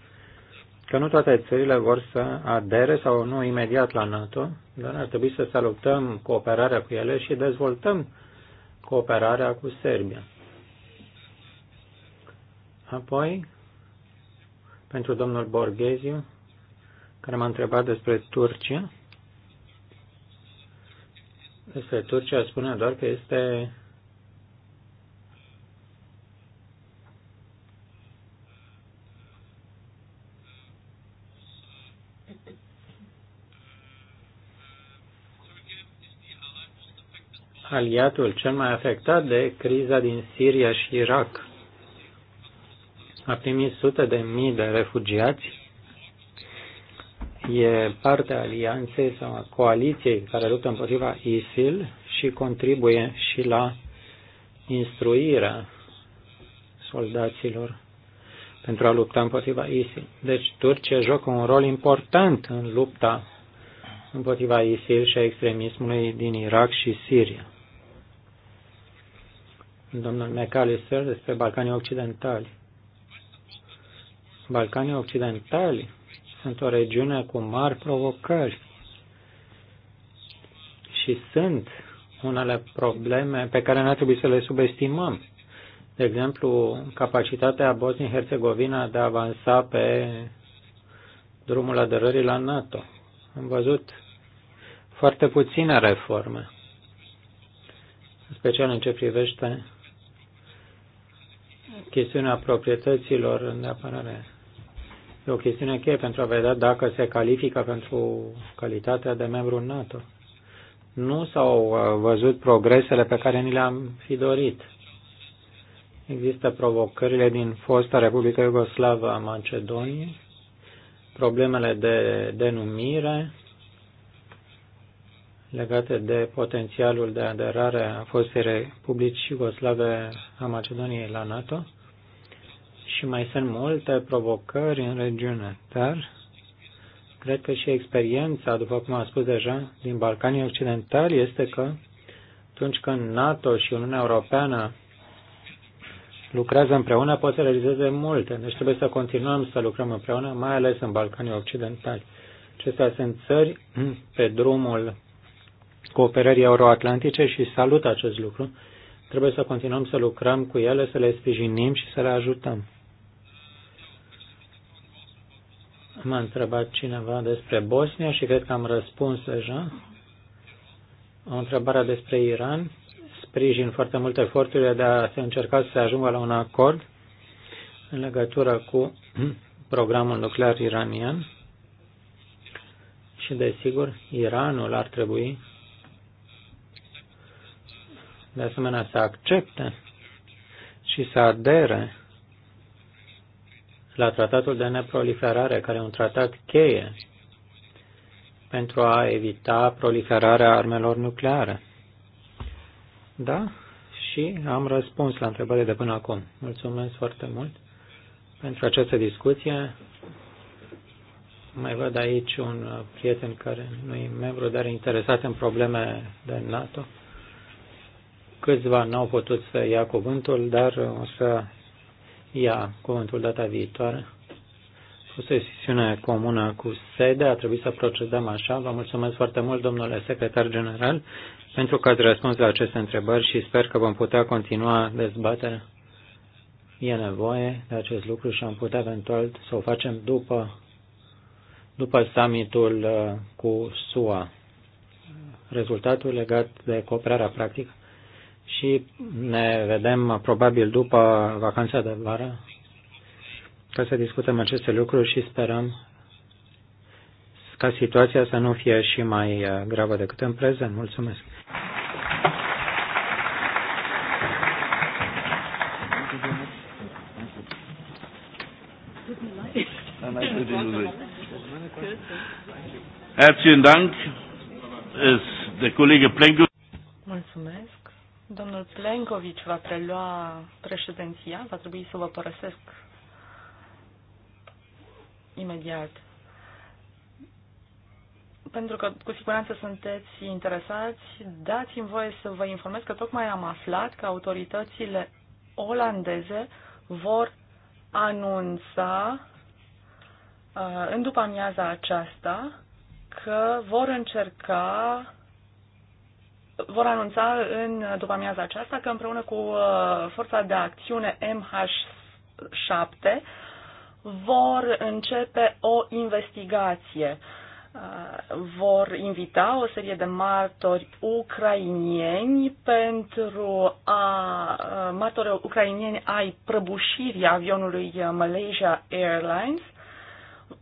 B: că nu toate țările vor să adere sau nu imediat la NATO, dar ar trebui să salutăm cooperarea cu ele și dezvoltăm cooperarea cu Serbia. Apoi, pentru domnul Borgheziu, care m-a întrebat despre Turcia. Despre Turcia spune doar că este aliatul cel mai afectat de criza din Siria și Irak. A primit sute de mii de refugiați e parte a alianței sau a coaliției care luptă împotriva ISIL și contribuie și la instruirea soldaților pentru a lupta împotriva ISIL. Deci Turcia joacă un rol important în lupta împotriva ISIL și a extremismului din Irak și Siria. Domnul McAllister despre Balcanii Occidentali. Balcanii Occidentali sunt o regiune cu mari provocări și sunt unele probleme pe care nu ar trebui să le subestimăm. De exemplu, capacitatea Bosnii-Herzegovina de a avansa pe drumul aderării la NATO. Am văzut foarte puține reforme, în special în ce privește chestiunea proprietăților de apărare. E o chestiune cheie pentru a vedea dacă se califică pentru calitatea de membru NATO. Nu s-au uh, văzut progresele pe care ni le-am fi dorit. Există provocările din fosta Republică Iugoslavă a Macedoniei, problemele de denumire legate de potențialul de aderare a fostei Republici Iugoslave a Macedoniei la NATO, și mai sunt multe provocări în regiune, dar cred că și experiența, după cum am spus deja, din Balcanii Occidentali este că atunci când NATO și Uniunea Europeană lucrează împreună, pot să realizeze multe. Deci trebuie să continuăm să lucrăm împreună, mai ales în Balcanii Occidentali. Acestea sunt țări pe drumul cooperării euroatlantice și salut acest lucru. Trebuie să continuăm să lucrăm cu ele, să le sprijinim și să le ajutăm. M-a întrebat cineva despre Bosnia și cred că am răspuns deja. O întrebare despre Iran. Sprijin foarte mult eforturile de a se încerca să se ajungă la un acord în legătură cu programul nuclear iranian. Și, desigur, Iranul ar trebui de asemenea să accepte și să adere la tratatul de neproliferare, care e un tratat cheie pentru a evita proliferarea armelor nucleare. Da? Și am răspuns la întrebările de până acum. Mulțumesc foarte mult pentru această discuție. Mai văd aici un prieten care nu e membru, dar e interesat în probleme de NATO. Câțiva n-au putut să ia cuvântul, dar o să ia cuvântul data viitoare. Cu sesiunea comună cu sede, a trebuit să procedăm așa. Vă mulțumesc foarte mult, domnule secretar general, pentru că ați răspuns la aceste întrebări și sper că vom putea continua dezbaterea. E nevoie de acest lucru și am putea eventual să o facem după, după summitul uh, cu SUA. Rezultatul legat de cooperarea practică și ne vedem probabil după vacanța de vară ca să discutăm aceste lucruri și sperăm ca situația să nu fie și mai uh, gravă decât în prezent. Mulțumesc!
C: Herzlichen Dank. Es der Kollege Plenkovic Domnul Plenković va prelua președinția, va trebui să vă părăsesc imediat. Pentru că cu siguranță sunteți interesați, dați-mi voie să vă informez că tocmai am aflat că autoritățile olandeze vor anunța uh, în după amiaza aceasta că vor încerca vor anunța în după amiaza aceasta că împreună cu uh, forța de acțiune MH7 vor începe o investigație. Uh, vor invita o serie de martori ucrainieni pentru a uh, martori ucrainieni ai prăbușirii avionului Malaysia Airlines.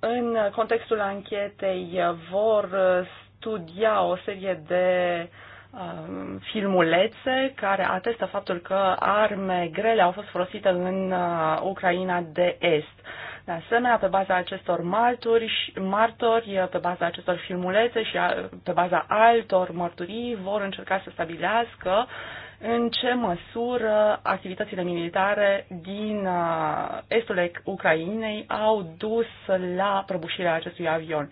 C: În contextul anchetei vor studia o serie de uh, Um, filmulețe care atestă faptul că arme grele au fost folosite în uh, Ucraina de Est. De asemenea, pe baza acestor martori, martori uh, pe baza acestor filmulețe și uh, pe baza altor mărturii, vor încerca să stabilească în ce măsură activitățile militare din estul Ucrainei au dus la prăbușirea acestui avion.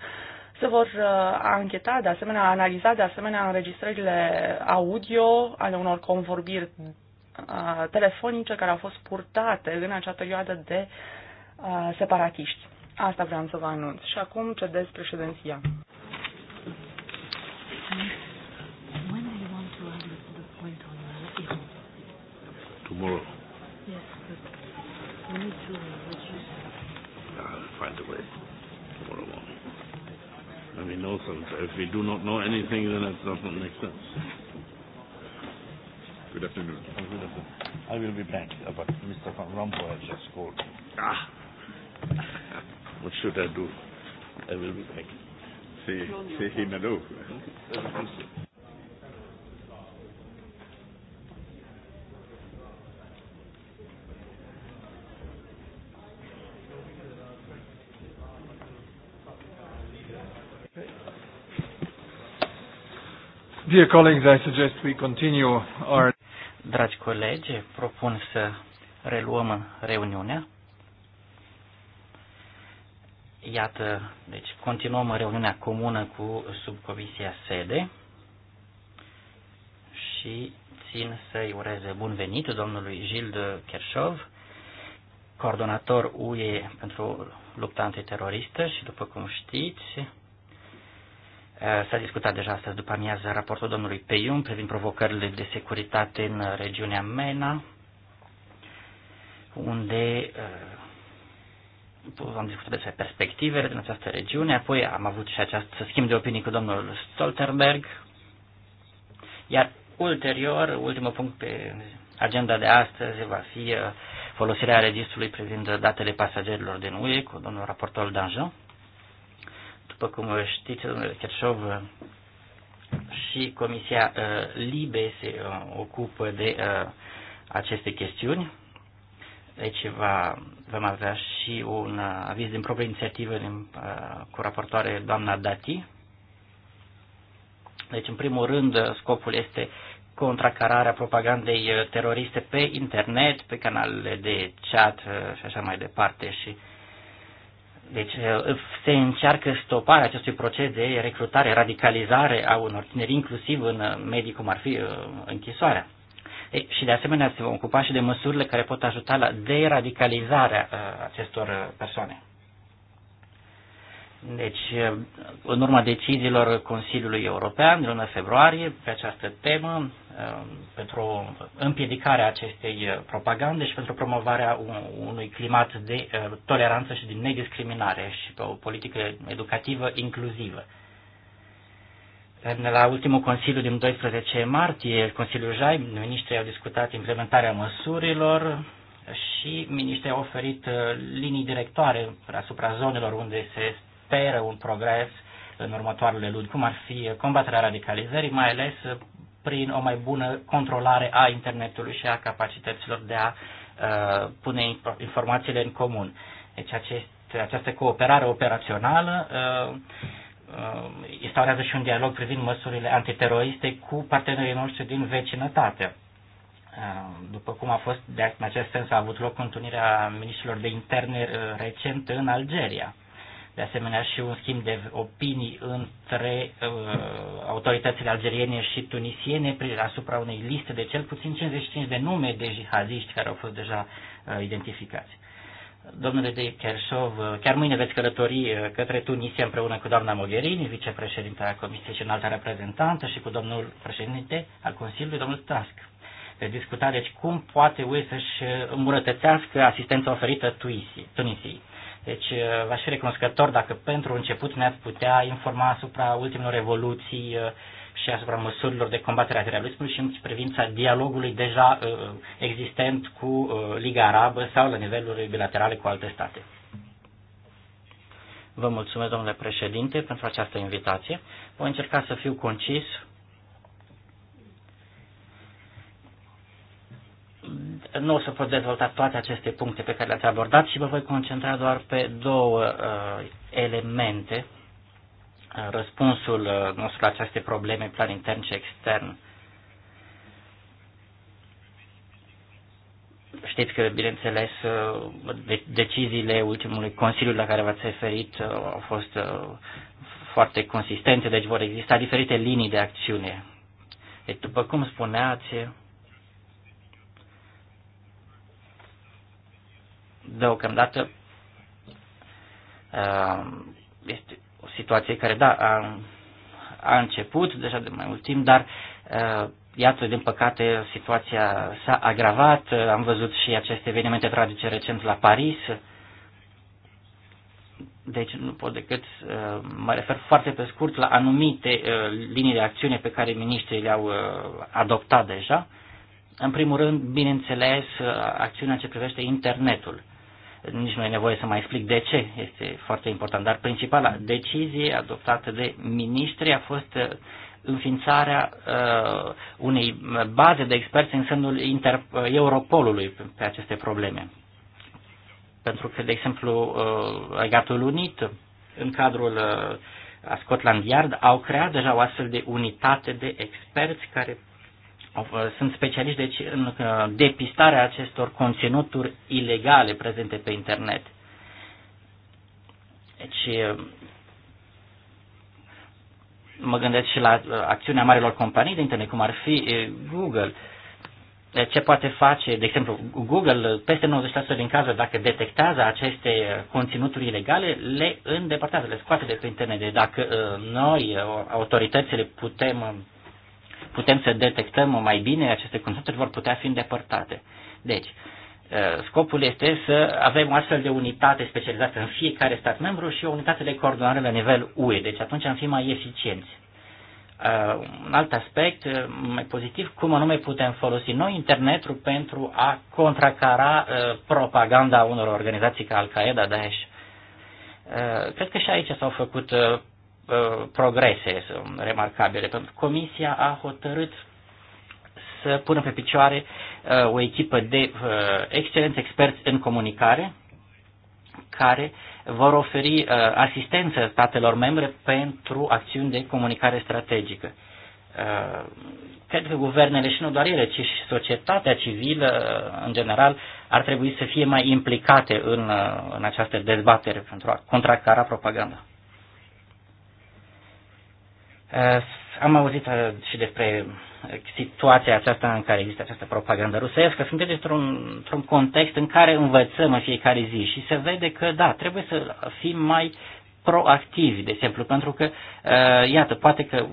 C: Se vor uh, ancheta, de asemenea, analiza, de asemenea, înregistrările audio ale unor convorbiri uh, telefonice care au fost purtate în acea perioadă de uh, separatiști. Asta vreau să vă anunț. Și acum cedez președinția.
D: Tomorrow. Yes,
B: but we need to reduce. I'll find a way tomorrow morning and we know something. if we do not know anything, then it does not make sense. Good afternoon. Oh, good afternoon.
D: I will be back, uh, but Mr. Van Rompuy has just called. Ah. What should I do? I will be back. Say,
B: say him hello. Dear colleagues, I suggest we continue our...
D: Dragi colegi, propun să reluăm reuniunea. Iată, deci continuăm reuniunea comună cu subcomisia sede și țin să-i ureze bun venit domnului Gilles Kershov, coordonator UE pentru lupta antiteroristă și, după cum știți, Eh, s-a discutat deja astăzi după amiază raportul domnului Peium privind provocările de securitate în regiunea MENA, unde eh, am discutat despre perspectivele din această regiune, apoi am avut și acest schimb de opinii cu domnul Stoltenberg, iar ulterior, ultimul punct pe agenda de astăzi va fi eh, folosirea registrului privind datele pasagerilor din UE cu domnul raportor Danjean. După cum știți, domnule Kershov, și Comisia uh, Libe se uh, ocupă de uh, aceste chestiuni. Deci va, vom avea și un uh, aviz din proprie inițiativă din, uh, cu raportoare doamna Dati. Deci, în primul rând, uh, scopul este contracararea propagandei uh, teroriste pe internet, pe canalele de chat uh, și așa mai departe și uh, deci uh, se încearcă stoparea acestui proces de recrutare, radicalizare a unor tineri, inclusiv în uh, medii cum ar fi uh, închisoarea. E, și de asemenea se vom ocupa și de măsurile care pot ajuta la deradicalizarea acestor persoane. Deci, în urma deciziilor Consiliului European din luna februarie pe această temă, pentru împiedicarea acestei propagande și pentru promovarea unui climat de toleranță și de nediscriminare și pe o politică educativă inclusivă. La ultimul Consiliu din 12 martie, Consiliul Jai, ministrii au discutat implementarea măsurilor, și ministrii au oferit linii directoare asupra zonelor unde se speră un progres în următoarele luni, cum ar fi combaterea radicalizării, mai ales prin o mai bună controlare a internetului și a capacităților de a uh, pune informațiile în comun. Deci aceste, această cooperare operațională uh, uh, instaurează și un dialog privind măsurile antiteroriste cu partenerii noștri din vecinătate. După cum a fost, de, în acest sens, a avut loc întâlnirea ministrilor de interne recent în Algeria de asemenea și un schimb de opinii între uh, autoritățile algeriene și tunisiene asupra unei liste de cel puțin 55 de nume de jihadiști care au fost deja uh, identificați. Domnule de Kershov, uh, chiar mâine veți călători uh, către Tunisia împreună cu doamna Mogherini, vicepreședinta Comisiei și înaltă reprezentantă și cu domnul președinte al Consiliului, domnul Tusk. Veți discuta, deci, cum poate UE să-și îmbunătățească asistența oferită Tunisiei. Deci uh, v-aș fi recunoscător dacă pentru început ne-ați putea informa asupra ultimelor evoluții uh, și asupra măsurilor de combatere a terorismului și în privința dialogului deja uh, existent cu Liga Arabă sau la niveluri bilaterale cu alte state. Vă mulțumesc, domnule președinte, pentru această invitație. Voi încerca să fiu concis nu o să pot dezvolta toate aceste puncte pe care le-ați abordat și vă voi concentra doar pe două uh, elemente. Uh, răspunsul uh, nostru la aceste probleme, plan intern și extern. Știți că, bineînțeles, uh, de- deciziile ultimului Consiliu la care v-ați referit uh, au fost uh, foarte consistente, deci vor exista diferite linii de acțiune. Deci, după cum spuneați, deocamdată uh, este o situație care, da, a, a început deja de mai mult timp, dar uh, iată, din păcate, situația s-a agravat. Am văzut și aceste evenimente tragice recent la Paris. Deci nu pot decât, uh, mă refer foarte pe scurt la anumite linii de acțiune pe care miniștrii le-au adoptat deja. În primul rând, bineînțeles, acțiunea ce privește internetul nici nu e nevoie să mai explic de ce, este foarte important. Dar principala decizie adoptată de ministri a fost uh, înființarea uh, unei baze de experți în semnul inter, uh, Europolului pe aceste probleme. Pentru că, de exemplu, uh, Regatul Unit, în cadrul uh, a Scotland Yard, au creat deja o astfel de unitate de experți care sunt specialiști deci, în uh, depistarea acestor conținuturi ilegale prezente pe internet. Deci, uh, mă gândesc și la uh, acțiunea marilor companii de internet, cum ar fi Google. Deci, ce poate face, de exemplu, Google, peste 90% din cazuri, dacă detectează aceste conținuturi ilegale, le îndepărtează, le scoate de pe internet. Deci, dacă noi, autoritățile, putem putem să detectăm mai bine, aceste concepturi vor putea fi îndepărtate. Deci, uh, scopul este să avem o astfel de unitate specializată în fiecare stat membru și o unitate de coordonare la nivel UE. Deci atunci am fi mai eficienți. Uh, un alt aspect uh, mai pozitiv, cum anume putem folosi noi internetul pentru a contracara uh, propaganda unor organizații ca Al-Qaeda, Daesh. Uh, cred că și aici s-au făcut uh, Uh, progrese remarcabile, pentru că Comisia a hotărât să pună pe picioare uh, o echipă de uh, excelenți experți în comunicare care vor oferi asistență statelor membre pentru acțiuni de comunicare strategică. Cred că guvernele și nu doar ele, ci și societatea civilă în general ar trebui să fie mai implicate în, în această dezbatere pentru a contracara propaganda. Eh, am auzit eh, și despre eh, situația aceasta în care există această propagandă rusească. Suntem într-un, într-un context în care învățăm în fiecare zi și se vede că, da, trebuie să fim mai proactivi, de exemplu, pentru că, uh, iată, poate că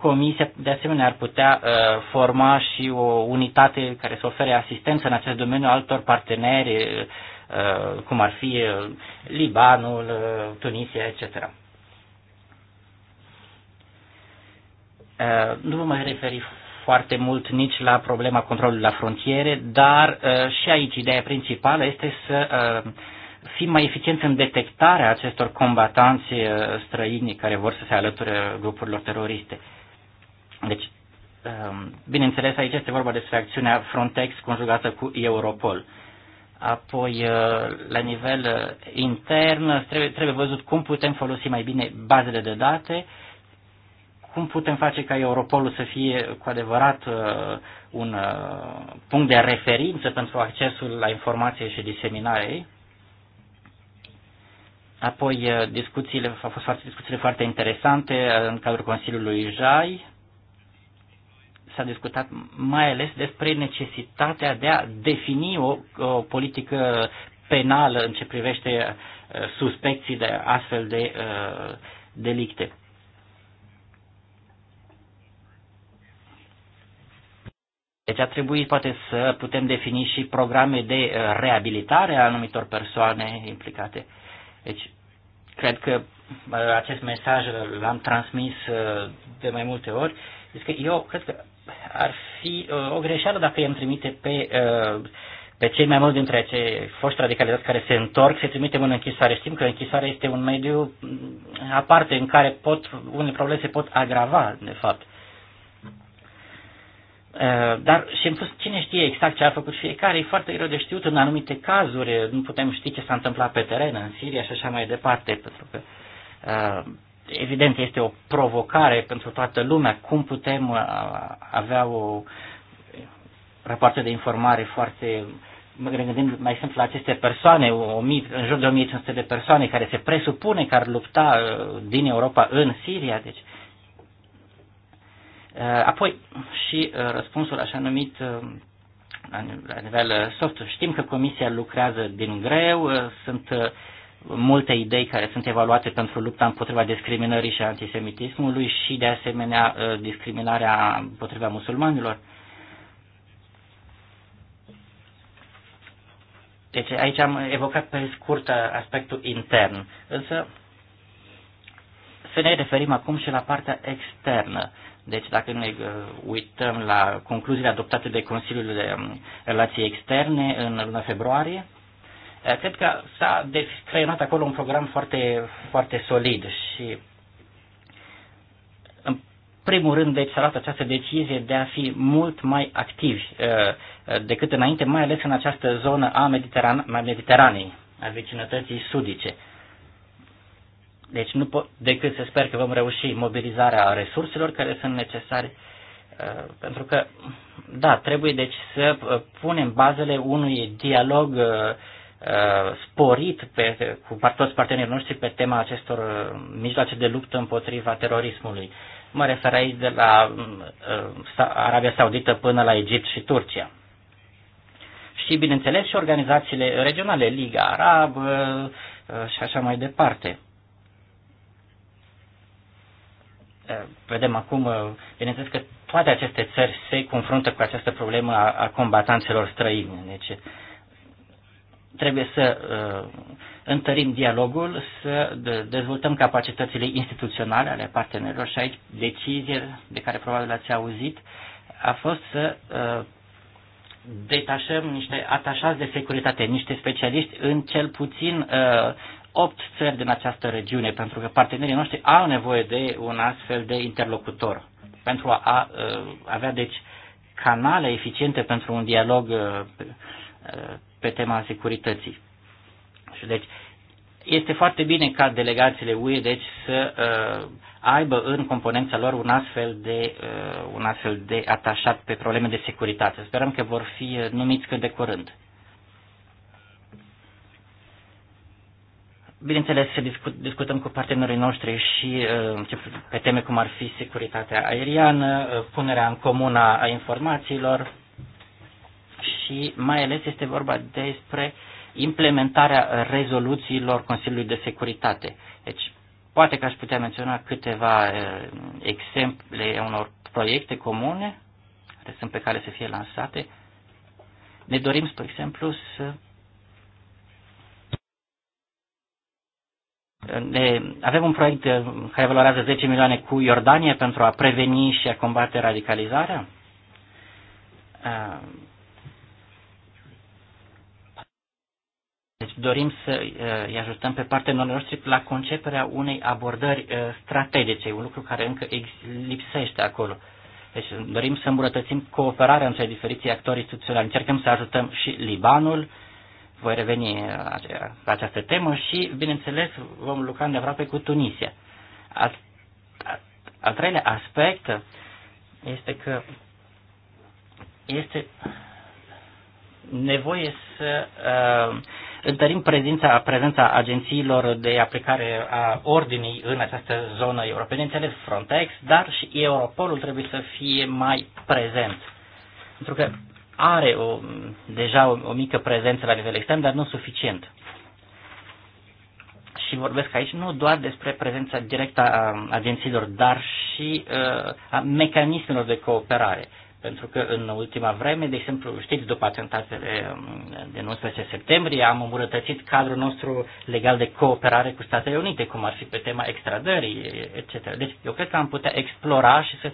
D: comisia de asemenea ar putea uh, forma și o unitate care să ofere asistență în acest domeniu altor parteneri, uh, cum ar fi Libanul, Tunisia, etc. Eh, nu vă mai referi foarte mult nici la problema controlului la frontiere, dar eh, și aici ideea principală este să eh, fim mai eficienți în detectarea acestor combatanți străini care vor să se alăture grupurilor teroriste. Deci, bineînțeles, aici este vorba despre acțiunea Frontex conjugată cu Europol. Apoi, la nivel intern, trebuie, trebuie văzut cum putem folosi mai bine bazele de date, cum putem face ca Europolul să fie cu adevărat uh, un uh, punct de referință pentru accesul la informație și diseminare. Apoi, Apoi uh, discuțiile, au fost foarte, discuțiile foarte interesante în cadrul Consiliului JAI. S-a discutat mai ales despre necesitatea de a defini o, o politică penală în ce privește uh, suspecții de astfel de uh, delicte. Deci ar trebui poate să putem defini și programe de uh, reabilitare a anumitor persoane implicate. Deci cred că uh, acest mesaj l-am transmis uh, de mai multe ori. Deci că eu cred că ar fi o greșeală dacă i-am trimite pe, pe cei mai mulți dintre cei foști radicalizați care se întorc, se trimitem în închisoare. Știm că închisoarea este un mediu mm, aparte în care pot, unele probleme se pot agrava, de fapt. Eh, dar și în plus, cine știe exact ce a făcut fiecare, e foarte greu de știut în anumite cazuri, eh, nu putem ști ce s-a întâmplat pe teren, în Siria și așa mai departe, pentru că eh, evident este o provocare pentru toată lumea, cum putem avea o rapoarte de informare foarte mă gândim mai simplu la aceste persoane, o mii, în jur de 1500 de persoane care se presupune că ar lupta din Europa în Siria, deci uh, Uh, apoi, și uh, răspunsul așa numit uh, la nivel soft. Știm că comisia lucrează din greu, sunt multe idei care sunt evaluate pentru lupta împotriva discriminării și antisemitismului și de asemenea discriminarea împotriva musulmanilor. Deci aici am evocat pe scurt aspectul intern, însă să ne referim acum și la partea externă. Uh, deci dacă ne uh, uităm la concluziile adoptate de Consiliul de um, Relații Externe în luna februarie, uh, cred că s-a creionat acolo un program foarte, foarte solid și în primul rând deci s-a luat această decizie de a fi mult mai activi uh, decât înainte, mai ales în această zonă a Mediteran- Mediteranei, a vecinătății sudice. Deci nu pot decât să sper că vom reuși mobilizarea resurselor care sunt necesare, uh, pentru că, da, trebuie deci să uh, punem bazele unui dialog uh, sporit pe, cu toți partenerii noștri pe tema acestor mijloace de luptă împotriva terorismului. Mă refer aici de la Arabia Saudită până la Egipt și Turcia. Și, bineînțeles, și organizațiile regionale, Liga Arab și așa mai departe. vedem acum, uh, bineînțeles că toate aceste țări se confruntă cu această problemă a, a combatanțelor străini. Deci trebuie să uh, întărim dialogul, să de, dezvoltăm capacitățile instituționale ale partenerilor și aici decizie de care probabil ați auzit a fost să uh, detașăm niște atașați de securitate, niște specialiști în cel puțin uh, opt țări din această regiune, pentru că partenerii noștri au nevoie de un astfel de interlocutor pentru a, a uh, avea, deci, canale eficiente pentru un dialog uh, pe, uh, pe tema securității. Și deci, este foarte bine ca delegațiile UE deci, să a, aibă în componența lor un astfel, de, a, un astfel de atașat pe probleme de securitate. Sperăm că vor fi numiți cât de curând. Bineînțeles, discut, discutăm cu partenerii noștri și uh, pe teme cum ar fi securitatea aeriană, uh, punerea în comun a informațiilor și mai ales este vorba despre implementarea rezoluțiilor Consiliului de Securitate. Deci, poate că aș putea menționa câteva uh, exemple unor proiecte comune care sunt pe care să fie lansate. Ne dorim, spre exemplu, să ne, avem un proiect uh, care valorează 10 milioane cu Iordanie pentru a preveni și a combate radicalizarea. Uh, deci dorim să uh, îi ajutăm pe partea noastră la conceperea unei abordări strategice, un lucru care încă lipsește acolo. Deci dorim să îmbunătățim cooperarea între diferiții actori instituționali. Încercăm să ajutăm și Libanul, voi reveni la această temă și, bineînțeles, vom lucra îndeaproape cu Tunisia. Al, al, al treilea aspect este că este nevoie să uh, întărim prezența, prezența agențiilor de aplicare a ordinii în această zonă europeană, înțeles Frontex, dar și Europolul trebuie să fie mai prezent. Pentru că are o, deja o, o mică prezență la nivel extern, dar nu suficient. Și vorbesc aici nu doar despre prezența directă a agențiilor, dar și uh, a mecanismelor de cooperare. Pentru că în ultima vreme, de exemplu, știți, după atentatele um, de 19 septembrie, am îmbunătățit cadrul nostru legal de cooperare cu Statele Unite, cum ar fi pe tema extradării, etc. Deci, eu cred că am putea explora și să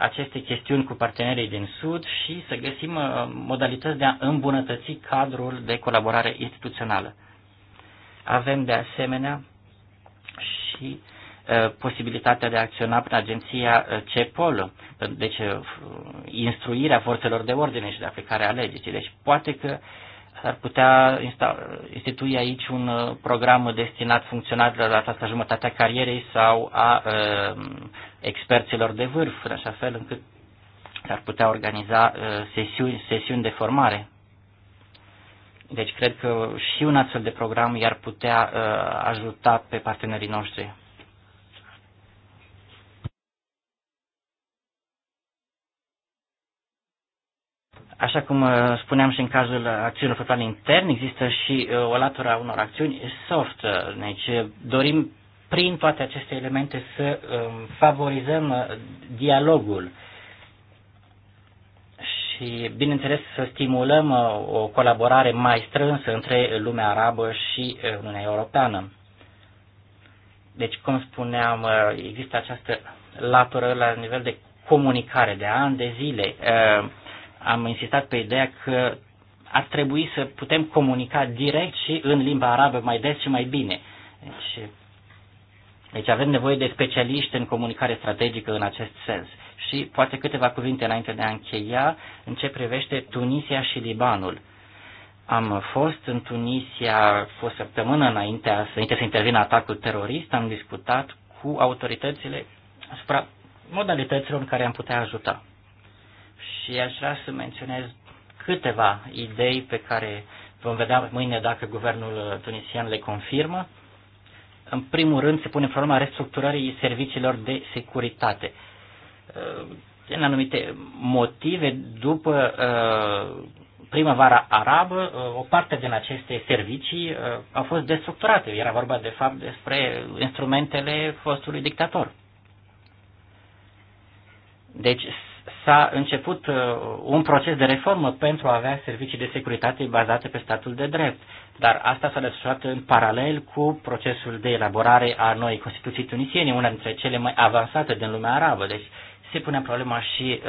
D: aceste chestiuni cu partenerii din Sud și să găsim uh, modalități de a îmbunătăți cadrul de colaborare instituțională. Avem de asemenea și uh, posibilitatea de a acționa prin agenția uh, CEPOL, deci instruirea forțelor de ordine și de aplicare a legii. Deci poate că uh, ar putea institui aici un uh, program destinat funcționarilor la această jumătate a carierei sau a uh, experților de vârf, în așa fel încât s-ar putea organiza uh, sesiuni, sesiuni de formare. Deci cred că și un astfel de program i-ar putea ajuta pe partenerii noștri. Așa cum uh, spuneam și în cazul acțiunilor pe intern, există și uh, o latură a unor acțiuni soft. Deci uh, dorim prin toate aceste elemente să um, favorizăm dialogul și, bineînțeles, să stimulăm o colaborare mai strânsă între lumea arabă și Uniunea Europeană. Deci, cum spuneam, există această latură la nivel de comunicare de ani, de zile am insistat pe ideea că ar trebui să putem comunica direct și în limba arabă mai des și mai bine. Deci, deci avem nevoie de specialiști în comunicare strategică în acest sens. Și poate câteva cuvinte înainte de a încheia în ce privește Tunisia și Libanul. Am fost în Tunisia o săptămână înainte, înainte să intervină atacul terorist, am discutat cu autoritățile asupra modalităților în care am putea ajuta și aș vrea să menționez câteva idei pe care vom vedea mâine dacă guvernul tunisian le confirmă. În primul rând se pune problema restructurării serviciilor de securitate. Uh, în anumite motive, după uh, primăvara arabă, uh, o parte din aceste servicii au fost destructurate. Era vorba, de fapt, despre instrumentele fostului dictator. Deci s-a început uh, un proces de reformă pentru a avea servicii de securitate bazate pe statul de drept, dar asta s-a desfășurat în paralel cu procesul de elaborare a noii Constituții tunisiene, una dintre cele mai avansate din lumea arabă. Deci se pune problema și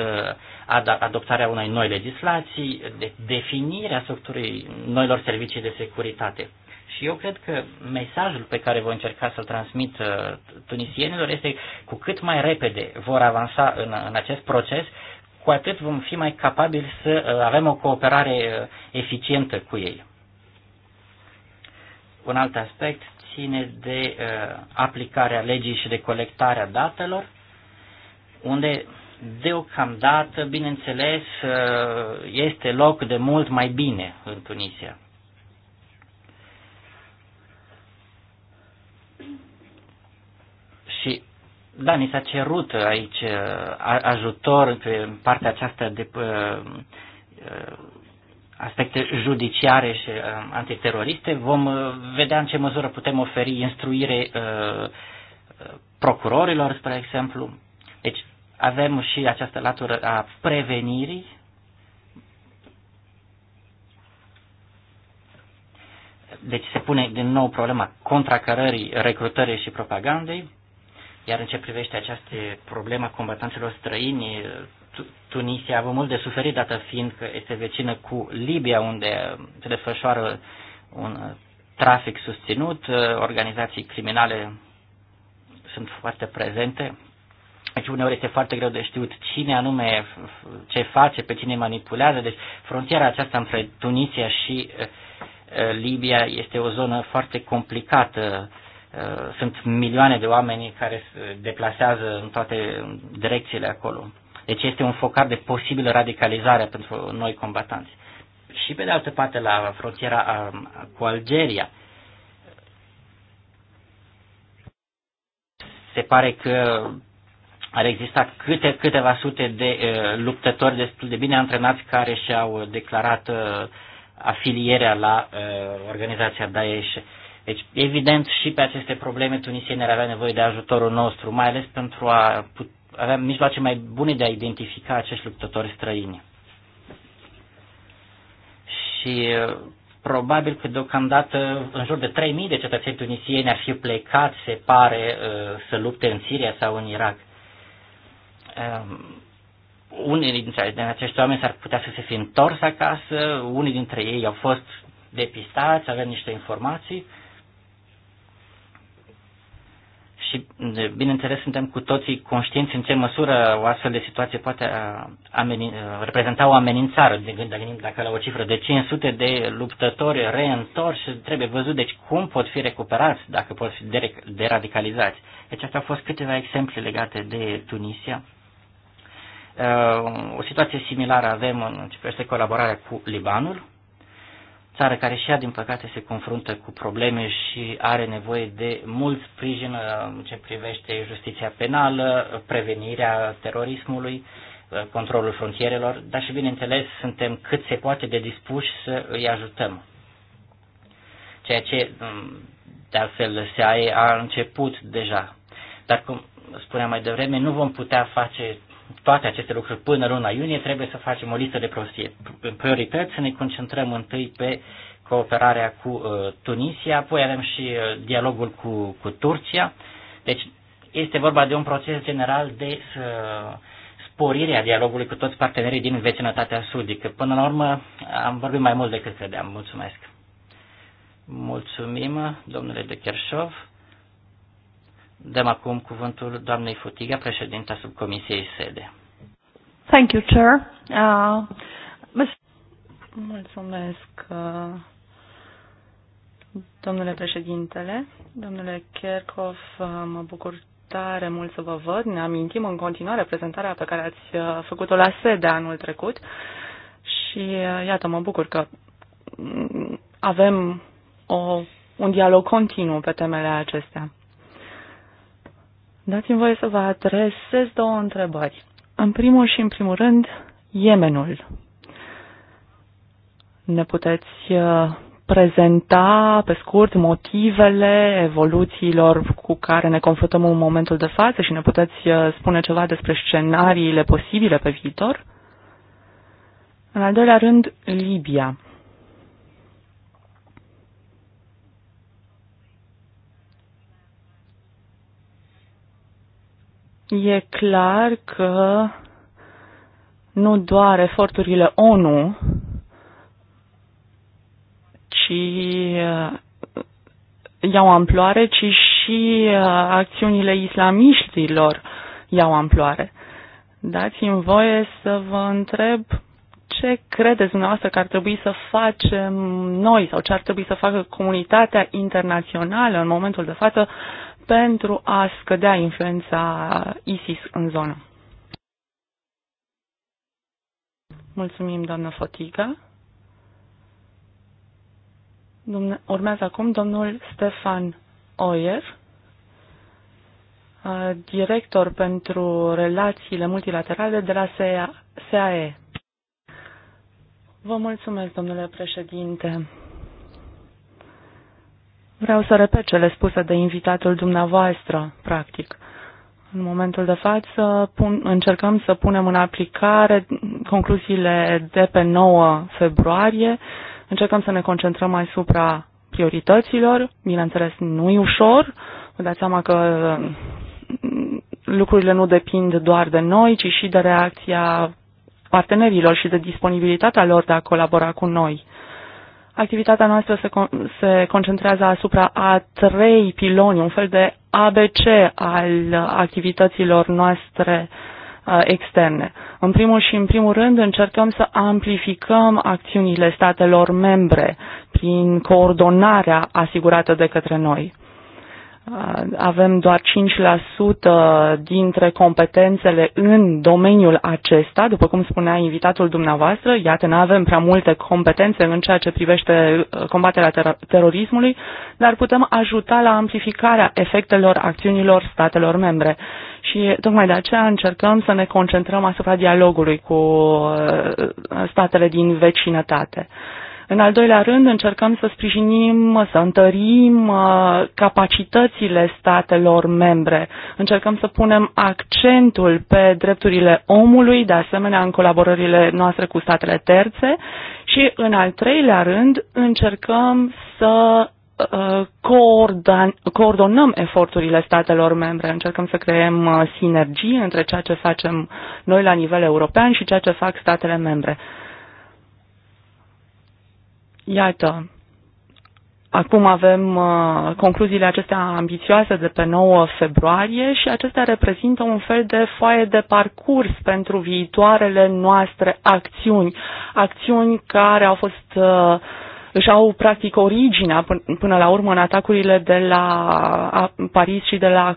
D: uh, adoptarea unei noi legislații, de definirea structurii noilor servicii de securitate. Și eu cred că mesajul pe care voi încerca să-l transmit uh, tunisienilor este cu cât mai repede vor avansa în, în acest proces, cu atât vom fi mai capabili să uh, avem o cooperare uh, eficientă cu ei. Un alt aspect ține de uh, aplicarea legii și de colectarea datelor, unde deocamdată, bineînțeles, uh, este loc de mult mai bine în Tunisia. da, ni s-a cerut aici uh, ajutor pe partea aceasta de uh, uh, aspecte judiciare și antiteroriste. Vom vedea în ce măsură putem oferi instruire procurorilor, spre exemplu. Deci avem și această latură a prevenirii. Deci se pune din nou problema contracărării, recrutării și propagandei iar în ce privește această problemă combatanților străini, Tunisia a avut mult de suferit, dată fiind că este vecină cu Libia, unde se desfășoară un uh, trafic susținut, uh, organizații criminale sunt foarte prezente. Deci uneori este foarte greu de știut cine anume ce face, pe cine manipulează. Deci frontiera aceasta între Tunisia și uh, Libia este o zonă foarte complicată Uh, sunt milioane de oameni care se deplasează în toate direcțiile acolo. Deci este un focar de posibilă radicalizare pentru noi combatanți. Și pe de altă parte la frontiera um, cu Algeria. Se pare că ar exista câte, câteva sute de uh, luptători destul de bine antrenați care și-au declarat uh, afilierea la uh, organizația Daesh. Uh, deci, evident, și pe aceste probleme tunisienii ar avea nevoie de ajutorul nostru, mai ales pentru a avea mijloace mai bune de a identifica acești luptători străini. Și probabil că deocamdată în jur de 3.000 de cetățeni tunisieni ar fi plecat, se pare, să lupte în Siria sau în Irak. Unii dintre acești oameni s-ar putea să se fi întors acasă, unii dintre ei au fost depistați, avem niște informații, și, bineînțeles, suntem cu toții conștienți în ce măsură o astfel de situație poate uh, ameni, uh, reprezenta o amenințare. De gând, gândim dacă la o cifră de 500 de luptători reîntorși, trebuie văzut deci cum pot fi recuperați, dacă pot fi deradicalizați. Deci astea au fost câteva exemple legate de Tunisia. Uh, o situație similară avem în ce privește colaborarea cu Libanul țară care și ea, din păcate, se confruntă cu probleme și are nevoie de mult sprijin uh, în ce privește justiția penală, prevenirea terorismului, uh, controlul frontierelor, dar și, bineînțeles, suntem cât se poate de dispuși să îi ajutăm. Ceea ce, um, de altfel, SAE a început deja. Dar, cum spuneam mai devreme, nu vom putea face toate aceste lucruri până luna iunie, trebuie să facem o listă de priorități, să ne concentrăm întâi pe cooperarea cu uh, Tunisia, apoi avem și uh, dialogul cu, cu Turcia. Deci este vorba de un proces general de uh, sporire a dialogului cu toți partenerii din vecinătatea sudică. Până la urmă am vorbit mai mult decât credeam. Mulțumesc! Mulțumim, domnule de Kershov. Dăm acum cuvântul doamnei Futiga, președinta subcomisiei SEDE.
A: Thank you, Chair. Uh,
C: Mulțumesc, uh, domnule președintele. Domnule Kerkhoff, uh, mă bucur tare mult să vă văd. Ne amintim în continuare prezentarea pe care ați uh, făcut-o la SEDE anul trecut și uh, iată, mă bucur că avem o, un dialog continuu pe temele acestea. Dați-mi voie să vă adresez două întrebări. În primul și în primul rând, Yemenul. Ne puteți uh, prezenta pe scurt motivele evoluțiilor cu care ne confruntăm în momentul de față și ne puteți uh, spune ceva despre scenariile posibile pe viitor? În al doilea rând, Libia. E clar că nu doar eforturile ONU, ci uh, iau amploare, ci și uh, acțiunile islamiștilor iau amploare. Dați-mi voie să vă întreb ce credeți dumneavoastră că ar trebui să facem noi sau ce ar trebui să facă comunitatea internațională în momentul de față pentru a scădea influența ISIS în zonă. Mulțumim, doamnă Fotica. Domne, urmează acum domnul Stefan Oyer, director pentru relațiile multilaterale de la SAE. Vă mulțumesc, domnule președinte. Vreau să repet cele spuse de invitatul dumneavoastră, practic. În momentul de față pun, încercăm să punem în aplicare concluziile de pe 9 februarie, încercăm să ne concentrăm asupra priorităților. Bineînțeles, nu e ușor, vă dați seama că mm, lucrurile nu depind doar de noi, ci și de reacția partenerilor și de disponibilitatea lor de a colabora cu noi. Activitatea noastră se, con- se concentrează asupra a trei piloni, un fel de ABC al activităților noastre uh, externe. În primul și în primul rând încercăm să amplificăm acțiunile statelor membre prin coordonarea asigurată de către noi avem doar 5% dintre competențele în domeniul acesta, după cum spunea invitatul dumneavoastră, iată, nu avem prea multe competențe în ceea ce privește uh, combaterea ter- terorismului, dar putem ajuta la amplificarea efectelor acțiunilor statelor membre. Și tocmai de aceea încercăm să ne concentrăm asupra dialogului cu uh, statele din vecinătate. În al doilea rând, încercăm să sprijinim, să întărim uh, capacitățile statelor membre. Încercăm să punem accentul pe drepturile omului, de asemenea în colaborările noastre cu statele terțe. Și în al treilea rând, încercăm să uh, coordonăm eforturile statelor membre, încercăm să creăm uh, sinergii între ceea ce facem noi la nivel european și ceea ce fac statele membre. Iată, acum avem uh, concluziile acestea ambițioase de pe 9 februarie și acestea reprezintă un fel de foaie de parcurs pentru viitoarele noastre acțiuni. Acțiuni care au fost uh, își au practic originea până la urmă în atacurile de la Paris și de la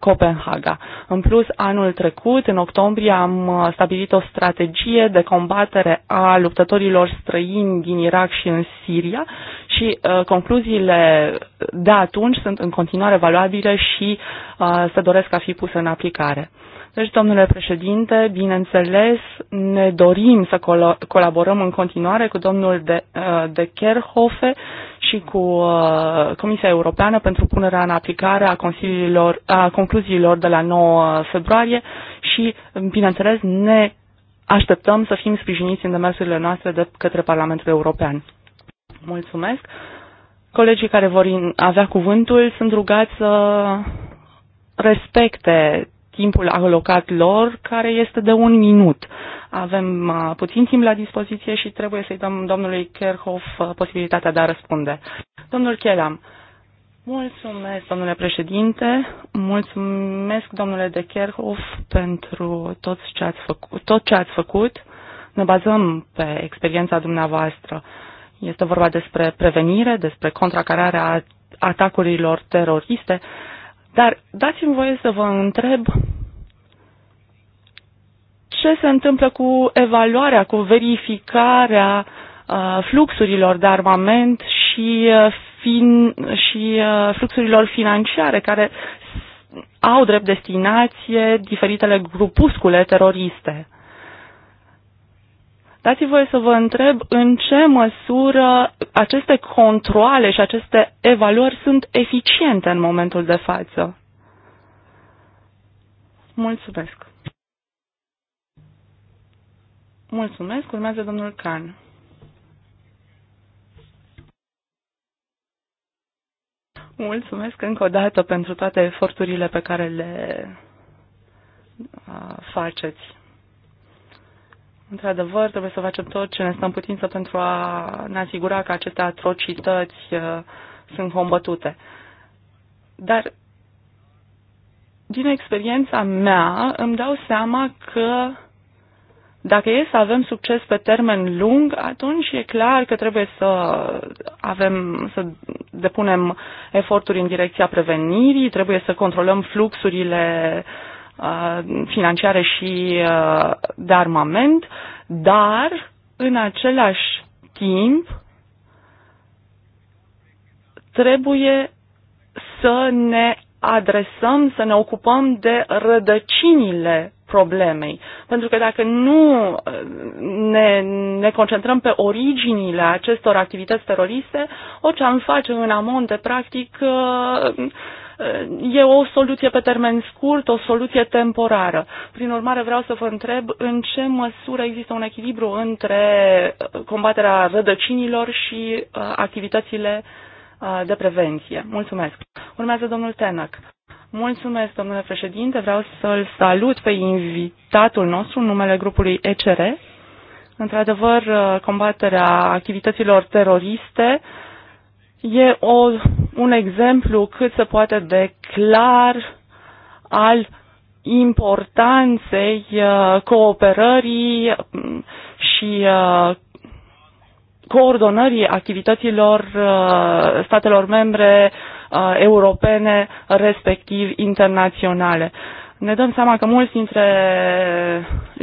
C: Copenhaga. În plus, anul trecut, în octombrie, am uh, stabilit o strategie de combatere a luptătorilor străini din Irak și în Siria și uh, concluziile de atunci sunt în continuare valabile și uh, se doresc a fi puse în aplicare. Deci, domnule președinte, bineînțeles, ne dorim să col colaborăm în continuare cu domnul de, uh, de Kerhofe și cu uh, Comisia Europeană pentru punerea în aplicare a, consiliilor, a concluziilor de la 9 februarie și, bineînțeles, ne așteptăm să fim sprijiniți în demersurile noastre de către Parlamentul European. Mulțumesc. Colegii care vor avea cuvântul sunt rugați să respecte timpul alocat lor, care este de un minut. Avem uh, puțin timp la dispoziție și trebuie să-i dăm domnului Kerhoff uh, posibilitatea de a răspunde. Domnul Chelam, mulțumesc, domnule președinte, mulțumesc, domnule de Kerhoff, pentru tot ce ați făcut. Tot ce ați făcut. Ne bazăm pe experiența dumneavoastră. Este vorba despre prevenire, despre contracararea atacurilor teroriste, dar dați-mi voie să vă întreb ce se întâmplă cu evaluarea, cu verificarea uh, fluxurilor de armament și, uh, fin, și uh, fluxurilor financiare care au drept destinație diferitele grupuscule teroriste dați voi voie să vă întreb în ce măsură aceste controle și aceste evaluări sunt eficiente în momentul de față. Mulțumesc. Mulțumesc. Urmează domnul Can. Mulțumesc încă o dată pentru toate eforturile pe care le faceți. Într-adevăr, trebuie să facem tot ce ne stăm în putință pentru a ne asigura că aceste atrocități uh, sunt combătute. Dar din experiența mea îmi dau seama că dacă e să avem succes pe termen lung, atunci e clar că trebuie să avem, să depunem eforturi în direcția prevenirii, trebuie să controlăm fluxurile uh, Uh, financiare și uh, de armament, dar în același timp trebuie să ne adresăm, să ne ocupăm de rădăcinile problemei. Pentru că dacă nu uh, ne, ne concentrăm pe originile acestor activități teroriste, orice am face în amonte, practic, e o soluție pe termen scurt, o soluție temporară. Prin urmare, vreau să vă întreb în ce măsură există un echilibru între uh, combaterea rădăcinilor și uh, activitățile uh, de prevenție. Mulțumesc. Urmează domnul Tenac. Mulțumesc, domnule președinte. Vreau să-l salut pe invitatul nostru în numele grupului ECR. Într-adevăr, combaterea activităților teroriste e o un exemplu cât se poate de clar al importanței uh, cooperării mm, și uh, coordonării activităților uh, statelor membre europene, respectiv internaționale. Ne dăm seama că mulți dintre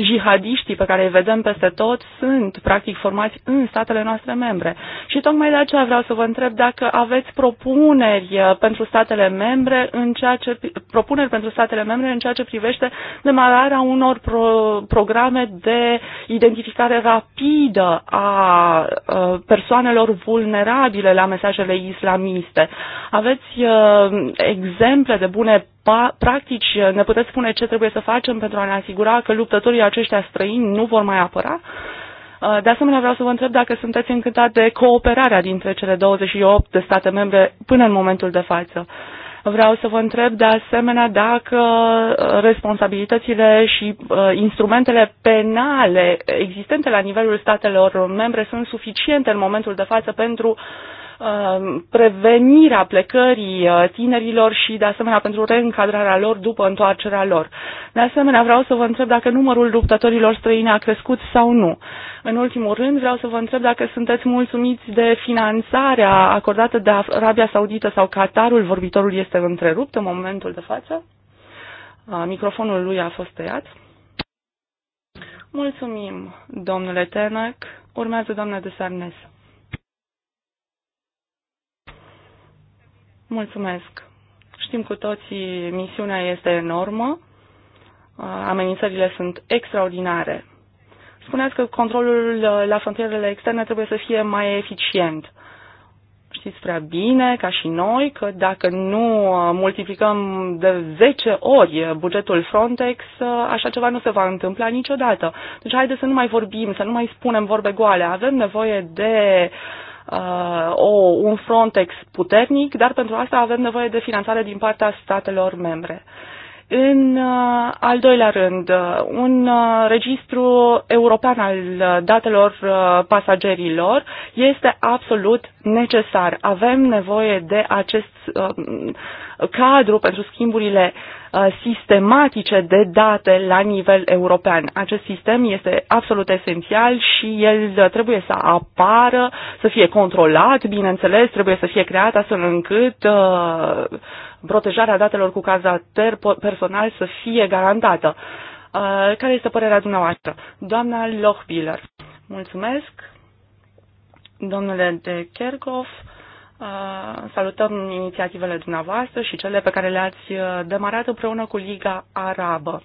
C: jihadiștii pe care îi vedem peste tot sunt practic formați în statele noastre membre. Și tocmai de aceea vreau să vă întreb dacă aveți propuneri uh, pentru statele membre în ceea ce, propuneri pentru statele membre în ceea ce privește demararea unor pro, programe de identificare rapidă a uh, persoanelor vulnerabile la mesajele islamiste. Aveți uh, exemple de bune practici? Ne puteți spune ce trebuie să facem pentru a ne asigura că luptătorii aceștia străini nu vor mai apăra? Uh, de asemenea, vreau să vă întreb dacă sunteți încântat de cooperarea dintre cele 28 de state membre până în momentul de față. Vreau să vă întreb de asemenea dacă uh, responsabilitățile și uh, instrumentele penale existente la nivelul statelor membre sunt suficiente în momentul de față pentru Um, prevenirea plecării uh, tinerilor și, de asemenea, pentru reîncadrarea lor după întoarcerea lor. De asemenea, vreau să vă întreb dacă numărul luptătorilor străini a crescut sau nu. În ultimul rând, vreau să vă întreb dacă sunteți mulțumiți de finanțarea acordată de Arabia Saudită sau Qatarul. Vorbitorul este întrerupt în momentul de față. Uh, microfonul lui a fost tăiat. Mulțumim, domnule Tenec. Urmează doamna de Sarnes. Mulțumesc. Știm cu toții, misiunea este enormă, uh, amenințările sunt extraordinare. Spuneați că controlul uh, la frontierele externe trebuie să fie mai eficient. Știți prea bine, ca și noi, că dacă nu uh, multiplicăm de 10 ori bugetul Frontex, așa ceva nu se va întâmpla niciodată. Deci haideți să nu mai vorbim, să nu mai spunem vorbe goale. Avem nevoie de uh, uh, o, un Frontex puternic, dar pentru asta avem nevoie de finanțare din partea statelor membre. În uh, al doilea rând, uh, un uh, registru european al uh, datelor uh, pasagerilor este absolut necesar. Avem nevoie de acest uh, cadru pentru schimburile Uh, sistematice de date la nivel european. Acest sistem este absolut esențial și el uh, trebuie să apară, să fie controlat, bineînțeles, trebuie să fie creat astfel încât uh, protejarea datelor cu caracter personal să fie garantată. Care este părerea dumneavoastră? Doamna Lochbiller. Mulțumesc. Domnule de Kerkhoff. Salutăm inițiativele dumneavoastră și cele pe care le-ați uh, demarat împreună cu Liga Arabă.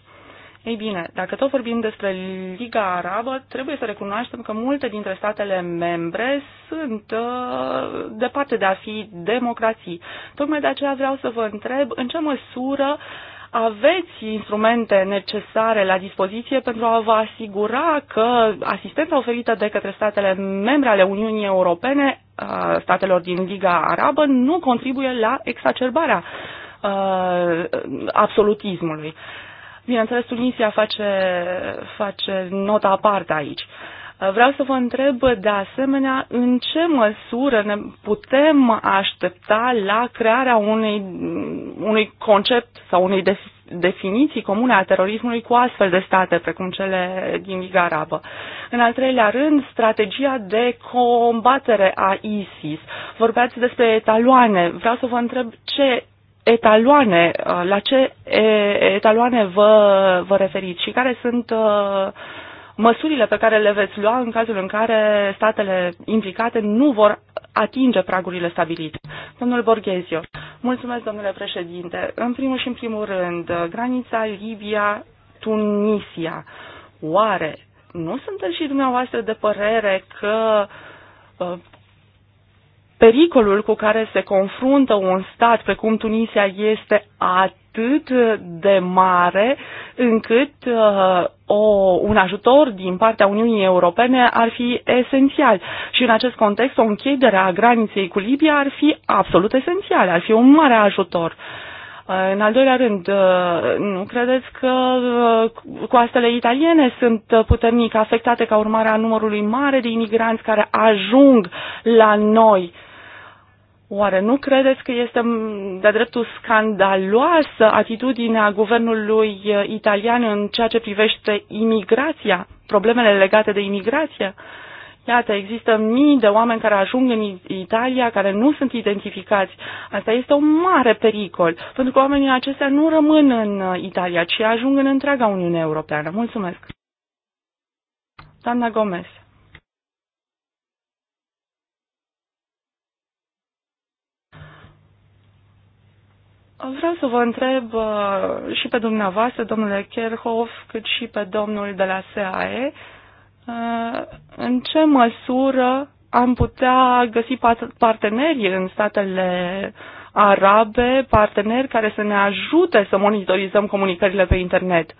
C: Ei bine, dacă tot vorbim despre Liga Arabă, trebuie să recunoaștem că multe dintre statele membre sunt uh, departe de a fi democrații. Tocmai de aceea vreau să vă întreb în ce măsură uh, aveți instrumente necesare la dispoziție pentru a vă asigura că asistența oferită de către statele membre ale Uniunii Europene, statelor din Liga Arabă, nu contribuie la exacerbarea absolutismului. Bineînțeles, Tunisia face, face nota aparte aici. Uh, Vreau să vă întreb de asemenea în ce măsură ne putem aștepta la crearea unei, unui concept sau unei definiții comune a terorismului cu astfel de state, precum cele din Liga Arabă. În al treilea rând, strategia de combatere a ISIS. Vorbeați despre etaloane. Vreau să vă întreb ce etaloane, la ce etaloane vă, vă referiți și care sunt uh, măsurile pe care le veți lua în cazul în care statele implicate nu vor atinge pragurile stabilite. Domnul Borghezio, mulțumesc, domnule președinte. În primul și în primul rând, granița Libia-Tunisia. Oare nu sunteți și dumneavoastră de părere că uh, pericolul cu care se confruntă un stat precum Tunisia este atât de mare încât uh, o, un ajutor din partea Uniunii Europene ar fi esențial. Și în acest context, o închidere a graniței cu Libia ar fi absolut esențială, ar fi un mare ajutor. Uh, în al doilea rând, uh, nu credeți că uh, coastele italiene sunt puternic afectate ca urmare a numărului mare de imigranți care ajung la noi? Oare nu credeți că este de-a dreptul scandaloasă atitudinea guvernului uh, italian în ceea ce privește imigrația, problemele legate de imigrație? Iată, există mii de oameni care ajung în Italia, care nu sunt identificați. Asta este un mare pericol, pentru că oamenii acestea nu rămân în uh, Italia, ci ajung în întreaga Uniune Europeană. Mulțumesc! Doamna Gomez. Vreau să vă întreb uh, și pe dumneavoastră, domnule Kerhoff, cât și pe domnul de la SAE, uh, în ce măsură am putea găsi parteneri în statele arabe, parteneri care să ne ajute să monitorizăm comunicările pe internet. Uh,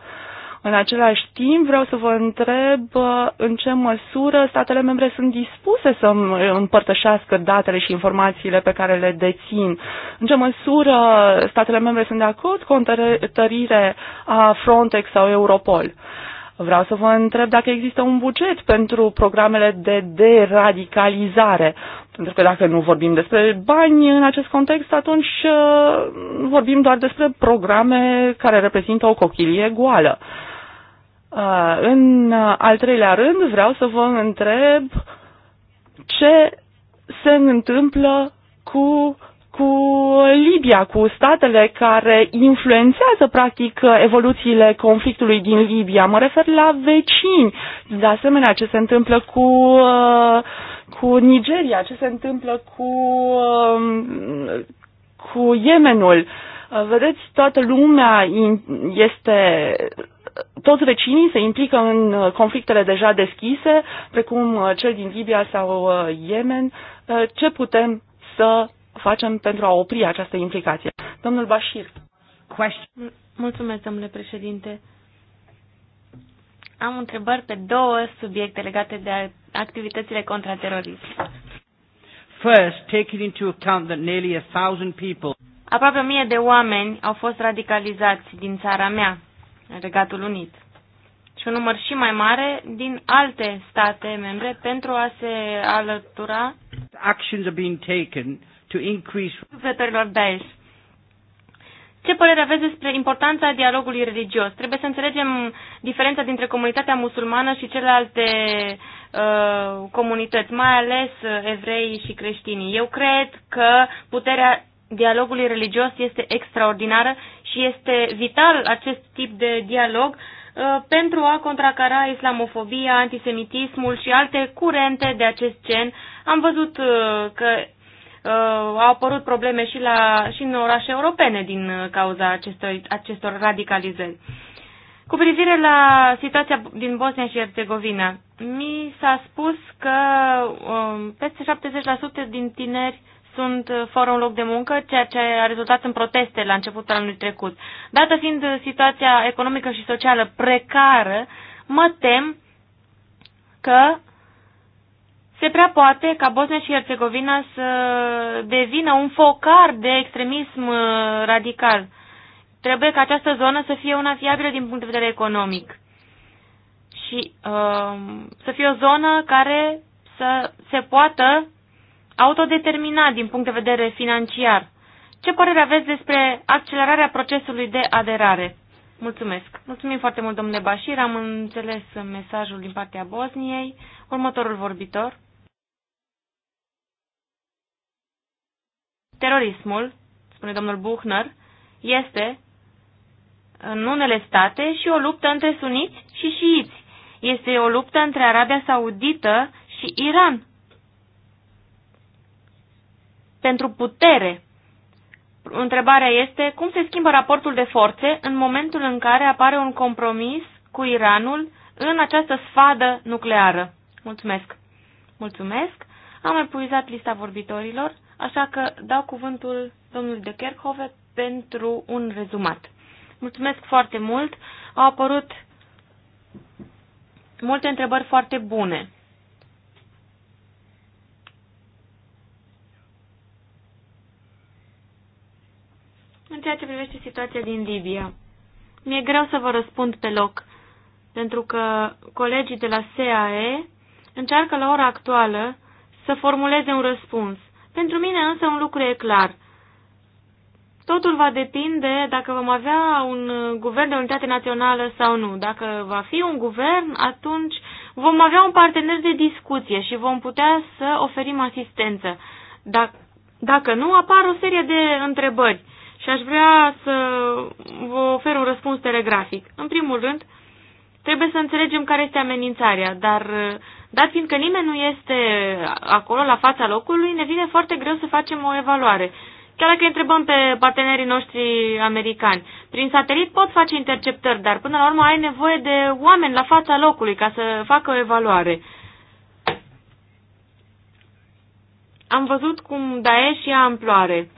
C: în același timp, vreau să vă întreb uh, în ce măsură statele membre sunt dispuse să împărtășească datele și informațiile pe care le dețin. În ce măsură statele membre sunt de acord cu o întărire a Frontex sau Europol. Vreau să vă întreb dacă există un buget pentru programele de deradicalizare. Pentru că dacă nu vorbim despre bani în acest context, atunci uh, vorbim doar despre programe care reprezintă o cochilie goală. Uh, în uh, al treilea rând, vreau să vă întreb ce se întâmplă cu cu Libia, cu statele care influențează practic evoluțiile conflictului din Libia. Mă refer la vecini. De asemenea, ce se întâmplă cu, uh, cu Nigeria, ce se întâmplă cu, um, cu Yemenul. Vedeți, toată lumea este toți vecinii se implică în uh, conflictele deja deschise, precum uh, cel din Libia sau uh, Yemen. Ce putem să facem pentru a opri această implicație?
A: Domnul Bashir. Mulțumesc, domnule președinte. Am întrebări pe două subiecte legate de activitățile contrateroriste.
D: First, taking into account that nearly a thousand people
A: Aproape o mie de oameni au fost radicalizați din țara mea, Regatul Unit, și un număr și mai mare din alte state membre pentru a se alătura
D: actions are being taken to increase
A: sufletelor Daesh. Ce părere aveți despre importanța dialogului religios? Trebuie să înțelegem diferența dintre comunitatea musulmană și celelalte uh, comunități, mai ales uh, evrei și creștinii. Eu cred că puterea dialogului religios este extraordinară și deci este vital acest tip de dialog uh, pentru a contracara islamofobia, antisemitismul și alte curente de acest gen. Am văzut uh, că uh, au apărut probleme și, la, și în orașe europene din cauza acestor, acestor radicalizări. Cu privire la situația din Bosnia și Herțegovina, mi s-a spus că um, peste 70% din tineri sunt uh, fără un loc de muncă, ceea ce a rezultat în proteste la începutul anului trecut. Dată fiind uh, situația economică și socială precară, mă tem că se prea poate ca Bosnia și Herțegovina să devină un focar de extremism uh, radical. Trebuie ca această zonă să fie una fiabilă din punct de vedere economic și uh, să fie o zonă care să se poată autodeterminat din punct de vedere financiar. Ce părere aveți despre accelerarea procesului de aderare? Mulțumesc. Mulțumim foarte mult, domnule Bașir. Am înțeles mesajul din partea Bosniei. Următorul vorbitor. Terorismul, spune domnul Buchner, este în unele state și o luptă între suniți și șiiți. Este o luptă între Arabia Saudită și Iran pentru putere. Întrebarea este cum se schimbă raportul de forțe în momentul în care apare un compromis cu Iranul în această sfadă nucleară. Mulțumesc! Mulțumesc! Am epuizat lista vorbitorilor, așa că dau cuvântul domnului de Kerkhove pentru un rezumat. Mulțumesc foarte mult! Au apărut multe întrebări foarte bune. În ceea ce privește situația din Libia, mi-e greu să vă răspund pe loc, pentru că colegii de la SAE încearcă la ora actuală să formuleze un răspuns. Pentru mine însă un lucru e clar. Totul va depinde dacă vom avea un guvern de unitate națională sau nu. Dacă va fi un guvern, atunci vom avea un partener de discuție și vom putea să oferim asistență. Dacă, dacă nu, apar o serie de întrebări și aș vrea să vă ofer un răspuns telegrafic. În primul rând, trebuie să înțelegem care este amenințarea, dar uh, dat fiindcă nimeni nu este acolo la fața locului, ne vine foarte greu să facem o evaluare. Chiar dacă întrebăm pe partenerii noștri americani, prin satelit pot face interceptări, dar până la urmă ai nevoie de oameni la fața locului ca să facă o evaluare. Am văzut cum Daesh ia amploare.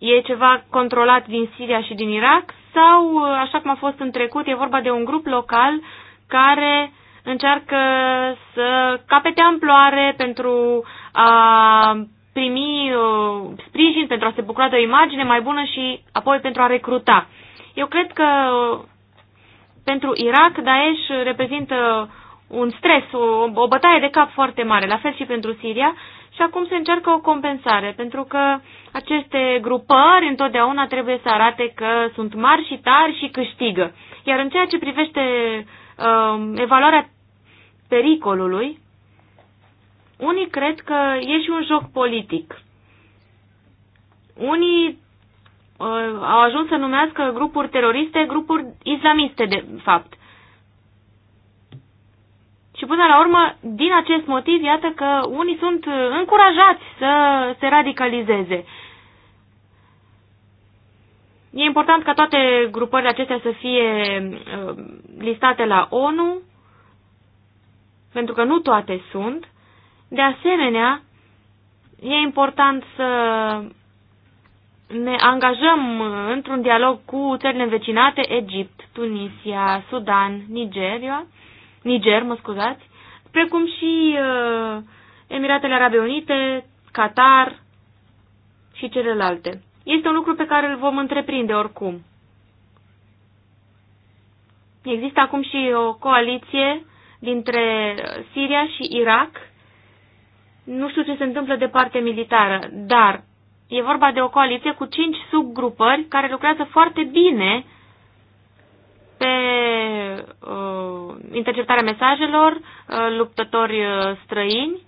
A: E ceva controlat din Siria și din Irak sau, uh, așa cum a fost în trecut, e vorba de un grup local care încearcă să capete amploare pentru a primi uh, sprijin, pentru a se bucura de o imagine mai bună și apoi pentru a recruta. Eu cred că uh, pentru Irak, Daesh reprezintă un stres, o, o bătaie de cap foarte mare, la fel și pentru Siria și acum se încearcă o compensare, pentru că aceste grupări întotdeauna trebuie să arate că sunt mari și tari și câștigă. Iar în ceea ce privește uh, evaluarea pericolului, unii cred că e și un joc politic. Unii uh, au ajuns să numească grupuri teroriste grupuri islamiste, de fapt. Și până la urmă, din acest motiv, iată că unii sunt încurajați să se radicalizeze. E important ca toate grupările acestea să fie uh, listate la ONU, pentru că nu toate sunt. De asemenea, e important să ne angajăm într-un dialog cu țările învecinate, Egipt, Tunisia, Sudan, Nigeria, Niger, mă scuzați, precum și uh, Emiratele Arabe Unite, Qatar și celelalte. Este un lucru pe care îl vom întreprinde oricum. Există acum și o coaliție dintre uh, Siria și Irak. Nu știu ce se întâmplă de parte militară, dar e vorba de o coaliție cu cinci subgrupări care lucrează foarte bine pe uh, interceptarea mesajelor, uh, luptători uh, străini,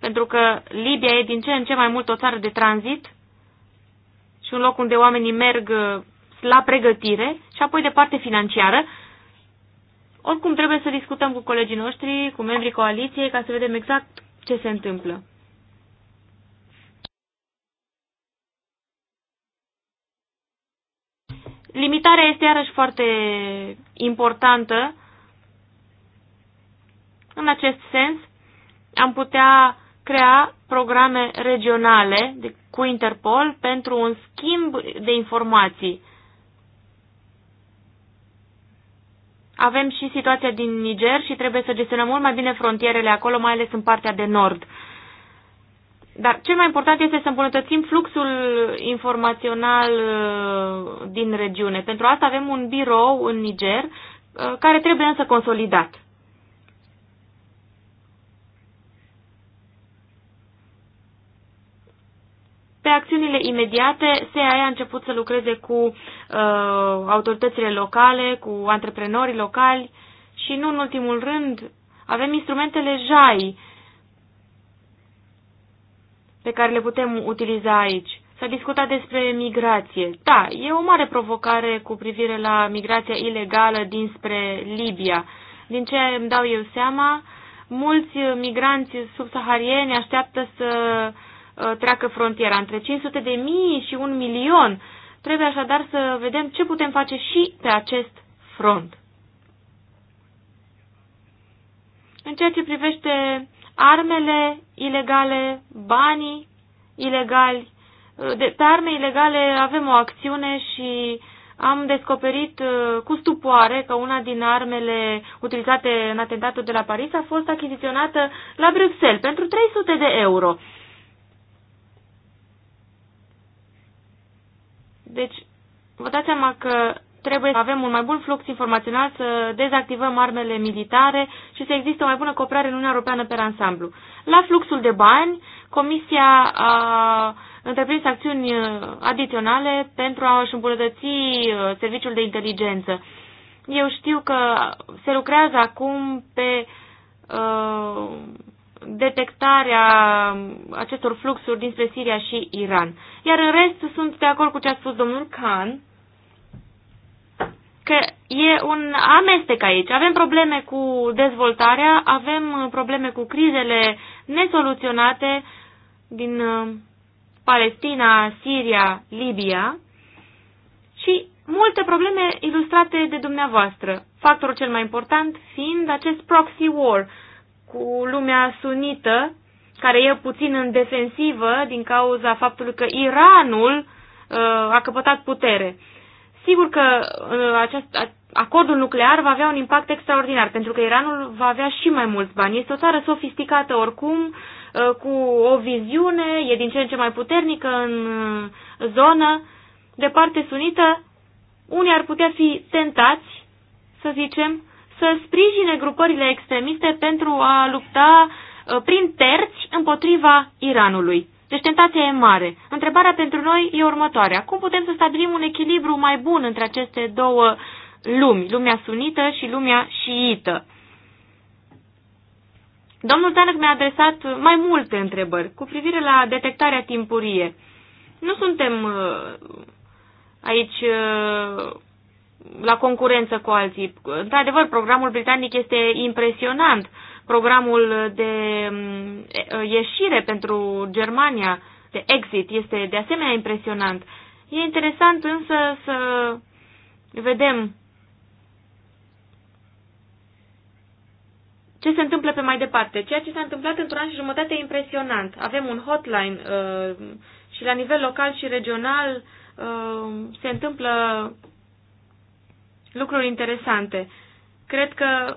A: pentru că Libia e din ce în ce mai mult o țară de tranzit și un loc unde oamenii merg uh, la pregătire și apoi de parte financiară. Oricum trebuie să discutăm cu colegii noștri, cu membrii coaliției, ca să vedem exact ce se întâmplă. Limitarea este iarăși foarte importantă. În acest sens, am putea crea programe regionale cu Interpol pentru un schimb de informații. Avem și situația din Niger și trebuie să gestionăm mult mai bine frontierele acolo, mai ales în partea de nord. Dar cel mai important este să îmbunătățim fluxul informațional uh, din regiune. Pentru asta avem un birou în Niger uh, care trebuie însă consolidat. Pe acțiunile imediate, SEAE a început să lucreze cu uh, autoritățile locale, cu antreprenorii locali și, nu în ultimul rând, avem instrumentele JAI, uh, pe care le putem utiliza aici. S-a discutat despre migrație. Da, e o mare provocare cu privire la migrația ilegală dinspre Libia. Din ce îmi dau eu seama, mulți migranți subsaharieni așteaptă să uh, treacă frontiera între 500 de mii și un milion. Trebuie așadar să vedem ce putem face și pe acest front. În ceea ce privește armele ilegale, banii ilegali. De, pe arme ilegale avem o acțiune și am descoperit uh, cu stupoare că una din armele utilizate în atentatul de la Paris a fost achiziționată la Bruxelles pentru 300 de euro. Deci, vă dați seama că trebuie să avem un mai bun flux informațional, să dezactivăm armele militare și să existe o mai bună cooperare în Uniunea Europeană pe ansamblu. La fluxul de bani, Comisia a întreprins acțiuni uh, adiționale pentru a-și îmbunătăți uh, serviciul de inteligență. Eu știu că se lucrează acum pe uh, detectarea acestor fluxuri dinspre Siria și Iran. Iar în rest sunt de acord cu ce a spus domnul Khan că e un amestec aici. Avem probleme cu dezvoltarea, avem probleme cu crizele nesoluționate din uh, Palestina, Siria, Libia și multe probleme ilustrate de dumneavoastră, factorul cel mai important fiind acest proxy war cu lumea sunită, care e puțin în defensivă din cauza faptului că Iranul uh, a căpătat putere. Sigur că uh, acest, acordul nuclear va avea un impact extraordinar, pentru că Iranul va avea și mai mulți bani. Este o țară sofisticată oricum, uh, cu o viziune, e din ce în ce mai puternică în uh, zonă. De parte sunită, unii ar putea fi tentați, să zicem, să sprijine grupările extremiste pentru a lupta prin terți împotriva Iranului. Deci tentația e mare. Întrebarea pentru noi e următoarea. Cum putem să stabilim un echilibru mai bun între aceste două lumi, lumea sunită și lumea șiită? Domnul Tanăc mi-a adresat mai multe întrebări cu privire la detectarea timpurie. Nu suntem uh, aici uh, la concurență cu alții. Într-adevăr, programul britanic este impresionant. Programul de mm, ieșire pentru Germania, de exit, este de asemenea impresionant. E interesant însă să vedem ce se întâmplă pe mai departe. Ceea ce s-a întâmplat într-un an și jumătate e impresionant. Avem un hotline uh, și la nivel local și regional uh, se întâmplă lucruri interesante. Cred că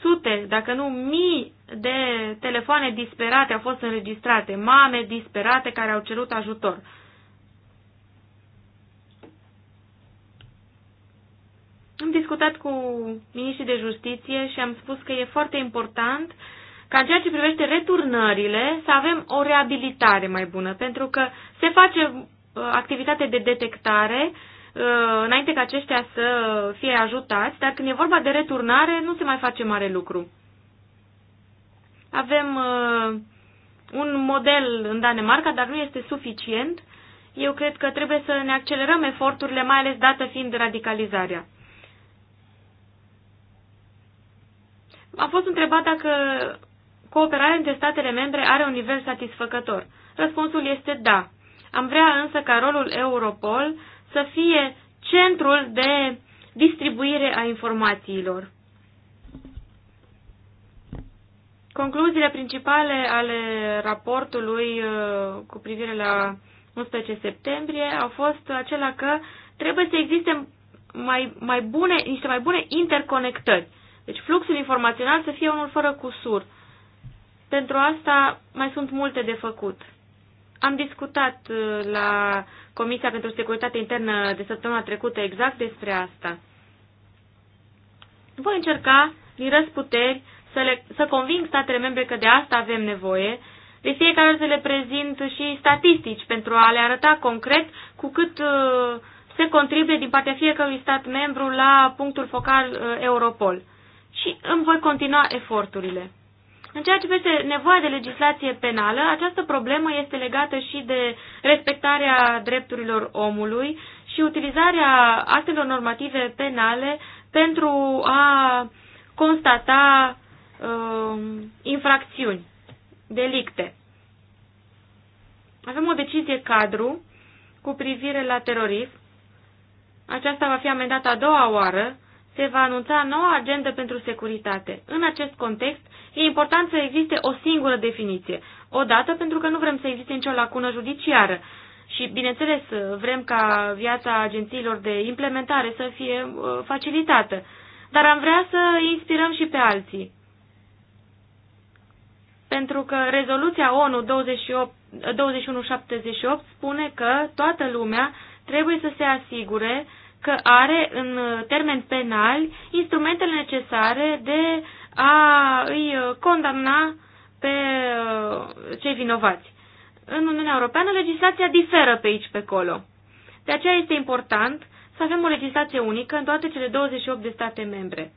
A: sute, dacă nu mii de telefoane disperate au fost înregistrate, mame disperate care au cerut ajutor. Am discutat cu miniștrii de justiție și am spus că e foarte important ca în ceea ce privește returnările să avem o reabilitare mai bună, pentru că se face uh, activitate de detectare Uh, înainte ca aceștia să fie ajutați, dar când e vorba de returnare, nu se mai face mare lucru. Avem uh, un model în Danemarca, dar nu este suficient. Eu cred că trebuie să ne accelerăm eforturile, mai ales dată fiind radicalizarea. A fost întrebat dacă cooperarea între statele membre are un nivel satisfăcător. Răspunsul este da. Am vrea însă ca rolul Europol să fie centrul de distribuire a informațiilor. Concluziile principale ale raportului uh, cu privire la 11 septembrie au fost acela că trebuie să existe mai, mai bune, niște mai bune interconectări. Deci fluxul informațional să fie unul fără cusur. Pentru asta mai sunt multe de făcut. Am discutat uh, la Comisia pentru Securitate Internă de săptămâna trecută exact despre asta. Voi încerca din răsputeri să, le, să conving statele membre că de asta avem nevoie, de fiecare să le prezint și statistici pentru a le arăta concret cu cât uh, se contribuie din partea fiecărui stat membru la punctul focal uh, Europol. Și îmi voi continua eforturile. În ceea ce privește nevoia de legislație penală, această problemă este legată și de respectarea drepturilor omului și utilizarea actelor normative penale pentru a constata uh, infracțiuni, delicte. Avem o decizie cadru cu privire la terorism. Aceasta va fi amendată a doua oară. Se va anunța noua agendă pentru securitate. În acest context, e important să existe o singură definiție. o dată, pentru că nu vrem să existe nicio lacună judiciară. Și, bineînțeles, vrem ca viața agențiilor de implementare să fie uh, facilitată. Dar am vrea să inspirăm și pe alții. Pentru că rezoluția ONU 28, 2178 spune că toată lumea trebuie să se asigure că are în termeni penali instrumentele necesare de a îi uh, condamna pe uh, cei vinovați. În Uniunea Europeană legislația diferă pe aici pe acolo. De aceea este important să avem o legislație unică în toate cele 28 de state membre.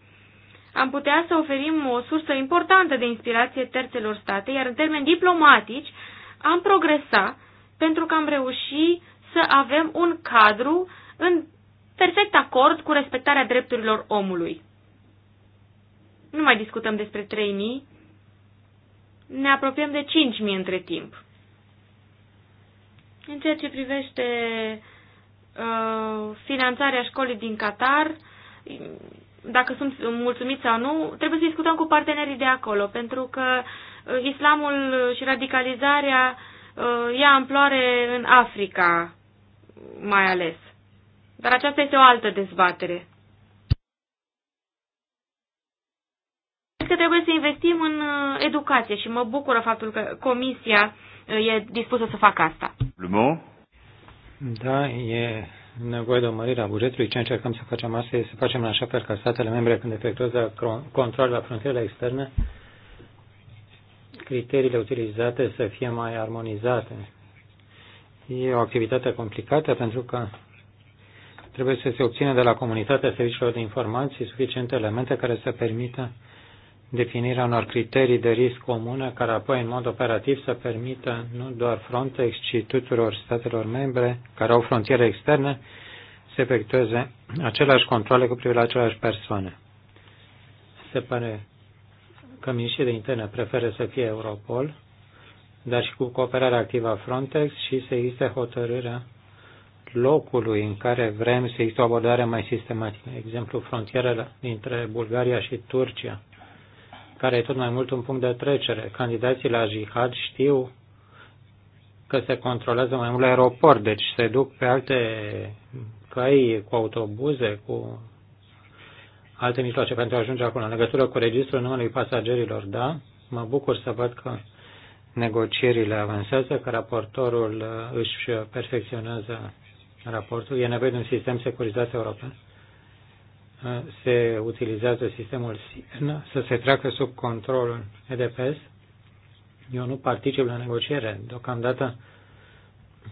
A: Am putea să oferim o sursă importantă de inspirație terțelor state, iar în termeni diplomatici am progresat pentru că am reușit să avem un cadru în perfect acord cu respectarea drepturilor omului. Nu mai discutăm despre 3000. Ne apropiem de 5000 între timp. În ceea ce privește uh, finanțarea școlii din Qatar, dacă sunt mulțumiți sau nu, trebuie să discutăm cu partenerii de acolo, pentru că uh, islamul și radicalizarea uh, ia amploare în Africa, mai ales. Dar aceasta este o altă dezbatere. că trebuie să investim în uh, educație și mă bucură faptul că Comisia uh, e dispusă să facă asta.
B: Lumo, Da, e nevoie de o mărire a bugetului. Ce încercăm să facem asta e să facem în așa fel ca statele membre când efectuează control la frontierele externe, criteriile utilizate să fie mai armonizate. E o activitate complicată pentru că trebuie să se obțină de la comunitatea serviciilor de informații suficiente elemente care să permită definirea unor criterii de risc comună care apoi în mod operativ să permită nu doar Frontex, ci tuturor statelor membre care au frontiere externe să efectueze aceleași controle cu privire la aceleași persoane. Se pare că Ministerul de interne preferă să fie Europol, dar și cu cooperarea activă a Frontex și să existe hotărârea locului în care vrem să există o abordare mai sistematică. Exemplu, frontierele dintre Bulgaria și Turcia care e tot mai mult un punct de trecere. Candidații la jihad știu că se controlează mai mult la aeroport, deci se duc pe alte căi cu autobuze, cu alte mijloace pentru a ajunge acolo. În legătură cu registrul numelui pasagerilor, da, mă bucur să văd că negocierile avansează, că raportorul uh, își perfecționează raportul. E nevoie de un sistem securizat european se utilizează sistemul SIN să se treacă sub controlul EDPS. Eu nu particip la negociere. Deocamdată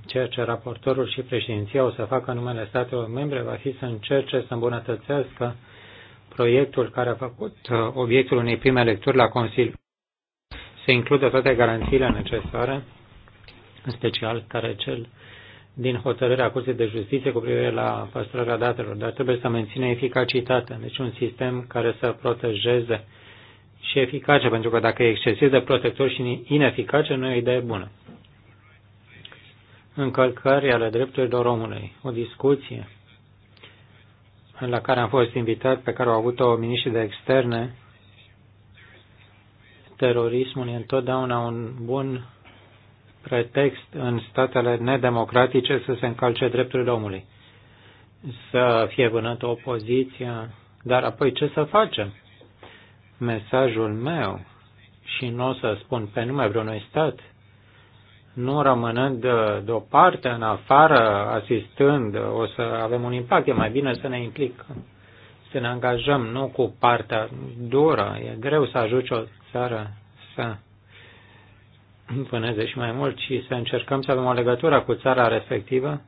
B: ceea ce raportorul și președinția o să facă în numele statelor membre va fi să încerce să îmbunătățească proiectul care a făcut uh, obiectul unei prime lecturi la Consiliu. Se includă toate garanțiile necesare, în special care cel din hotărârea Curții de Justiție cu privire la păstrarea datelor, dar trebuie să menține eficacitatea, deci un sistem care să protejeze și eficace, pentru că dacă e excesiv de protector și ineficace, nu e o idee bună. Încălcări ale drepturilor omului, o discuție la care am fost invitat, pe care au avut-o miniștri de externe, terorismul e întotdeauna un bun pretext în statele nedemocratice să se încalce drepturile omului, să fie vânată opoziția, dar apoi ce să facem? Mesajul meu, și nu o să spun pe nume vreunui stat, nu rămânând uh, deoparte, în afară, asistând, o să avem un impact. E mai bine să ne implicăm, să ne angajăm, nu cu partea dură. E greu să ajungi o țară să vâneze și mai mult, ci să încercăm să avem o legătură cu țara respectivă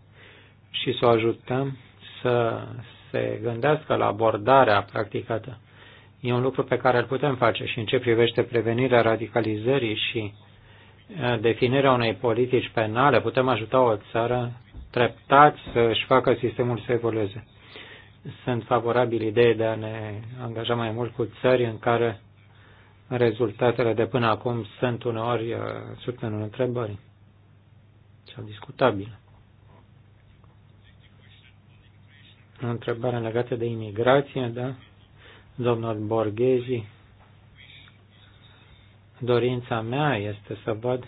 B: și să o ajutăm să se gândească la abordarea practicată. E un lucru pe care îl putem face și în ce privește prevenirea radicalizării și definirea unei politici penale, putem ajuta o țară treptat să-și facă sistemul să evolueze. Sunt favorabil idei de a ne angaja mai mult cu țări în care rezultatele de până acum sunt uneori uh, sub semnul întrebării sau discutabile. O întrebare legată de imigrație, da? Domnul Borghezi, dorința mea este să văd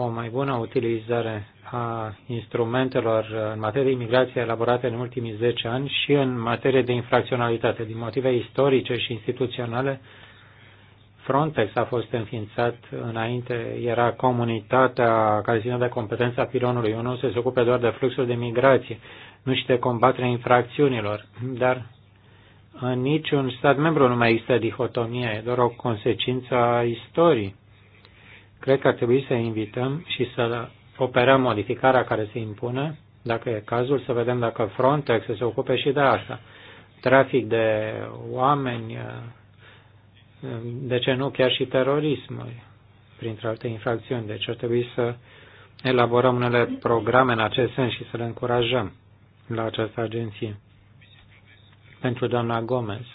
B: o mai bună utilizare a instrumentelor în materie de imigrație elaborate în ultimii 10 ani și în materie de infracționalitate. Din motive istorice și instituționale, Frontex a fost înființat înainte, era comunitatea care ține de competența pilonului 1, se ocupe doar de fluxul de migrație, nu și de combaterea infracțiunilor, dar în niciun stat membru nu mai există dihotomie, e doar o consecință a istoriei Cred că ar trebui să invităm și să operăm modificarea care se impune, dacă e cazul, să vedem dacă Frontex se ocupe și de asta. Trafic de oameni, de ce nu chiar și terorismul, printre alte infracțiuni. Deci ar trebui să elaborăm unele programe în acest sens și să le încurajăm la această agenție. Pentru doamna Gomez,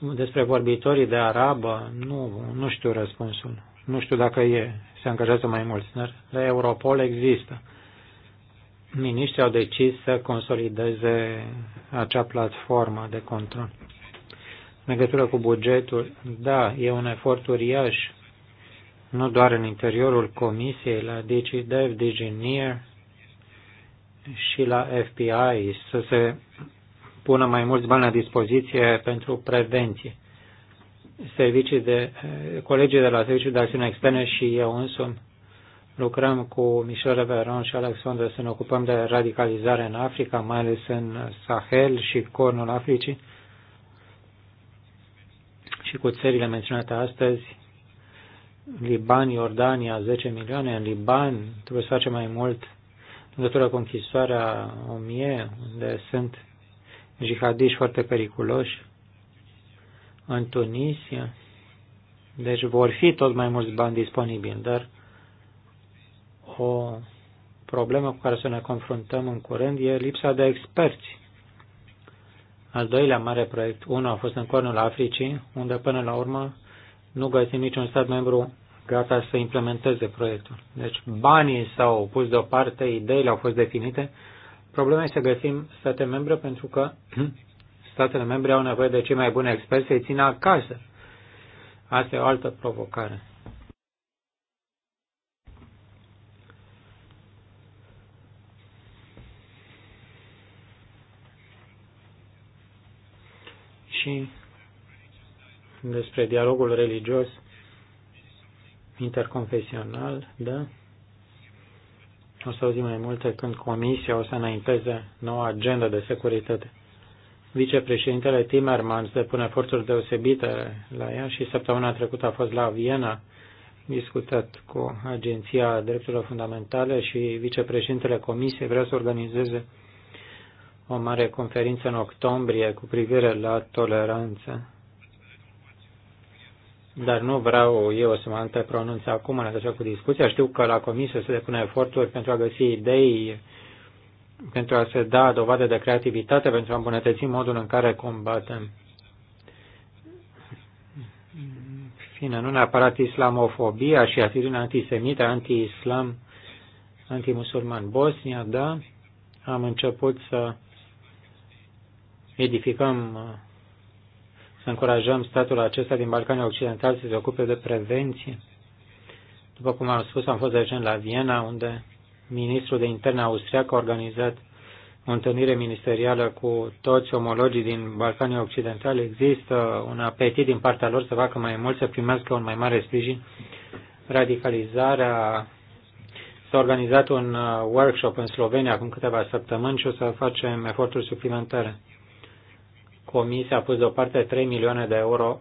B: Despre vorbitorii de arabă, nu, nu știu răspunsul. Nu știu dacă e, se angajează mai mulți, dar la Europol există. Miniștrii au decis să consolideze acea platformă de control. În legătură cu bugetul, da, e un efort uriaș, nu doar în interiorul comisiei, la DigiDev, DigiNear și la FBI, să se pună mai mulți bani la dispoziție pentru prevenție. Servicii de, colegii de la Serviciul de Acțiune Externe și eu însumi lucrăm cu Michel Reveron și Alexandre să ne ocupăm de radicalizare în Africa, mai ales în Sahel și Cornul Africii și cu țările menționate astăzi, Liban, Iordania, 10 milioane, în Liban trebuie să facem mai mult în legătură cu închisoarea 1000, unde sunt jihadiști foarte periculoși în Tunisia, deci vor fi tot mai mulți bani disponibili, dar o problemă cu care să ne confruntăm în curând e lipsa de experți. Al doilea mare proiect, unul a fost în Cornul Africii, unde până la urmă nu găsim niciun stat membru gata să implementeze proiectul. Deci banii s-au pus deoparte, ideile au fost definite, Problema este să găsim state membre pentru că statele membre au nevoie de cei mai buni experți să-i țină acasă. Asta e o altă provocare. Și despre dialogul religios interconfesional, da? O să auzim mai multe când Comisia o să înainteze noua agendă de securitate. Vicepreședintele Timmermans depune eforturi deosebite la ea și săptămâna trecută a fost la Viena discutat cu Agenția Drepturilor Fundamentale și vicepreședintele Comisiei vrea să organizeze o mare conferință în octombrie cu privire la toleranță dar nu vreau eu să mă pronunț acum în legătură cu discuția. Știu că la comisie se depune eforturi pentru a găsi idei, pentru a se da dovadă de creativitate, pentru a îmbunătăți modul în care combatem. Fine, nu neapărat islamofobia și atitudine antisemită, anti-islam, anti-musulman. Bosnia, da, am început să edificăm încurajăm statul acesta din Balcanii Occidentali să se ocupe de prevenție. După cum am spus, am fost recent la Viena, unde ministrul de interne austriac a organizat o întâlnire ministerială cu toți omologii din Balcanii Occidentali. Există un apetit din partea lor să facă mai mult, să primească un mai mare sprijin. Radicalizarea S-a organizat un uh, workshop în Slovenia acum câteva săptămâni și o să facem eforturi suplimentare. Comisia a pus deoparte 3 milioane de euro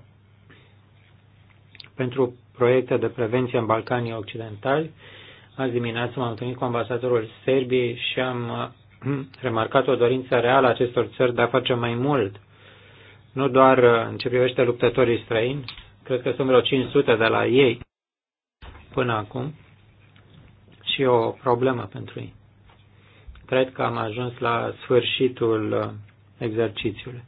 B: pentru proiecte de prevenție în Balcanii Occidentali. Azi dimineață m-am întâlnit cu ambasadorul Serbiei și am remarcat o dorință reală a acestor țări de a face mai mult, nu doar în ce privește luptătorii străini, cred că sunt vreo 500 de la ei până acum și o problemă pentru ei. Cred că am ajuns la sfârșitul uh, exercițiului.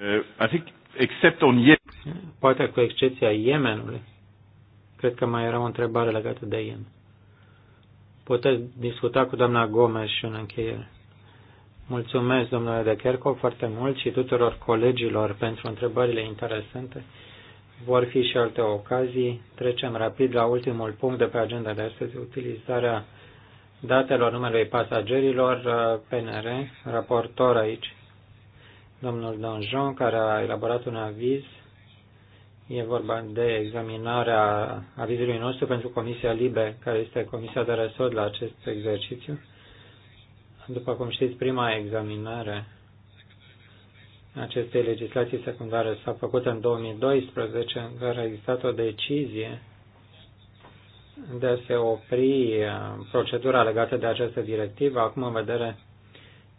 B: Uh, I think except on Yemen. Poate cu excepția Yemenului. Cred că mai era o întrebare legată de Yemen. Puteți discuta cu doamna Gomes și în încheiere. Mulțumesc, domnule de Kerkov, foarte mult și tuturor colegilor pentru întrebările interesante. Vor fi și alte ocazii. Trecem rapid la ultimul punct de pe agenda de astăzi, utilizarea datelor numelui pasagerilor, uh, PNR, raportor aici domnul Donjon, care a elaborat un aviz. E vorba de examinarea avizului nostru pentru Comisia Libe, care este Comisia de Răsod la acest exercițiu. După cum știți, prima examinare acestei legislații secundare s-a făcut în 2012, care a existat o decizie de a se opri uh, procedura legată de această directivă, acum în vedere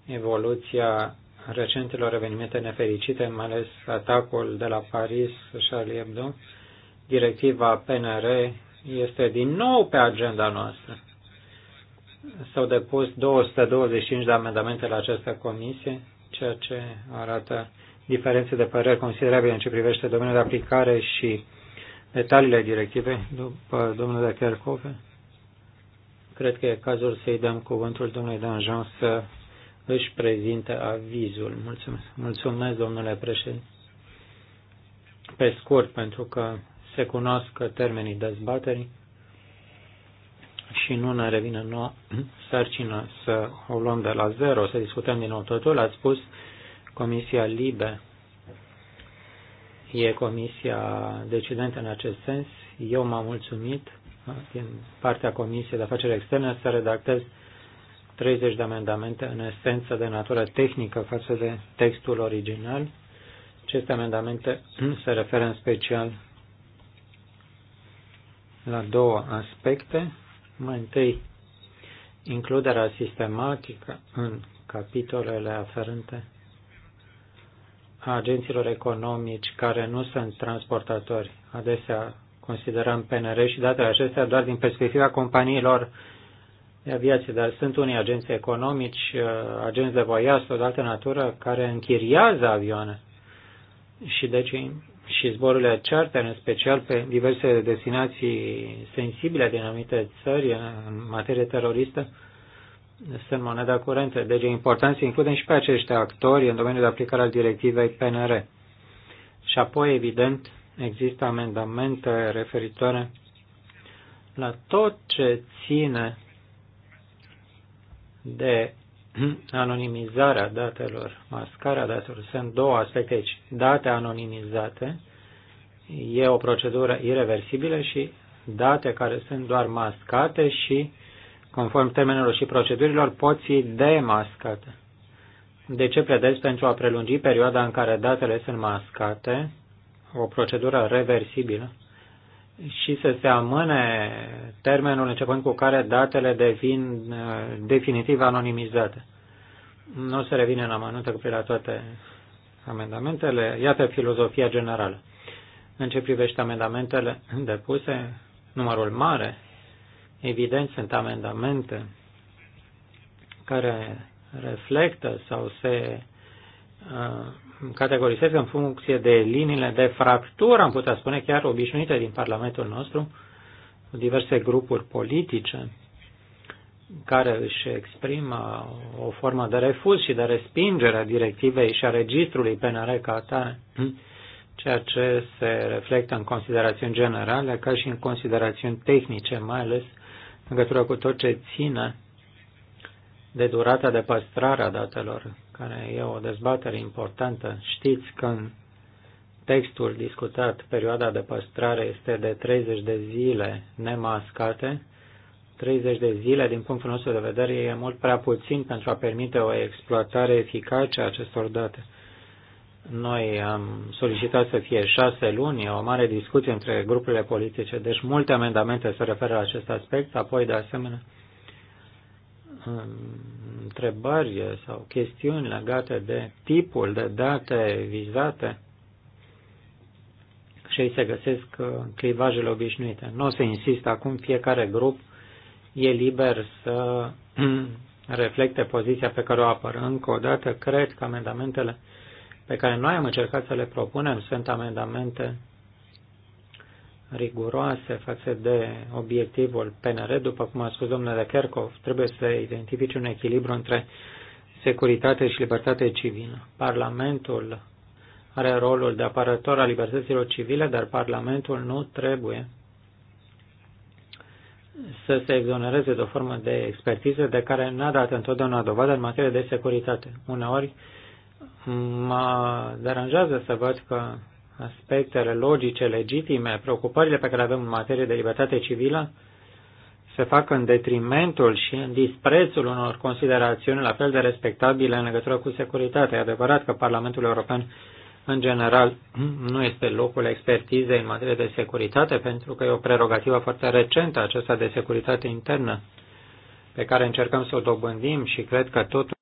B: evoluția recentelor evenimente nefericite, mai ales atacul de la Paris, Charlie Hebdo, directiva PNR este din nou pe agenda noastră. S-au depus 225 de amendamente la această comisie, ceea ce arată diferențe de păreri considerabile în ce privește domeniul de aplicare și detaliile directivei, după domnul de Kerkhove. Cred că e cazul să-i dăm cuvântul domnului Danjean să își prezintă avizul. Mulțumesc, Mulțumesc domnule președinte. Pe scurt, pentru că se cunosc termenii dezbaterii și nu ne revină nouă sarcină să o luăm de la zero, să discutăm din nou totul. Ați spus Comisia Libe e comisia decidentă în acest sens. Eu m-am mulțumit din partea Comisiei de Afaceri Externe să redactez 30 de amendamente în esență de natură tehnică față de textul original. Aceste amendamente se referă în special la două aspecte. Mai întâi, includerea sistematică în capitolele aferente a agenților economici care nu sunt transportatori. Adesea considerăm PNR și datele acestea doar din perspectiva companiilor de aviație, dar sunt unii agenți economici, uh, agenți de voiaș sau de altă natură, care închiriază avioane și deci și zborurile charter, în special pe diverse destinații sensibile din anumite țări în materie teroristă, sunt moneda curentă. Deci e important să includem și pe acești actori în domeniul de aplicare al directivei PNR. Și apoi, evident, există amendamente referitoare la tot ce ține de anonimizarea datelor, mascarea datelor. Sunt două aspecte aici. Date anonimizate e o procedură irreversibilă și date care sunt doar mascate și, conform termenelor și procedurilor, pot fi demascate. De ce pledezi pentru a prelungi perioada în care datele sunt mascate, o procedură reversibilă? și să se amâne termenul începând cu care datele devin uh, definitiv anonimizate. Nu se revine în amănunte cu la toate amendamentele. Iată filozofia generală. În ce privește amendamentele depuse, numărul mare, evident sunt amendamente care reflectă sau se uh, categorisesc în funcție de liniile de fractură, am putea spune chiar obișnuite din Parlamentul nostru, cu diverse grupuri politice care își exprimă o formă de refuz și de respingere a directivei și a registrului PNR ca atare, ceea ce se reflectă în considerațiuni generale ca și în considerațiuni tehnice, mai ales în legătură cu tot ce ține de durata de păstrare a datelor care e o dezbatere importantă. Știți că în textul discutat, perioada de păstrare este de 30 de zile nemascate. 30 de zile, din punctul nostru de vedere, e mult prea puțin pentru a permite o exploatare eficace a acestor date. Noi am solicitat să fie șase luni, e o mare discuție între grupurile politice, deci multe amendamente se referă la acest aspect, apoi de asemenea întrebări sau chestiuni legate de tipul de date vizate și ei se găsesc clivajele obișnuite. Nu o să insist acum, fiecare grup e liber să reflecte poziția pe care o apără. Încă o dată, cred că amendamentele pe care noi am încercat să le propunem sunt amendamente riguroase față de obiectivul PNR, după cum a spus domnule Kerkov, trebuie să identifice un echilibru între securitate și libertate civilă. Parlamentul are rolul de apărător al libertăților civile, dar Parlamentul nu trebuie să se exonereze de o formă de expertiză de care n-a dat întotdeauna dovadă în materie de securitate. Uneori mă deranjează să văd că aspectele logice, legitime, preocupările pe care le avem în materie de libertate civilă, se fac în detrimentul și în disprețul unor considerațiuni la fel de respectabile în legătură cu securitatea. E adevărat că Parlamentul European, în general, nu este locul expertizei în materie de securitate, pentru că e o prerogativă foarte recentă aceasta de securitate internă, pe care încercăm să o dobândim și cred că totul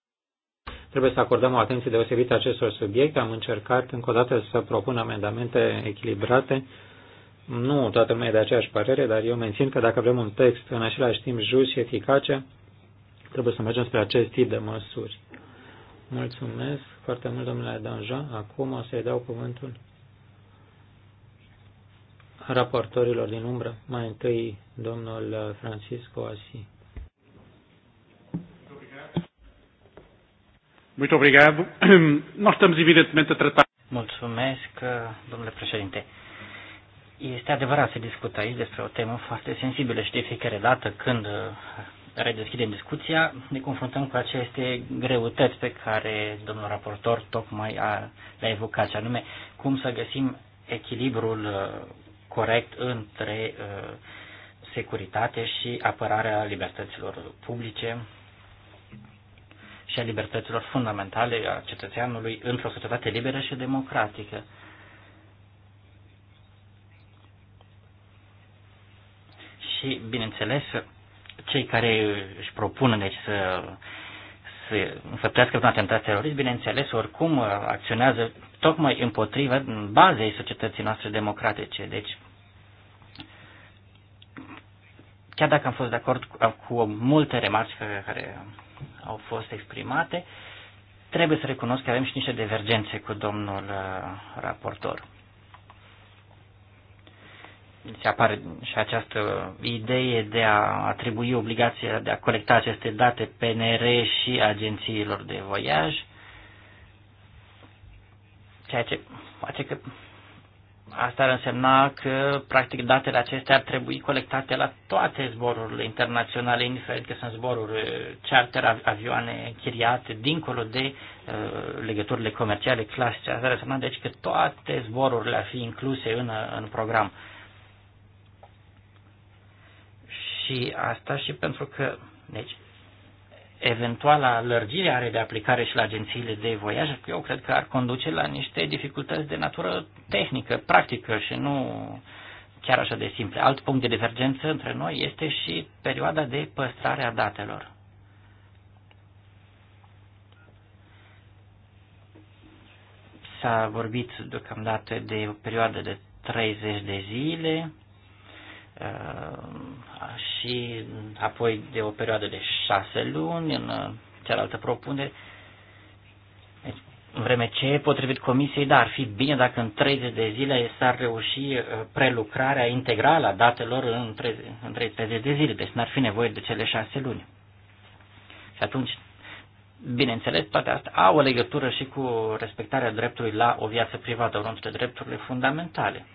B: Trebuie să acordăm o atenție deosebită acestor subiecte. Am încercat încă o dată să propun amendamente echilibrate. Nu toată lumea e de aceeași părere, dar eu mențin că dacă vrem un text în același timp just și eficace, trebuie să mergem spre acest tip de măsuri. Mulțumesc foarte mult, domnule Danja. Acum o să-i dau cuvântul raportorilor din umbră. Mai întâi, domnul Francisco Asi. Muito obrigado. Nós estamos evidentemente a tratar. Mulțumesc,
D: domnule președinte. Este adevărat să discut aici despre o temă foarte sensibilă și de fiecare dată când uh, redeschidem discuția, ne confruntăm cu aceste greutăți pe care domnul raportor tocmai a, le-a evocat, și anume cum să găsim echilibrul uh, corect între uh, securitate și apărarea libertăților publice, și a libertăților fundamentale a cetățeanului într-o societate liberă și democratică. Și, bineînțeles, cei care își propun deci, să, să înfăptească un atentat terorist, bineînțeles, oricum uh, acționează tocmai împotriva bazei societății noastre democratice. Deci, chiar dacă am fost de acord cu, cu multe remarci care, care au fost exprimate. Trebuie să recunosc că avem și niște divergențe cu domnul uh, raportor. Se apare și această idee de a atribui obligația de a colecta aceste date PNR și agențiilor de voiaj, ceea ce face că Asta ar însemna că, practic, datele acestea ar trebui colectate la toate zborurile internaționale, indiferent că sunt zboruri uh, charter, avioane închiriate, dincolo de uh, legăturile comerciale clasice. Asta ar însemna, deci, că toate zborurile ar fi incluse în, uh, în program. Și asta și pentru că, deci, eventuala lărgire are de aplicare și la agențiile de voiaj, eu cred că ar conduce la niște dificultăți de natură tehnică, practică și nu chiar așa de simple. Alt punct de divergență între noi este și perioada de păstrare a datelor. S-a vorbit deocamdată de o perioadă de 30 de zile, uh, și apoi de o perioadă de șase luni în cealaltă propunere. Deci, în vreme ce, potrivit comisiei, dar ar fi bine dacă în 30 de zile s-ar reuși uh, prelucrarea integrală a datelor în 30, în 30 de zile, deci n-ar fi nevoie de cele șase luni. Și atunci, bineînțeles, toate astea au o legătură și cu respectarea dreptului la o viață privată, unul dintre drepturile fundamentale.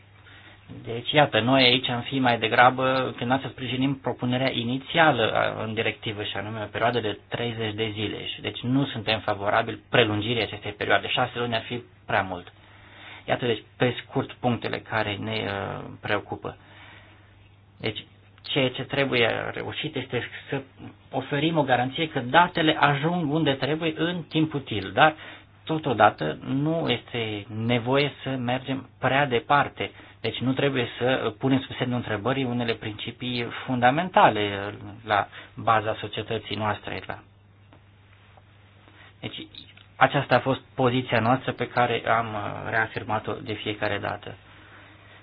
D: Deci, iată, noi aici am fi mai degrabă când să sprijinim propunerea inițială în directivă și anume o perioadă de 30 de zile. Și deci nu suntem favorabili prelungirii acestei perioade. Șase luni ar fi prea mult. Iată, deci, pe scurt, punctele care ne uh, preocupă. Deci, ceea ce trebuie reușit este să oferim o garanție că datele ajung unde trebuie în timp util, dar totodată nu este nevoie să mergem prea departe deci nu trebuie să punem sub semnul întrebării unele principii fundamentale la baza societății noastre. Deci aceasta a fost poziția noastră pe care am uh, reafirmat-o de fiecare dată.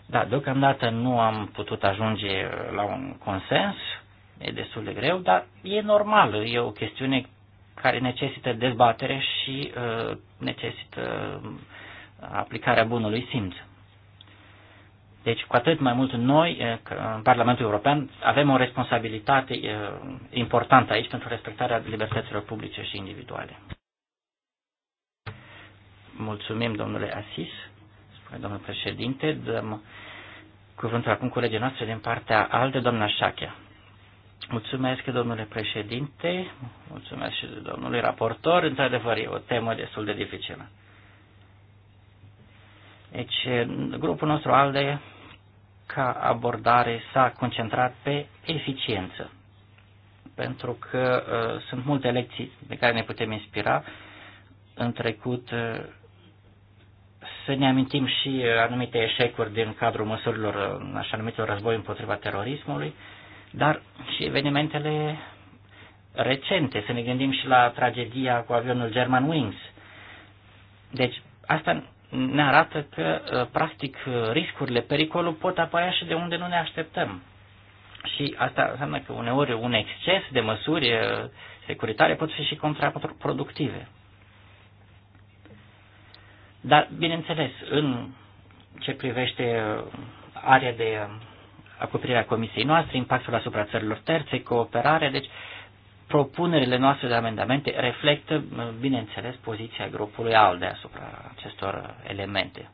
D: Da, deocamdată nu am putut ajunge uh, la un consens, e destul de greu, dar e normal, e o chestiune care necesită dezbatere și uh, necesită uh, aplicarea bunului simț. Deci, cu atât mai mult noi, eh, în Parlamentul European, avem o responsabilitate eh, importantă aici pentru respectarea libertăților publice și individuale. Mulțumim, domnule Asis, spune domnul președinte. Dăm cuvântul acum colegii noastre din partea ALDE, doamna Șachea. Mulțumesc, domnule președinte, mulțumesc și domnului raportor. Într-adevăr, e o temă destul de dificilă. Deci, grupul nostru ALDE ca abordare s-a concentrat pe eficiență, pentru că uh, sunt multe lecții de care ne putem inspira. În trecut uh, să ne amintim și uh, anumite eșecuri din cadrul măsurilor, uh, așa numitor război împotriva terorismului, dar și evenimentele recente, să ne gândim și la tragedia cu avionul German Wings. Deci, asta ne arată că, uh, practic, uh, riscurile, pericolul pot apărea și de unde nu ne așteptăm. Și asta înseamnă că uneori un exces de măsuri uh, securitare pot fi și contraproductive. Dar, bineînțeles, în ce privește area de acoperire a comisiei noastre, impactul asupra țărilor terțe, cooperare, deci uh, Propunerile noastre de amendamente reflectă, bineînțeles, poziția grupului ALDE asupra acestor elemente.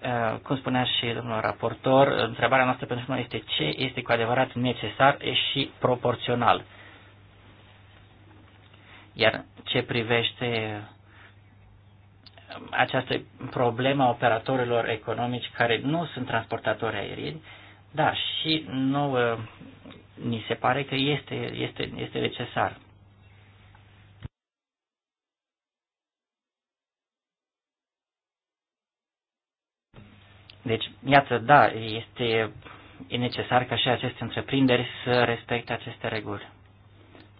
D: Eh, cum spunea și domnul raportor, întrebarea noastră pentru noi este ce este cu adevărat necesar și proporțional. Iar ce privește această problemă a operatorilor economici care nu sunt transportatori aerieni, da, și nu ni se pare că este, este, este necesar. Deci, iată, da, este e necesar ca și aceste întreprinderi să respecte aceste reguli.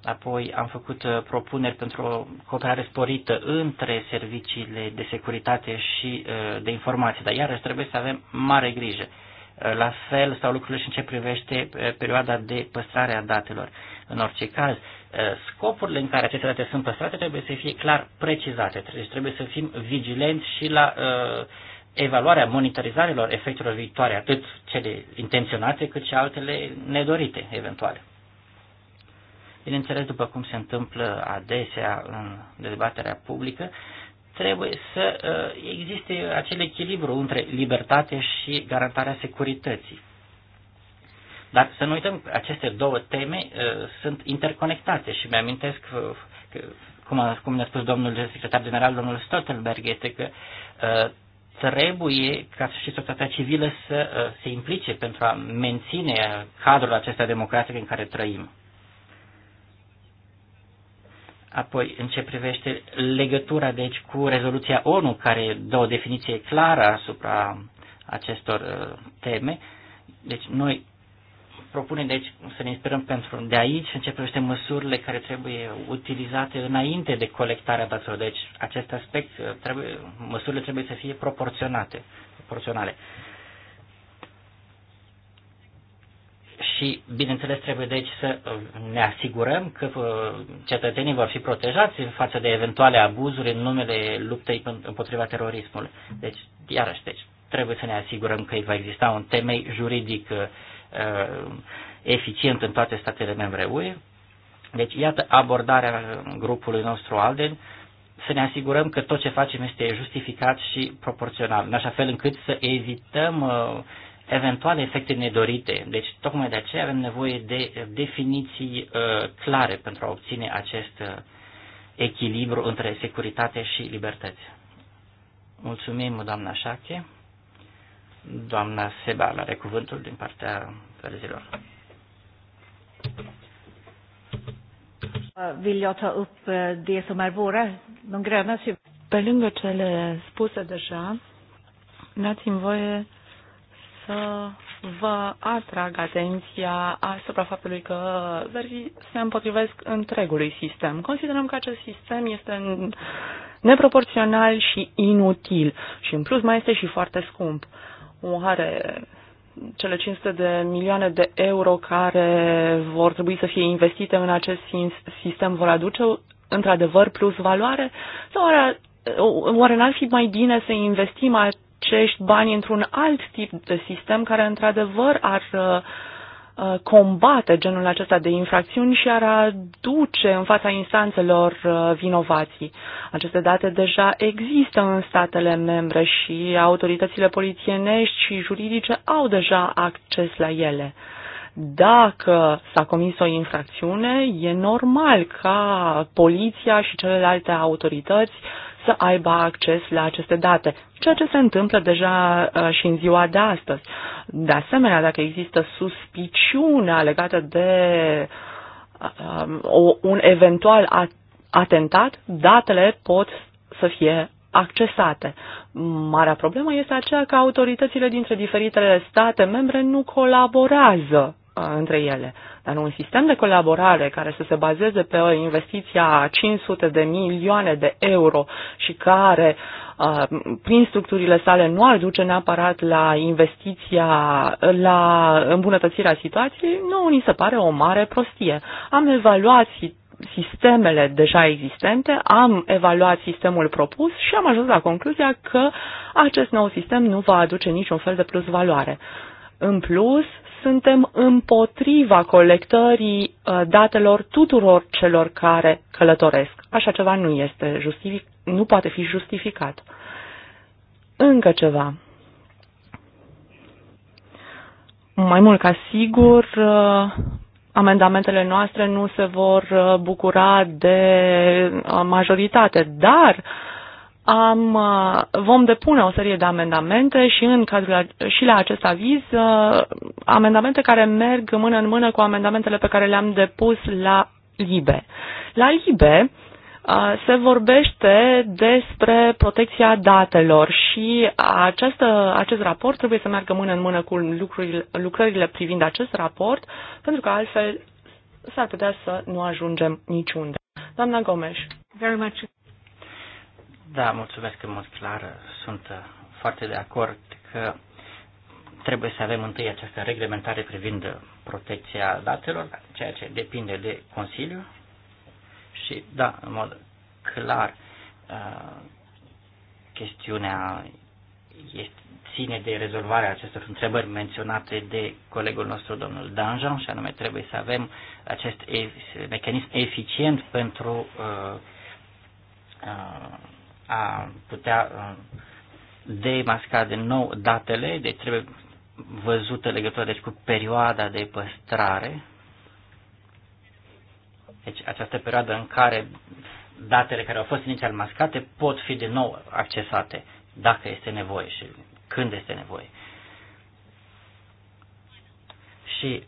D: Apoi am făcut uh, propuneri pentru o cooperare sporită între serviciile de securitate și uh, de informații, dar iarăși trebuie să avem mare grijă. La fel stau lucrurile și în ce privește eh, perioada de păstrare a datelor. În orice caz, eh, scopurile în care aceste date sunt păstrate trebuie să fie clar precizate. Deci trebuie să fim vigilenți și la uh, evaluarea, monitorizarelor efectelor viitoare, atât cele intenționate cât și altele nedorite, eventuale. Bineînțeles, după cum se întâmplă adesea în dezbaterea publică, uh, trebuie să uh, existe acel echilibru între libertate și garantarea securității. Dar să nu uităm că aceste două teme uh, sunt interconectate și mi-amintesc uh, că, cum, a, cum ne-a spus domnul secretar general, domnul Stoltenberg, este că uh, trebuie ca și societatea civilă să uh, se implice pentru a menține cadrul acesta democratic în care trăim. Apoi, în ce privește legătura, deci, cu rezoluția ONU, care dă o definiție clară asupra acestor uh, teme, deci noi propunem, deci, să ne inspirăm pentru de aici, în ce privește măsurile care trebuie utilizate înainte de colectarea datelor. Deci, acest aspect, uh, trebuie, măsurile trebuie să fie proporționate, proporționale. Uh, și, bineînțeles, trebuie deci să uh, ne asigurăm că uh, cetățenii vor fi protejați față de eventuale abuzuri în numele luptei împotriva terorismului. Deci, iarăși, deci, trebuie să ne asigurăm că va exista un temei juridic uh, uh, eficient în toate statele membre UE. Deci, iată abordarea grupului nostru ALDEN, să ne asigurăm că tot ce facem este justificat și proporțional, în așa fel încât să evităm uh, eventuale efecte nedorite. Deci, tocmai de aceea avem nevoie de definiții uh, clare pentru a obține acest uh, echilibru între securitate și libertate. Mulțumim, doamna Șache. Doamna Seba la recuvântul din partea părăzilor.
A: Vill jag ta upp eh, det som är våra, de grönas Pe lângă cele spuse deja,
C: dați-mi voie să vă atrag atenția asupra faptului că verzii se împotrivesc întregului sistem. Considerăm că acest sistem este neproporțional și inutil și în plus mai este și foarte scump. Oare cele 500 de milioane de euro care vor trebui să fie investite în acest sistem vor aduce într-adevăr plus valoare? Sau oare, oare n-ar fi mai bine să investim acești bani într-un alt tip de sistem care, într-adevăr, ar uh, uh, combate genul acesta de infracțiuni și ar aduce în fața instanțelor uh, vinovații. Aceste date deja există în statele membre și autoritățile polițienești și juridice au deja acces la ele dacă s-a comis o infracțiune, e normal ca poliția și celelalte autorități să aibă acces la aceste date, ceea ce se întâmplă deja uh, și în ziua de astăzi. De asemenea, dacă există suspiciunea legată de uh, un eventual atentat, datele pot să fie accesate. Marea problemă este aceea că autoritățile dintre diferitele state membre nu colaborează uh, între ele. Dar un sistem de colaborare care să se bazeze pe o investiția 500 de milioane de euro și care, uh, prin structurile sale, nu ar duce neapărat la investiția, la îmbunătățirea situației, nu ni se pare o mare prostie. Am evaluat sistemele deja existente, am evaluat sistemul propus și am ajuns la concluzia că acest nou sistem nu va aduce niciun fel de plus valoare. În plus, suntem împotriva colectării uh, datelor tuturor celor care călătoresc. Așa ceva nu este justific, nu poate fi justificat. Încă ceva. Mai mult ca sigur, uh, amendamentele noastre nu se vor uh, bucura de majoritate, dar uh, am, uh, vom depune o serie de amendamente și, în cadrul, și la acest aviz uh, amendamente care merg mână în mână cu amendamentele pe care le-am depus la LIBE. La LIBE uh, se vorbește despre protecția datelor și această, acest raport trebuie să meargă mână în mână cu lucrurile, lucrările privind acest raport, pentru că altfel s-ar putea să nu ajungem niciunde.
D: Doamna Gomes. Very much. Da, mulțumesc în mod clar. Sunt uh, foarte de acord că trebuie să avem întâi această reglementare privind uh, protecția datelor, ceea ce depinde de Consiliu și, da, în mod clar, uh, chestiunea este, ține de rezolvarea acestor întrebări menționate de colegul nostru, domnul Danjan, și anume trebuie să avem acest mecanism eficient pentru uh, uh, a putea demasca din nou datele, deci trebuie văzută legătura deci, cu perioada de păstrare. Deci această perioadă în care datele care au fost inițial mascate pot fi din nou accesate dacă este nevoie și când este nevoie. Și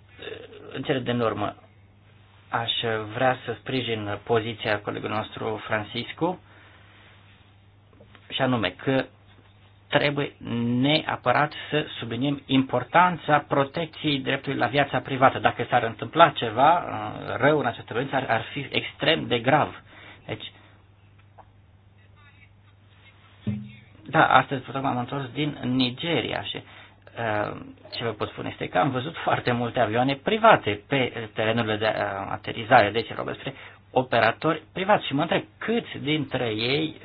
D: în cele de urmă, aș vrea să sprijin poziția colegului nostru Francisco și anume că trebuie neapărat să subliniem importanța protecției dreptului la viața privată. Dacă s-ar întâmpla ceva uh, rău în această privință, ar, ar fi extrem de grav. Deci, da, astăzi putem am întors din Nigeria și uh, ce vă pot spune este că am văzut foarte multe avioane private pe terenurile de uh, aterizare, deci vorbesc despre operatori privați și mă întreb câți dintre ei,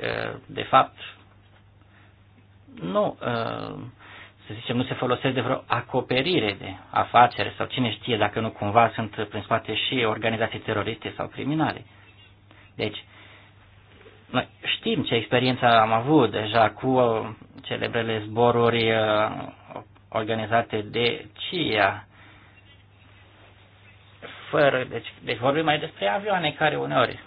D: de fapt, nu, ă, să zicem, nu se folosesc de vreo acoperire de afacere sau cine știe dacă nu cumva sunt prin spate și organizații teroriste sau criminale. Deci, noi știm ce experiență am avut deja cu ă, celebrele zboruri ă, organizate de CIA. Fără, deci, deci vorbim mai despre avioane care uneori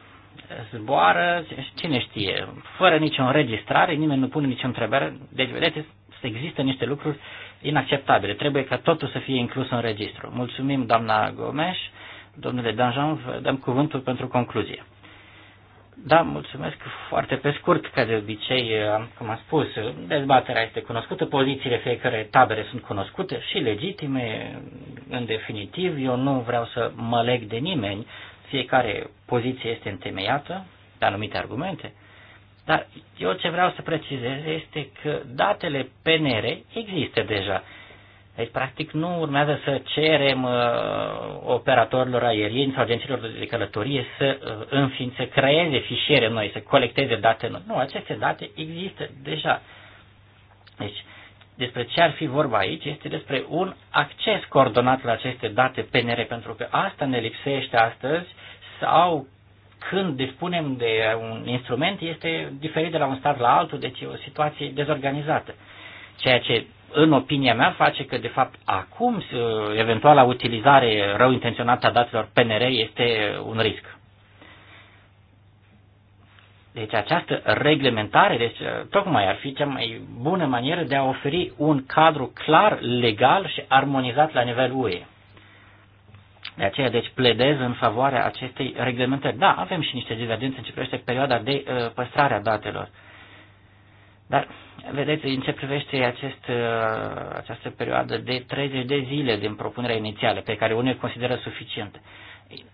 D: zboară, cine știe, fără nicio înregistrare, nimeni nu pune nicio întrebare. Deci, vedeți, există niște lucruri inacceptabile. Trebuie ca totul să fie inclus în registru. Mulțumim, doamna Gomes. Domnule Danjan, vă dăm cuvântul pentru concluzie. Da, mulțumesc foarte pe scurt, ca de obicei, cum am spus, dezbaterea este cunoscută, pozițiile fiecare tabere sunt cunoscute și legitime, în definitiv, eu nu vreau să mă leg de nimeni, fiecare poziție este întemeiată pe anumite argumente, dar eu ce vreau să precizez este că datele PNR există deja. Deci, practic, nu urmează să cerem uh, operatorilor aerieni sau agenților de călătorie să uh, înființe, să creeze fișiere noi, să colecteze date noi. Nu, aceste date există deja. Deci, uh, despre ce ar fi vorba aici este despre un acces coordonat la aceste date PNR, pentru că asta ne lipsește astăzi sau când dispunem de un instrument este diferit de la un stat la altul, deci e o situație dezorganizată. Ceea ce, în opinia mea, face că, de fapt, acum eventuala utilizare rău intenționată a datelor PNR este un risc. Deci această reglementare, deci, uh, tocmai ar fi cea mai bună manieră de a oferi un cadru clar, legal și armonizat la nivel UE. De aceea, deci, pledez în favoarea acestei reglementări. Da, avem și niște divergențe în ce privește perioada de uh, păstrare a datelor. Dar, vedeți, în ce privește acest, uh, această perioadă de 30 de zile din propunerea inițială, pe care unii consideră suficientă. Uh,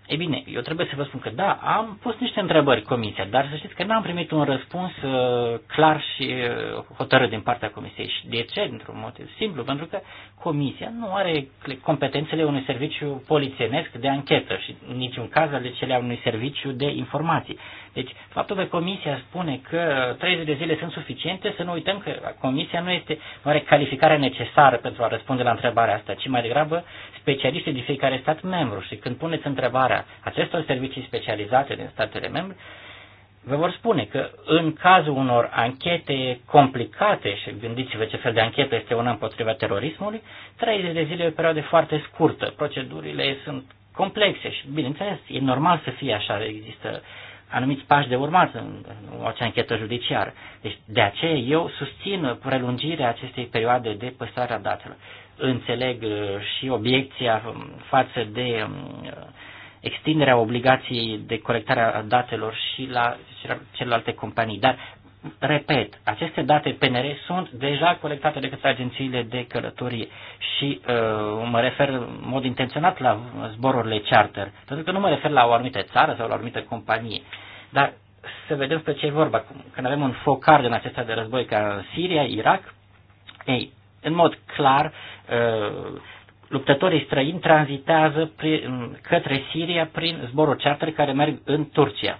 D: E bine, eu trebuie să vă spun că da, am pus niște întrebări comisia, dar să știți că n-am primit un răspuns uh, clar și uh, hotărât din partea comisiei. Și de ce? Într-un motiv simplu, pentru că comisia nu are competențele unui serviciu polițienesc de anchetă și niciun caz ale cele unui serviciu de informații. Deci, faptul că Comisia spune că 30 de zile sunt suficiente, să nu uităm că Comisia nu este oare calificarea necesară pentru a răspunde la întrebarea asta, ci mai degrabă specialiștii din fiecare stat membru. Și când puneți întrebarea acestor servicii specializate din statele membre, vă vor spune că în cazul unor anchete complicate, și gândiți-vă ce fel de anchetă este una împotriva terorismului, 30 de zile e o perioadă foarte scurtă. Procedurile sunt complexe și, bineînțeles, e normal să fie așa, există anumiți pași de urmat în orice anchetă judiciară. Deci de aceea eu susțin prelungirea acestei perioade de păstrare a datelor. Înțeleg uh, și obiecția um, față de um, extinderea obligației de colectare a datelor și la celelalte companii, dar repet, aceste date PNR sunt deja colectate de către agențiile de călătorie și uh, mă refer în mod intenționat la zborurile charter, pentru că nu mă refer la o anumită țară sau la o anumită companie. Dar să vedem pe ce e vorba. Când avem un focar din acesta de război ca în Siria, Irak, ei, în mod clar, uh, luptătorii străini tranzitează prin, către Siria prin zboruri charter care merg în Turcia.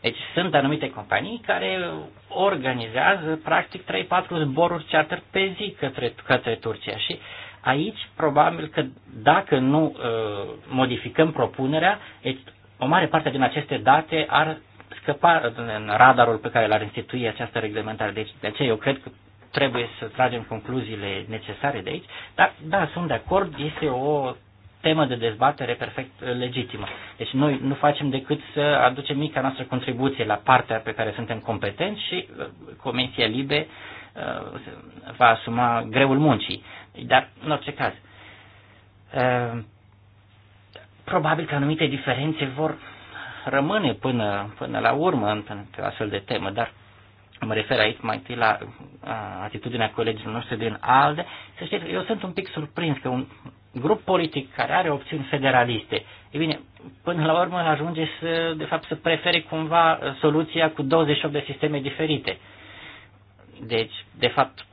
D: Deci sunt anumite companii care organizează practic 3-4 zboruri charter pe zi către, către Turcia și aici probabil că dacă nu uh, modificăm propunerea, deci o mare parte din aceste date ar scăpa în radarul pe care l-ar institui această reglementare. Deci, de aceea eu cred că trebuie să tragem concluziile necesare de aici, dar da, sunt de acord, este o temă de dezbatere perfect legitimă. Deci noi nu facem decât să aducem mica noastră contribuție la partea pe care suntem competenți și uh, Comisia Libe uh, va asuma greul muncii. Dar, în orice caz, uh, Probabil că anumite diferențe vor rămâne până, până la urmă în, o astfel de temă, dar mă refer aici mai întâi la atitudinea colegilor noștri din ALDE. Să știți că eu sunt un pic surprins că un grup politic care are opțiuni federaliste, e bine, până la urmă ajunge să, de fapt, să prefere cumva soluția cu 28 de sisteme diferite. Deci, de fapt,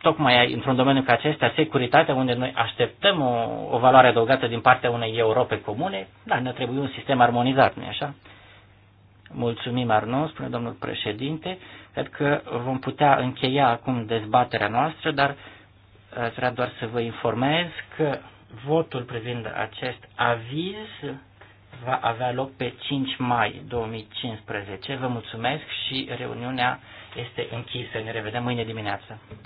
D: tocmai într-un domeniu ca acesta, securitatea, unde noi așteptăm o, o valoare adăugată din partea unei Europe comune, da, ne trebuie un sistem armonizat, nu-i așa? Mulțumim, Arnon, spune domnul președinte. Cred că vom putea încheia acum dezbaterea noastră, dar aș uh, vrea doar să vă informez că votul privind acest aviz va avea loc pe 5 mai 2015. Vă mulțumesc și reuniunea este închisă. Ne revedem mâine dimineață.